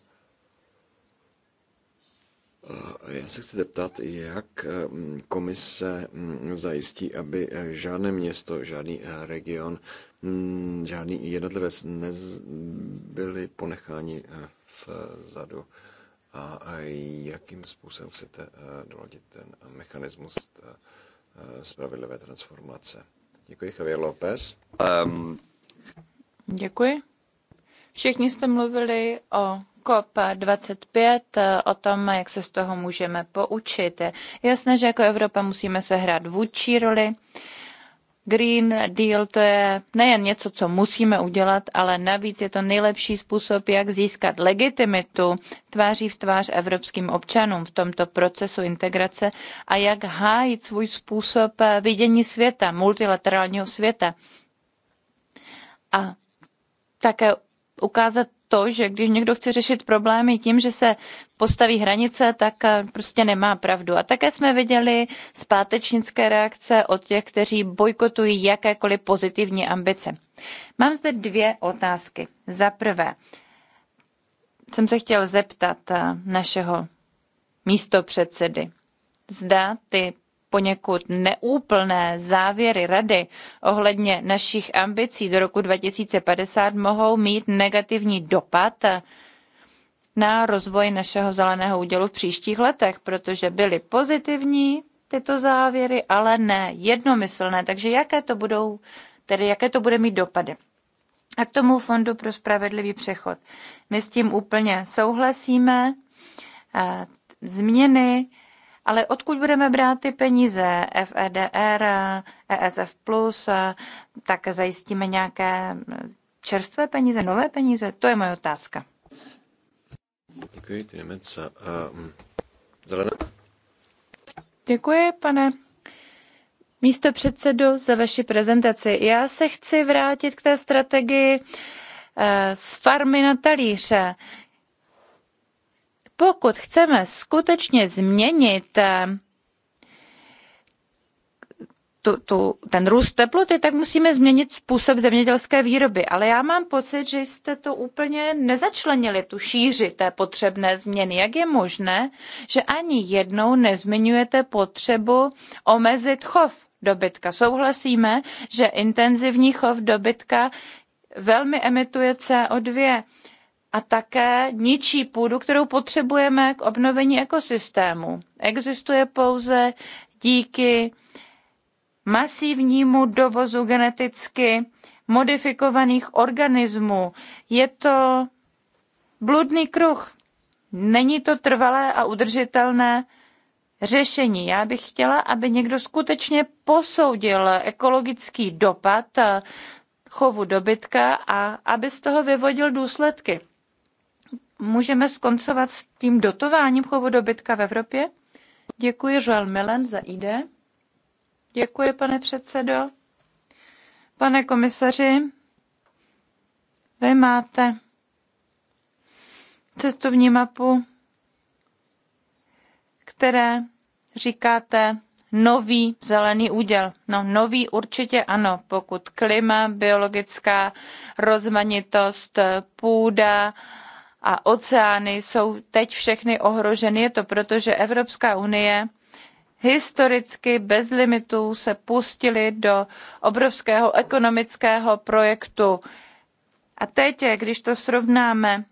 Já se chci zeptat, jak mm, komise mm, zajistí, aby eh, žádné město, žádný eh, region, mm, žádný jednotlivec nebyli ponecháni eh, vzadu a jakým způsobem chcete doladit ten mechanismus Eh, spravedlivé transformace. Děkuji, Javier López. Um... Děkuji. Všichni jste mluvili o COP25, eh, o tom, jak se z toho můžeme poučit. Je jasné, že jako Evropa musíme sehrát vůdčí roli. Green Deal to je nejen něco, co musíme udělat, ale navíc je to nejlepší způsob, jak získat legitimitu tváří v tvář evropským občanům v tomto procesu integrace a jak hájit svůj způsob eh, vidění světa, multilaterálního světa. A také ukázat to, že když někdo chce řešit problémy tím, že se postaví hranice, tak eh, prostě nemá pravdu. A také jsme viděli zpátečnické reakce od těch, kteří bojkotují jakékoliv pozitivní ambice. Mám zde dvě otázky. Za prvé, jsem se chtěl zeptat eh, našeho místopředsedy. Zda ty poněkud neúplné závěry Rady ohledně našich ambicí do roku 2050 mohou mít negativní dopad na rozvoj našeho zeleného údělu v příštích letech, protože byly pozitivní tyto závěry, ale ne jednomyslné. Takže jaké to budou, tedy jaké to bude mít dopady? A k tomu Fondu pro spravedlivý přechod. My s tím úplně souhlasíme. Změny ale odkud budeme brát ty peníze? FEDR, ESF+, tak zajistíme nějaké čerstvé peníze, nové peníze? To je moje otázka. Děkuji, ty ehm, Zelená. Děkuji, pane místo předsedu, za vaši prezentaci. Já se chci vrátit k té strategii eh, z farmy na talíře pokud chceme skutečně změnit eh, tu, tu, ten růst teploty, tak musíme změnit způsob zemědělské výroby. Ale já mám pocit, že jste to úplně nezačlenili, tu šíři té potřebné změny. Jak je možné, že ani jednou nezmiňujete potřebu omezit chov dobytka? Souhlasíme, že intenzivní chov dobytka velmi emituje CO2 a také ničí půdu, kterou potřebujeme k obnovení ekosystému. Existuje pouze díky masivnímu dovozu geneticky modifikovaných organismů. Je to bludný kruh. Není to trvalé a udržitelné řešení. Já bych chtěla, aby někdo skutečně posoudil ekologický dopad chovu dobytka a aby z toho vyvodil důsledky můžeme skoncovat s tím dotováním chovu dobytka v Evropě? Děkuji Joel Milen za ID. Děkuji, pane předsedo. Pane komisaři, vy máte cestovní mapu, které říkáte nový zelený úděl. No nový určitě ano, pokud klima, biologická rozmanitost, půda, a oceány jsou teď všechny ohroženy. Je to proto, že Evropská unie historicky bez limitů se pustili do obrovského ekonomického projektu. A teď, když to srovnáme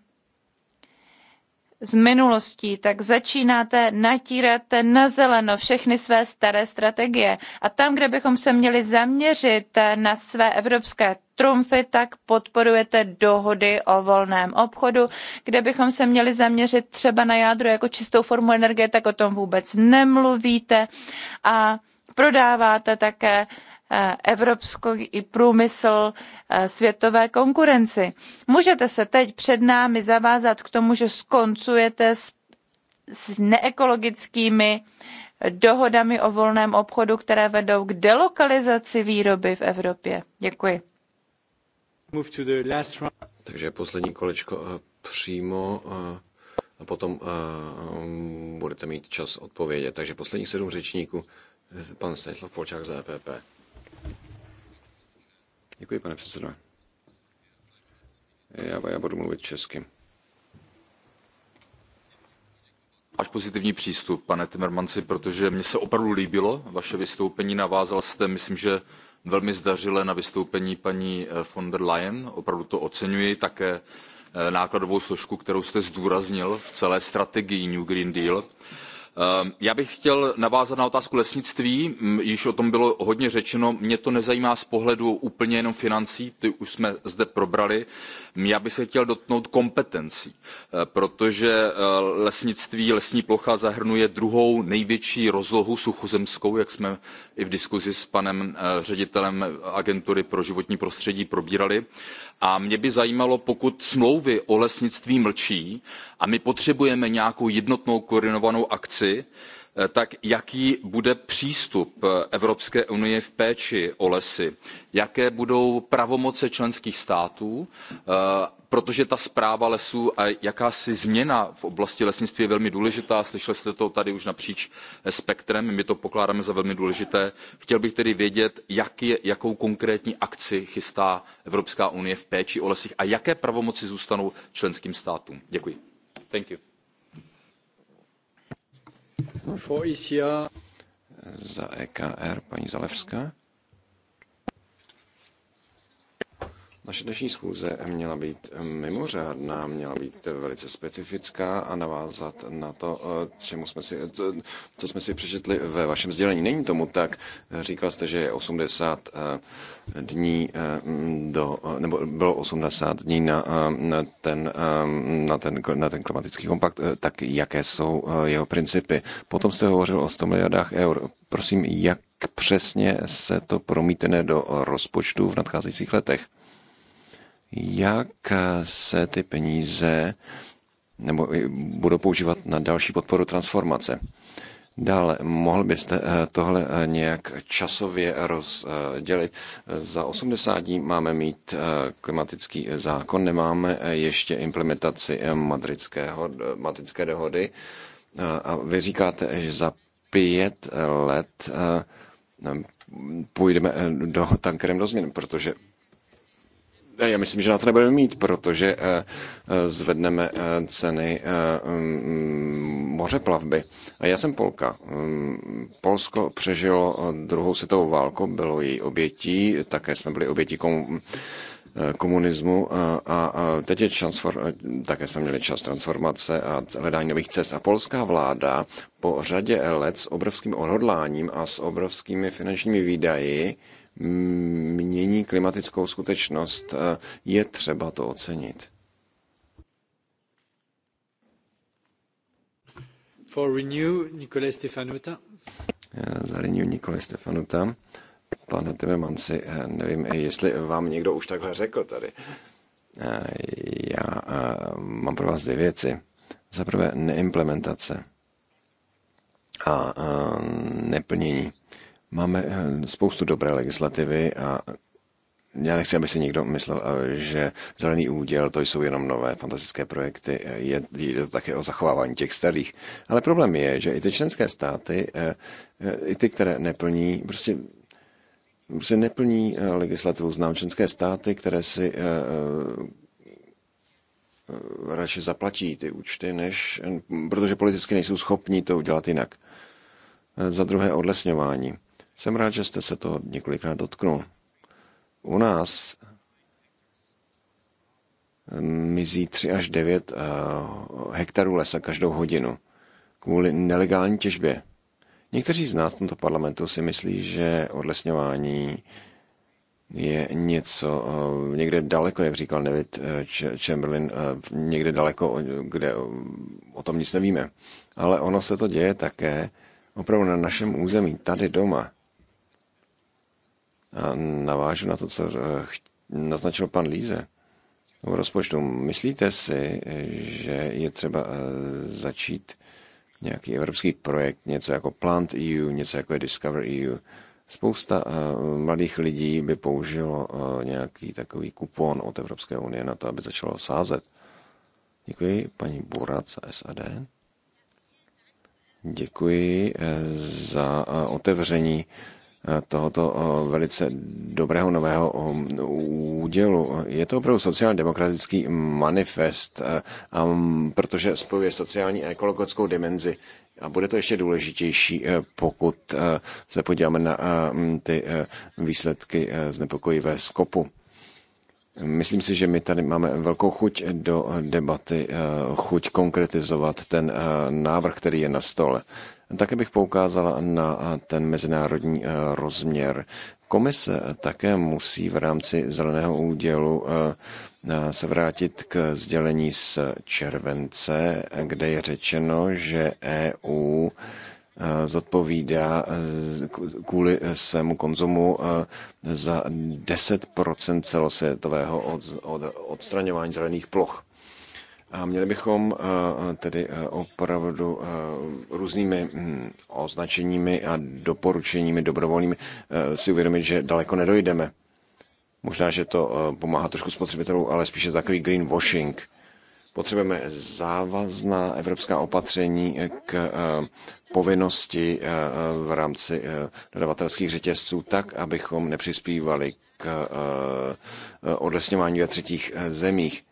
z minulostí, tak začínáte natírat na zeleno všechny své staré strategie. A tam, kde bychom se měli zaměřit na své evropské trumfy, tak podporujete dohody o volném obchodu, kde bychom se měli zaměřit třeba na jádro jako čistou formu energie, tak o tom vůbec nemluvíte. A prodáváte také Eh, evropský průmysl eh, světové konkurenci. Můžete se teď před námi zavázat k tomu, že skoncujete s, s neekologickými dohodami o volném obchodu, které vedou k delokalizaci výroby v Evropě. Děkuji. Takže poslední kolečko eh, přímo a potom budete mít čas odpovědět. Takže posledních sedm řečníků, pan Stanislav Polčák z EPP. Děkuji, pane předsedo. Já, já budu mluvit česky. Až pozitivní přístup, pane Timmermansi, protože mně se opravdu líbilo vaše vystoupení. Navázal jste, myslím, že velmi zdařile na vystoupení paní eh, von der Leyen. Opravdu to oceňuji. Také eh, nákladovou složku, kterou jste zdůraznil v celé strategii New Green Deal. Ehm, já bych chtěl navázat na otázku lesnictví již o tom bylo hodně řečeno mě to nezajímá z pohledu úplně jenom financí ty už jsme zde probrali já bych se chtěl dotknout kompetencí e, protože e, lesnictví lesní plocha zahrnuje druhou největší rozlohu suchozemskou jak jsme i v diskusi s panem e, ředitelem agentury pro životní prostředí probírali a mě by zajímalo pokud smlouvy o lesnictví mlčí a my potřebujeme nějakou jednotnou koordinovanou akci Eh, tak jaký bude přístup eh, evropské unie v péči o lesy jaké budou pravomoci členských států eh, protože ta správa lesů a jakási změna v oblasti lesnictví je velmi důležitá slyšeli jste to tady už napříč spektrem my to pokládáme za velmi důležité. chtěl bych tedy vědět jakou konkrétní akci chystá evropská unie v péči o lesy a jaké pravomoci zůstanou členským státům. děkuji. Za EKR paní Zalevská. Naše dnešní schůze měla být mimořádná, měla být velice specifická a navázat na to, eh, čemu jsme si, co, co jsme si přečetli ve vašem sdělení. Není tomu tak. Říkal jste, že je 80 eh, dní eh, do, nebo bylo 80 dní na, na, ten, na, ten, na ten klimatický kompakt, tak jaké jsou jeho principy. Potom jste hovořil o 100 miliardách eur. Prosím, jak přesně se to promítne do rozpočtu v nadcházejících letech? jak eh, se ty peníze nebo budou používat na další podporu transformace. Dále, mohl byste eh, tohle eh, nějak časově rozdělit? Za 80 máme mít klimatický zákon, nemáme ještě implementaci madridského, madridské dohody. A vy říkáte, že za pět let půjdeme do tankerem do změn, protože já myslím, že na to nebudeme mít, protože eh, eh, zvedneme eh, ceny mm, moře plavby. Já jsem Polka. Mm, Polsko přežilo druhou světovou válku, bylo její obětí, také jsme byli obětí komu mm, komunismu a, a teď je čas, také jsme měli čas transformace a hledání nových cest. A polská vláda po řadě let s obrovským odhodláním a s obrovskými finančními výdaji mění klimatickou skutečnost, eh, je třeba to ocenit. For Renew, Nicolas Stefanuta. Eh, za Renew Nicolas Stefanuta. Pane Timmermansi, eh, nevím, jestli vám někdo už takhle řekl tady. Já mám pro vás dvě věci. Za prvé neimplementace a neplnění Máme eh, spoustu dobré legislativy a já nechci, aby si někdo myslel, eh, že zelený úděl to jsou jenom nové fantastické projekty, eh, je, je to také o zachovávání těch starých. Ale problém je, že i ty členské státy, i ty, které neplní, prostě prostě neplní legislativu. Znám členské státy, které si radši zaplatí ty účty, než, protože politicky nejsou schopní to udělat jinak. Za druhé odlesňování. Jsem rád, že jste se to několikrát dotknul. U nás mizí 3 až 9 eh, hektarů lesa každou hodinu kvůli nelegální těžbě. Někteří z nás v tomto parlamentu si myslí, že odlesňování je něco eh, někde daleko, jak říkal David eh, Chamberlain, někde daleko, kde o tom nic nevíme. Ale ono se to děje také opravdu na našem území, tady doma navážu na to, co eh, naznačil pan Líze v rozpočtu. Myslíte si, že je třeba eh, začít nějaký evropský projekt, něco jako Plant EU, něco jako je Discover EU? Spousta eh, mladých lidí by použilo nějaký takový kupon od Evropské unie na to, aby začalo sázet. Děkuji, paní Burac SAD. Děkuji za otevření tohoto eh, velice dobrého nového eh, údělu. Je to opravdu sociálně demokratický manifest, eh, mm, protože spojuje sociální a ekologickou dimenzi. A bude to ještě důležitější, pokud se podíváme na mm, ty výsledky znepokojivé skopu. Myslím si, že my tady máme velkou chuť do debaty, chuť konkretizovat ten návrh, který je na stole. Také bych poukázala na ten mezinárodní eh, rozměr. Komise také musí v rámci zeleného údělu eh, eh, se vrátit k sdělení z července, kde je řečeno, že EU zodpovídá kvůli svému konzumu za 10 celosvětového odstraňování zelených ploch. A měli bychom eh, tedy eh, opravdu eh, různými hm, označeními a doporučeními dobrovolnými si uvědomit, že daleko nedojdeme. Možná, že to pomáhá trošku spotřebitelům, ale spíše takový greenwashing. Potřebujeme závazná evropská opatření k povinnosti v rámci dodavatelských řetězců tak, abychom nepřispívali k odlesňování ve třetích zemích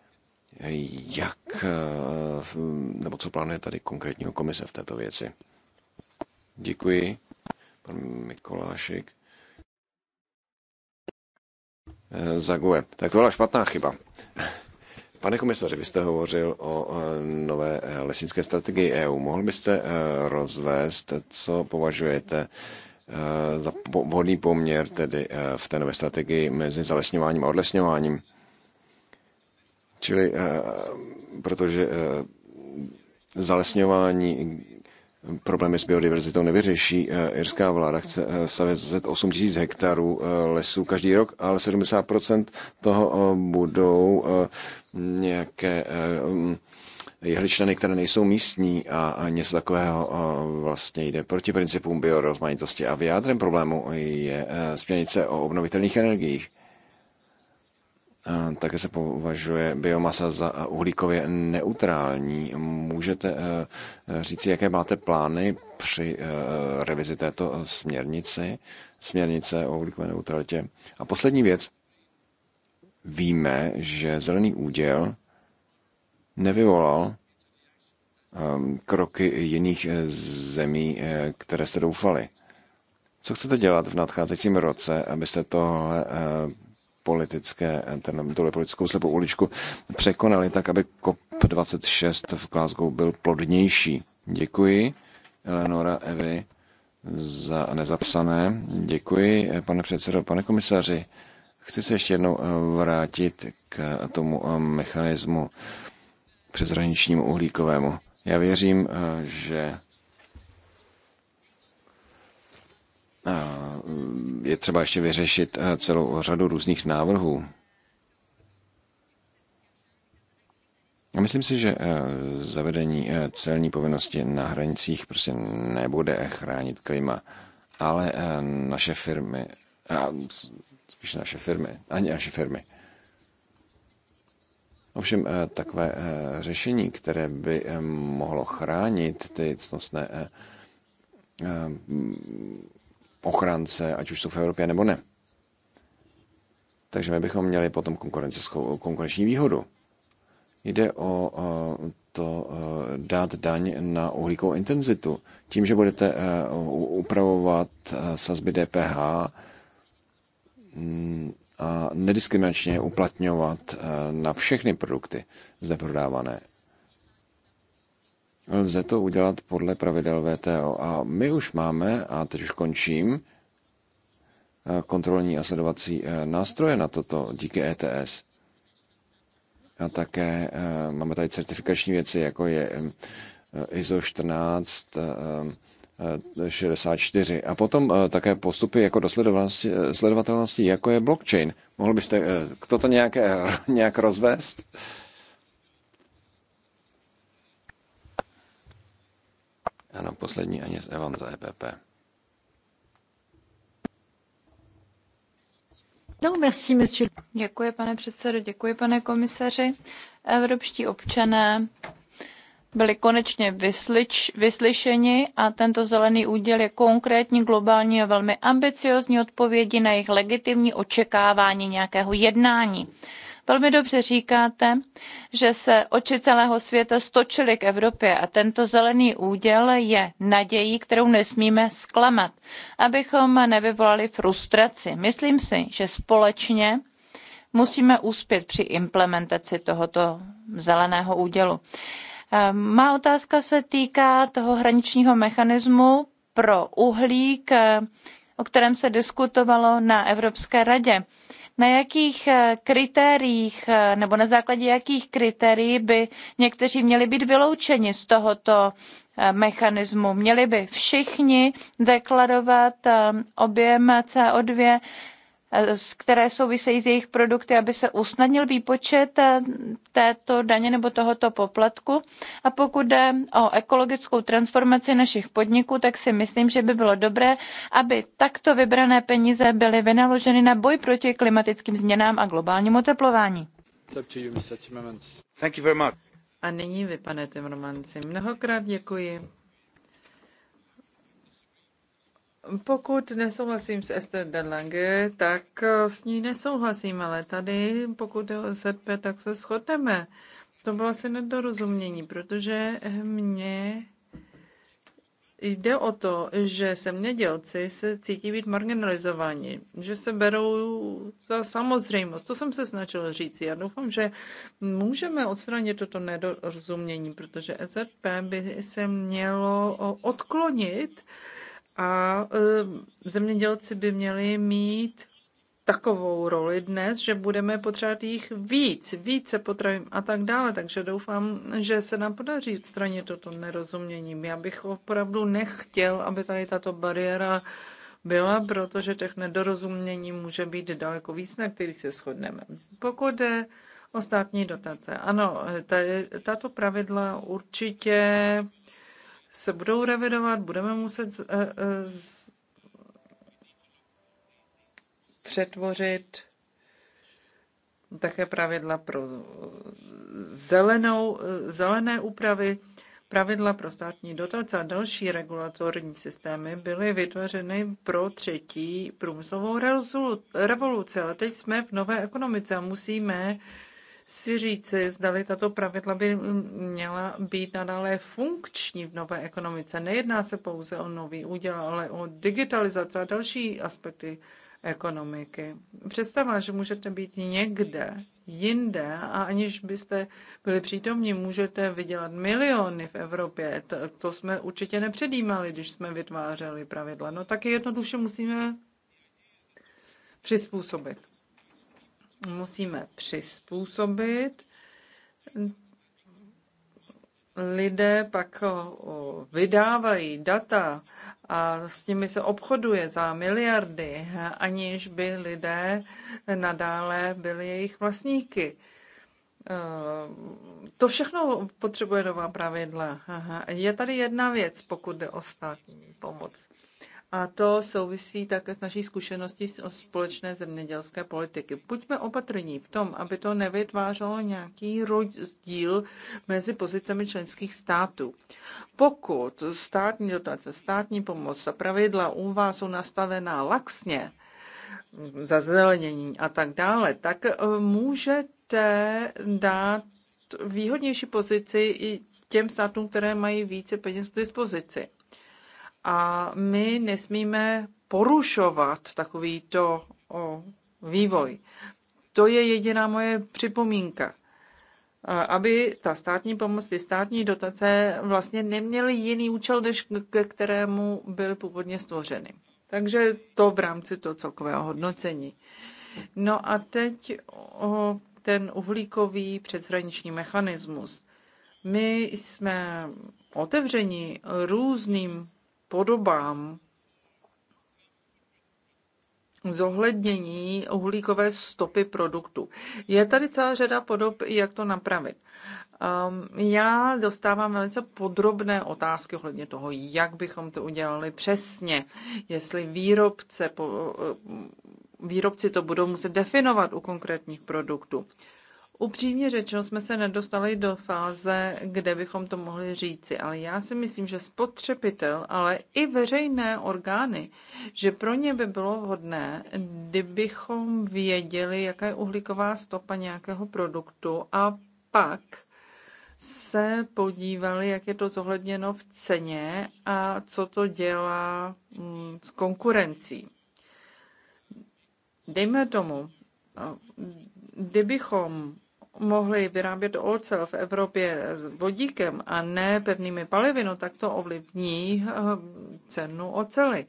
jak, eh, nebo co plánuje tady konkrétního komise v této věci. Děkuji, pan Mikolášek. Eh, Zague. Tak to byla špatná chyba. *laughs* Pane komisaři, vy jste hovořil o eh, nové lesnické strategii EU. Mohl byste rozvést, co považujete za vhodný poměr tedy v té nové strategii mezi zalesňováním a odlesňováním? Čili eh, protože eh, zalesňování problémy s biodiverzitou nevyřeší. Eh, irská vláda chce savizet 8 000 hektarů lesů každý rok, ale 70% toho budou nějaké jehličnany, které nejsou místní a něco takového vlastně jde proti principům biorozmanitosti. A vyjádrem problému je směrnice o obnovitelných energiích také se považuje biomasa za uhlíkově neutrální. Můžete e, e, říci, jaké máte plány při e, revizi této směrnici, směrnice o uhlíkové neutralitě? A poslední věc. Víme, že zelený úděl nevyvolal kroky jiných zemí, které jste doufali. Co chcete dělat v nadcházejícím roce, abyste tohle politické, ten, tuhle politickou slepou uličku překonali tak, aby COP26 v Glasgow byl plodnější. Děkuji, Eleonora, Evy, za nezapsané. Děkuji, pane předsedo, pane komisaři. Chci se ještě jednou eh, vrátit k tomu eh, mechanismu přeshraničnímu uhlíkovému. Já věřím, eh, že Mm, je třeba ještě vyřešit eh, celou řadu různých návrhů. A myslím si, že eh, zavedení eh, celní povinnosti na hranicích prostě nebude chránit klima, ale naše firmy, a spíš naše firmy, ani naše firmy. Ovšem takové řešení, které by mohlo chránit ty cnostné ochránce, ať už jsou v Evropě nebo ne. Takže my bychom měli potom konkurenční výhodu. Jde o eh, to eh, dát daň na uhlíkovou intenzitu. Tím, že budete eh, upravovat sazby DPH mm, a nediskriminačně uplatňovat na všechny produkty zde prodávané, Lze to udělat podle pravidel VTO. A my už máme, a teď už končím, eh, kontrolní a sledovací eh, nástroje na toto díky ETS. A také eh, máme tady certifikační věci, jako je ISO 14, 64. A potom také postupy jako do sledovatelnosti, jako je blockchain. Mohl byste k toto nějaké, *laughs* nějak rozvést? Ano, poslední z Evan za EPP. No, merci, monsieur. Děkuji, pane předsedo, děkuji, pane komisaři. Evropští občané byli konečně vyslyč, vyslyšeni a tento zelený úděl je konkrétní, globální a velmi ambiciozní odpovědi na jejich legitimní očekávání nějakého jednání. Velmi dobře říkáte, že se oči celého světa stočily k Evropě a tento zelený úděl je nadějí, kterou nesmíme zklamat, abychom nevyvolali frustraci. Myslím si, že společně musíme úspět při implementaci tohoto zeleného údělu. Ehm, má otázka se týká toho hraničního mechanismu pro uhlík, eh, o kterém se diskutovalo na Evropské radě na jakých eh, kritériích eh, nebo na základě jakých kritérií by někteří měli být vyloučeni z tohoto eh, mechanismu. Měli by všichni deklarovat objem CO2 Eh, které souvisejí s jejich produkty, aby se usnadnil výpočet eh, této daně nebo tohoto poplatku. A pokud jde o ekologickou transformaci našich podniků, tak si myslím, že by bylo dobré, aby takto vybrané peníze byly vynaloženy na boj proti klimatickým změnám a globálnímu oteplování. A nyní vy, pane Timmermansi, mnohokrát děkuji. Pokud nesouhlasím s Esther Delange, tak eh, s ní nesouhlasím, ale tady, pokud je o SRP, tak se shodneme. To bylo asi nedorozumění, protože mě jde o to, že se zemědělci se cítí být marginalizováni, že se berou za samozřejmost. To jsem se snažil říct. Já doufám, že můžeme odstranit toto nedorozumění, protože SRP by se mělo odklonit a eh, zemědělci by měli mít takovou roli dnes, že budeme potřebovat jich víc, více potravím a tak dále. Takže doufám, že se nám podaří odstranit toto nerozumění. Já bych opravdu nechtěl, aby tady tato bariéra byla, protože těch nedorozumění může být daleko víc, na kterých se shodneme. Pokud je o státní dotace, ano, tato pravidla určitě se budou revidovat, budeme muset uh, uh, přetvořit také pravidla pro eh, zelenou, zelené úpravy, pravidla pro státní dotace a další regulatorní systémy byly vytvořeny pro třetí průmyslovou revoluci. Ale teď jsme v nové ekonomice a musíme uh, si říci, zdali tato pravidla by měla být nadále funkční v nové ekonomice. Nejedná se pouze o nový úděl, ale o digitalizaci a další aspekty ekonomiky. Představa, že můžete být někde jinde a aniž byste byli přítomní, můžete vydělat miliony v Evropě. To, to jsme určitě nepředjímali, když jsme vytvářeli pravidla. No tak jednoduše musíme přizpůsobit musíme přizpůsobit. Lidé pak vydávají data a s nimi se obchoduje za miliardy, aniž by lidé nadále byli jejich vlastníky. E, to všechno potřebuje nová pravidla. Je tady jedna věc, pokud jde o státní pomoc. A to souvisí také s naší zkušeností o společné zemědělské politiky. Buďme opatrní v tom, aby to nevytvářelo nějaký rozdíl mezi pozicemi členských států. Pokud státní dotace, státní pomoc a pravidla u vás jsou nastavená laxně, za zelenění a tak dále, tak eh, můžete dát výhodnější pozici i těm státům, které mají více peněz k dispozici. A my nesmíme porušovat takovýto vývoj. To je jediná moje připomínka. Aby ta státní pomoc, ty státní dotace vlastně neměly jiný účel, než ke kterému byly původně stvořeny. Takže to v rámci toho celkového hodnocení. No a teď o ten uhlíkový přeshraniční mechanismus. My jsme otevření různým podobám zohlednění uhlíkové stopy produktu. Je tady celá řada podob, jak to napravit. Um, já dostávám velice podrobné otázky ohledně toho, jak bychom to udělali přesně, jestli výrobce po, uh, výrobci to budou muset definovat u konkrétních produktů. Upřímně řečeno jsme se nedostali do fáze, kde bychom to mohli říci, ale já si myslím, že spotřebitel, ale i veřejné orgány, že pro ně by bylo vhodné, kdybychom věděli, jaká je uhlíková stopa nějakého produktu a pak se podívali, jak je to zohledněno v ceně a co to dělá mm, s konkurencí. Dejme tomu, no, kdybychom mohli vyrábět ocel v Evropě s vodíkem a ne pevnými palivy, no tak to ovlivní eh, cenu ocely.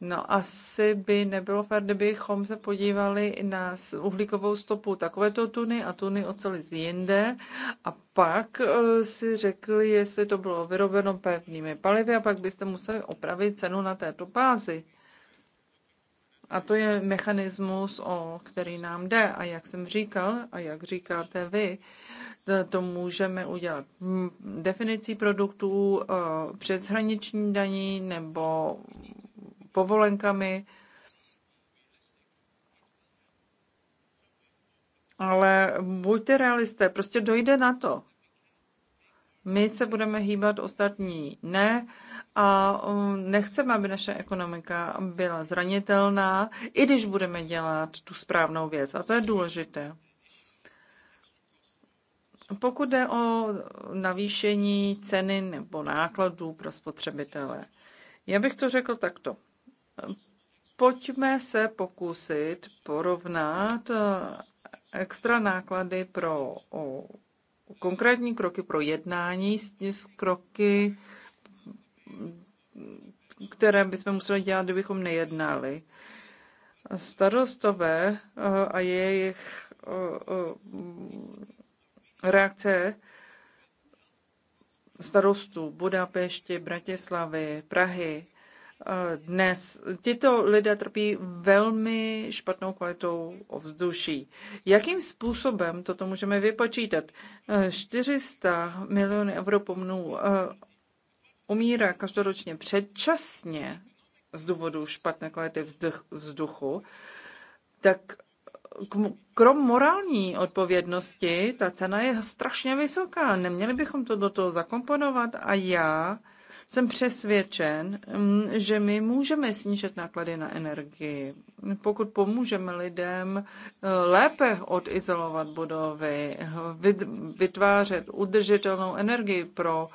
No asi by nebylo fér, kdybychom se podívali na uhlíkovou stopu takovéto tuny a tuny ocely z jinde a pak eh, si řekli, jestli to bylo vyrobeno pevnými palivy a pak byste museli opravit cenu na této bázi. A to je mechanismus, o který nám jde. A jak jsem říkal, a jak říkáte vy, to, to můžeme udělat definicí produktů e, přeshraniční daní nebo povolenkami. Ale buďte realisté, prostě dojde na to. My se budeme hýbat, ostatní ne. Uh, a um, nechceme, aby naše ekonomika byla zranitelná, i když budeme dělat tu správnou věc. A to je důležité. Pokud jde o navýšení ceny nebo nákladů pro spotřebitele, já bych to řekl takto. Pojďme se pokusit porovnat uh, extra náklady pro konkrétní kroky pro jednání s kroky které bychom museli dělat, kdybychom nejednali. Starostové eh, a jejich eh, eh, reakce starostů Budapešti, Bratislavy, Prahy dnes. Tito lidé trpí velmi špatnou kvalitou ovzduší. Jakým způsobem toto můžeme vypočítat? 400 milionů pomnů umírá každoročně předčasně z důvodu špatné kvality vzduchu, tak krom morální odpovědnosti, ta cena je strašně vysoká. Neměli bychom to do toho zakomponovat a já jsem přesvědčen, mm, že my můžeme snížit náklady na energii, pokud pomůžeme lidem eh, lépe odizolovat budovy, vytvářet udržitelnou energii pro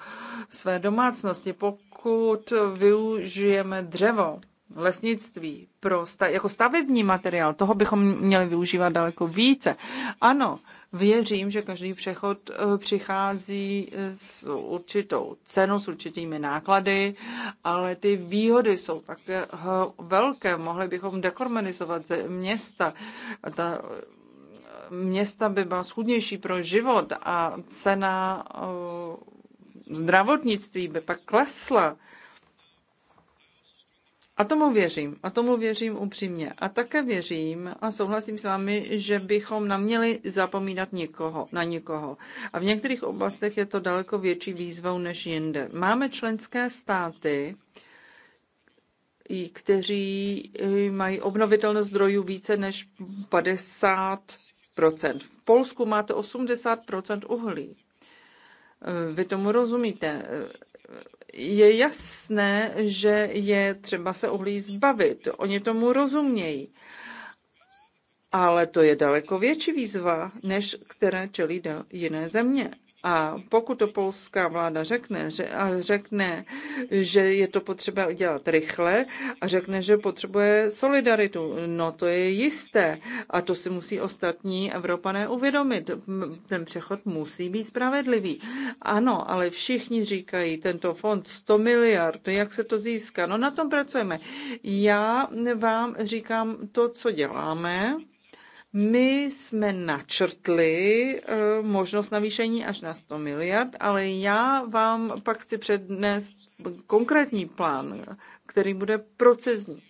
své domácnosti, pokud využijeme dřevo lesnictví pro sta- jako stavební materiál, toho bychom měli využívat daleko více. Ano, věřím, že každý přechod eh, přichází eh, s určitou cenou, s určitými náklady, ale ty výhody jsou tak eh, velké. Mohli bychom dekormanizovat města. Ta města by byla schudnější pro život a cena zdravotnictví by pak klesla. A tomu věřím, a tomu věřím upřímně. A také věřím a souhlasím s vámi, že bychom neměli zapomínat nikoho, na nikoho. A v některých oblastech je to daleko větší výzvou než jinde. Máme členské státy, kteří eh, mají obnovitelnost zdrojů více než 50 v Polsku máte 80 uhlí. Eh, vy tomu rozumíte je jasné, že je třeba se uhlí zbavit. Oni tomu rozumějí. Ale to je daleko větší výzva, než které čelí jiné země. A pokud to polská vláda řekne, že, a řekne, že je to potřeba udělat rychle a řekne, že potřebuje solidaritu, no to je jisté. A to si musí ostatní Evropané uvědomit. Ten přechod musí být spravedlivý. Ano, ale všichni říkají, tento fond 100 miliard, jak se to získá. No na tom pracujeme. Já vám říkám to, co děláme my jsme načrtli eh, možnost navýšení až na 100 miliard, ale já vám pak chci přednést konkrétní plán, který bude procesní.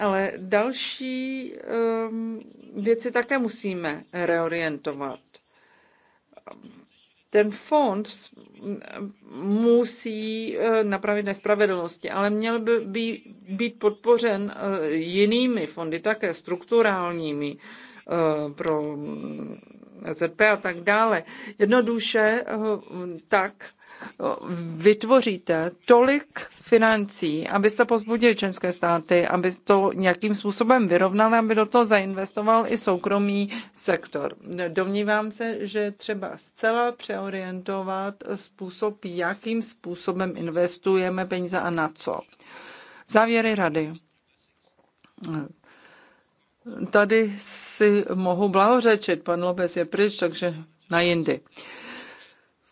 Ale další eh, věci také musíme reorientovat. Ten fond musí eh, napravit nespravedlnosti, ale měl by být podpořen jinými fondy, také strukturálními Eh, pro e ZP a tak dále. Jednoduše eh, tak eh, vytvoříte tolik financí, abyste pozbudili české státy, aby to nějakým způsobem vyrovnali, aby do toho zainvestoval i soukromý sektor. Domnívám se, že třeba zcela přeorientovat způsob, jakým způsobem investujeme peníze a na co. Závěry rady Tady si mohu blahořečit, pan Lobes je pryč, takže na jindy.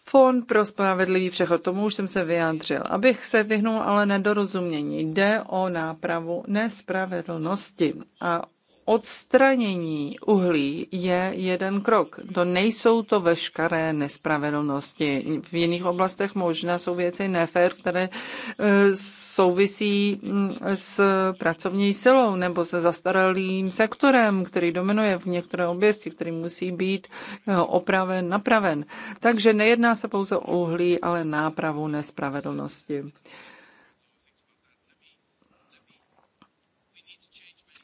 Fond pro spravedlivý přechod, tomu už jsem se vyjádřil. Abych se vyhnul ale nedorozumění, jde o nápravu nespravedlnosti a odstranění uhlí je jeden krok. To nejsou to veškeré nespravedlnosti. V jiných oblastech možná jsou věci nefér, které e, souvisí mm, s pracovní silou nebo se zastaralým sektorem, který dominuje v některé oblasti, který musí být e, opraven, napraven. Takže nejedná se pouze o uhlí, ale nápravu nespravedlnosti.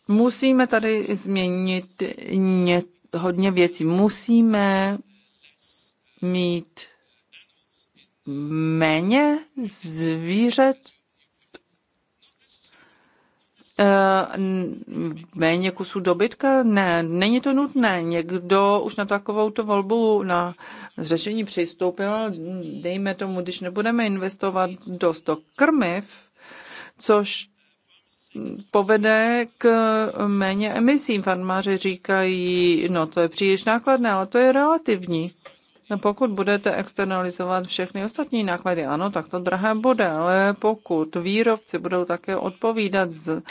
Musíme tady změnit ně, hodně věcí. Musíme mít méně zvířat, eh, méně kusů dobytka? Ne, není to nutné. Někdo už na takovou to volbu na řešení přistoupil, dejme tomu, když nebudeme investovat do krmiv, což povede k méně emisím. Farmáři říkají, no to je příliš nákladné, ale to je relativní. No pokud budete externalizovat všechny ostatní náklady, ano, tak to drahé bude, ale pokud výrobci budou také odpovídat z,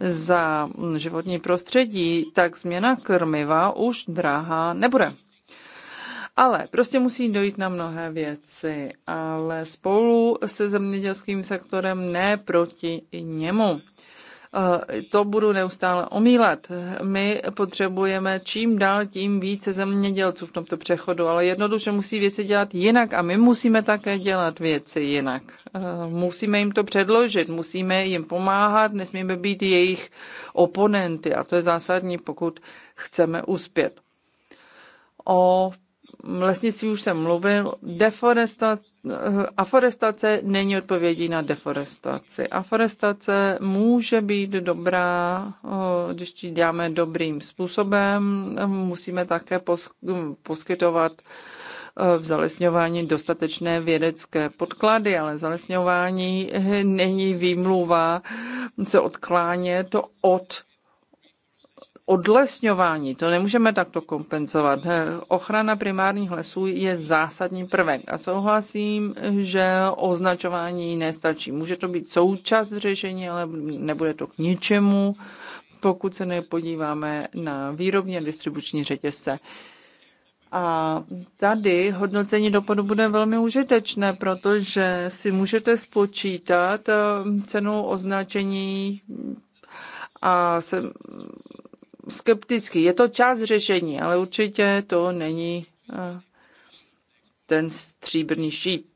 za životní prostředí, tak změna krmiva už drahá nebude. Ale prostě musí dojít na mnohé věci, ale spolu se zemědělským sektorem ne proti němu. Eh, to budu neustále omílat. My potřebujeme čím dál tím více zemědělců v tomto přechodu, ale jednoduše musí věci dělat jinak a my musíme také dělat věci jinak. Eh, musíme jim to předložit, musíme jim pomáhat, nesmíme být jejich oponenty a to je zásadní, pokud chceme uspět. O lesnictví už jsem mluvil, deforestace, aforestace není odpovědí na deforestaci. Aforestace může být dobrá, když ji děláme dobrým způsobem. Musíme také poskytovat v zalesňování dostatečné vědecké podklady, ale zalesňování není výmluva se odklánět od odlesňování. To nemůžeme takto kompenzovat. Eh, ochrana primárních lesů je zásadní prvek a souhlasím, že označování nestačí. Může to být součást řešení, ale nebude to k ničemu, pokud se nepodíváme na výrobní a distribuční řetězce. A tady hodnocení dopadu bude velmi užitečné, protože si můžete spočítat eh, cenu označení a se, skeptický. Je to část řešení, ale určitě to není eh, ten stříbrný šíp.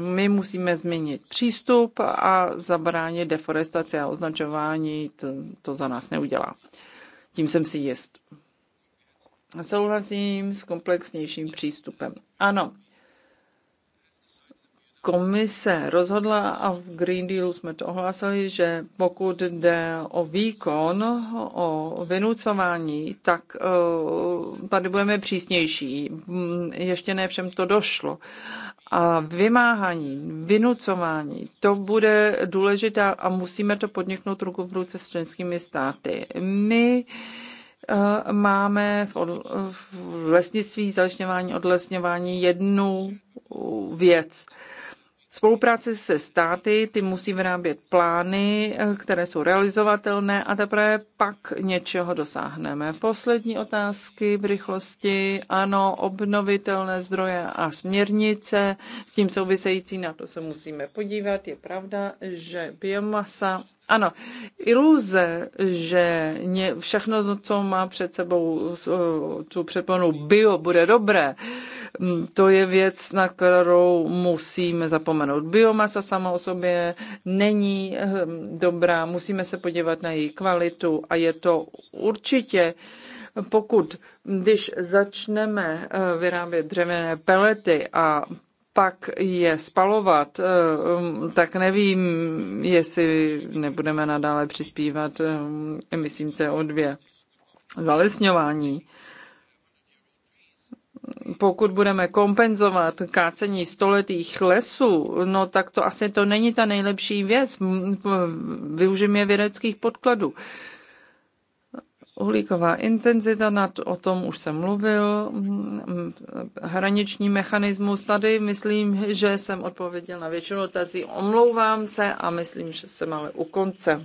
My musíme změnit přístup a zabránit deforestaci a označování, to, to za nás neudělá. Tím jsem si jist. Souhlasím s komplexnějším přístupem. Ano, komise rozhodla a v Green Deal jsme to ohlásili, že pokud jde o výkon, o vynucování, tak eh, tady budeme přísnější. Mm, ještě ne všem to došlo. A vymáhání, vynucování, to bude důležité a musíme to podniknout ruku v ruce s členskými státy. My eh, máme v lesnictví, zalesňování, odlesňování jednu věc – spolupráci se státy, ty musí vyrábět plány, eh, které jsou realizovatelné a teprve pak něčeho dosáhneme. Poslední otázky v rychlosti. Ano, obnovitelné zdroje a směrnice, s tím související na to se musíme podívat. Je pravda, že biomasa ano, iluze, že všechno, co má před sebou tu přeponu bio, bude dobré, mm, to je věc, na kterou musíme zapomenout. Biomasa sama o sobě není ehm, dobrá, musíme se podívat na její kvalitu a je to určitě pokud, když začneme eh, vyrábět dřevěné pelety a pak je spalovat, eh, um, tak nevím, jestli nebudeme nadále přispívat eh, um, emisím CO2. Zalesňování. Pokud budeme kompenzovat kácení stoletých lesů, no tak to asi to není ta nejlepší věc. Využijeme vědeckých podkladů. Uhlíková intenzita, nad, o tom už jsem mluvil, hraniční mechanismus tady, myslím, že jsem odpověděl na většinu otází. Omlouvám se a myslím, že se máme u konce.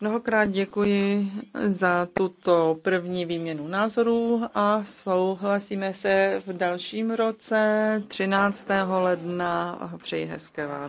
Mnohokrát děkuji za tuto první výměnu názorů a souhlasíme se v dalším roce 13. ledna. Přeji hezké Vánoce.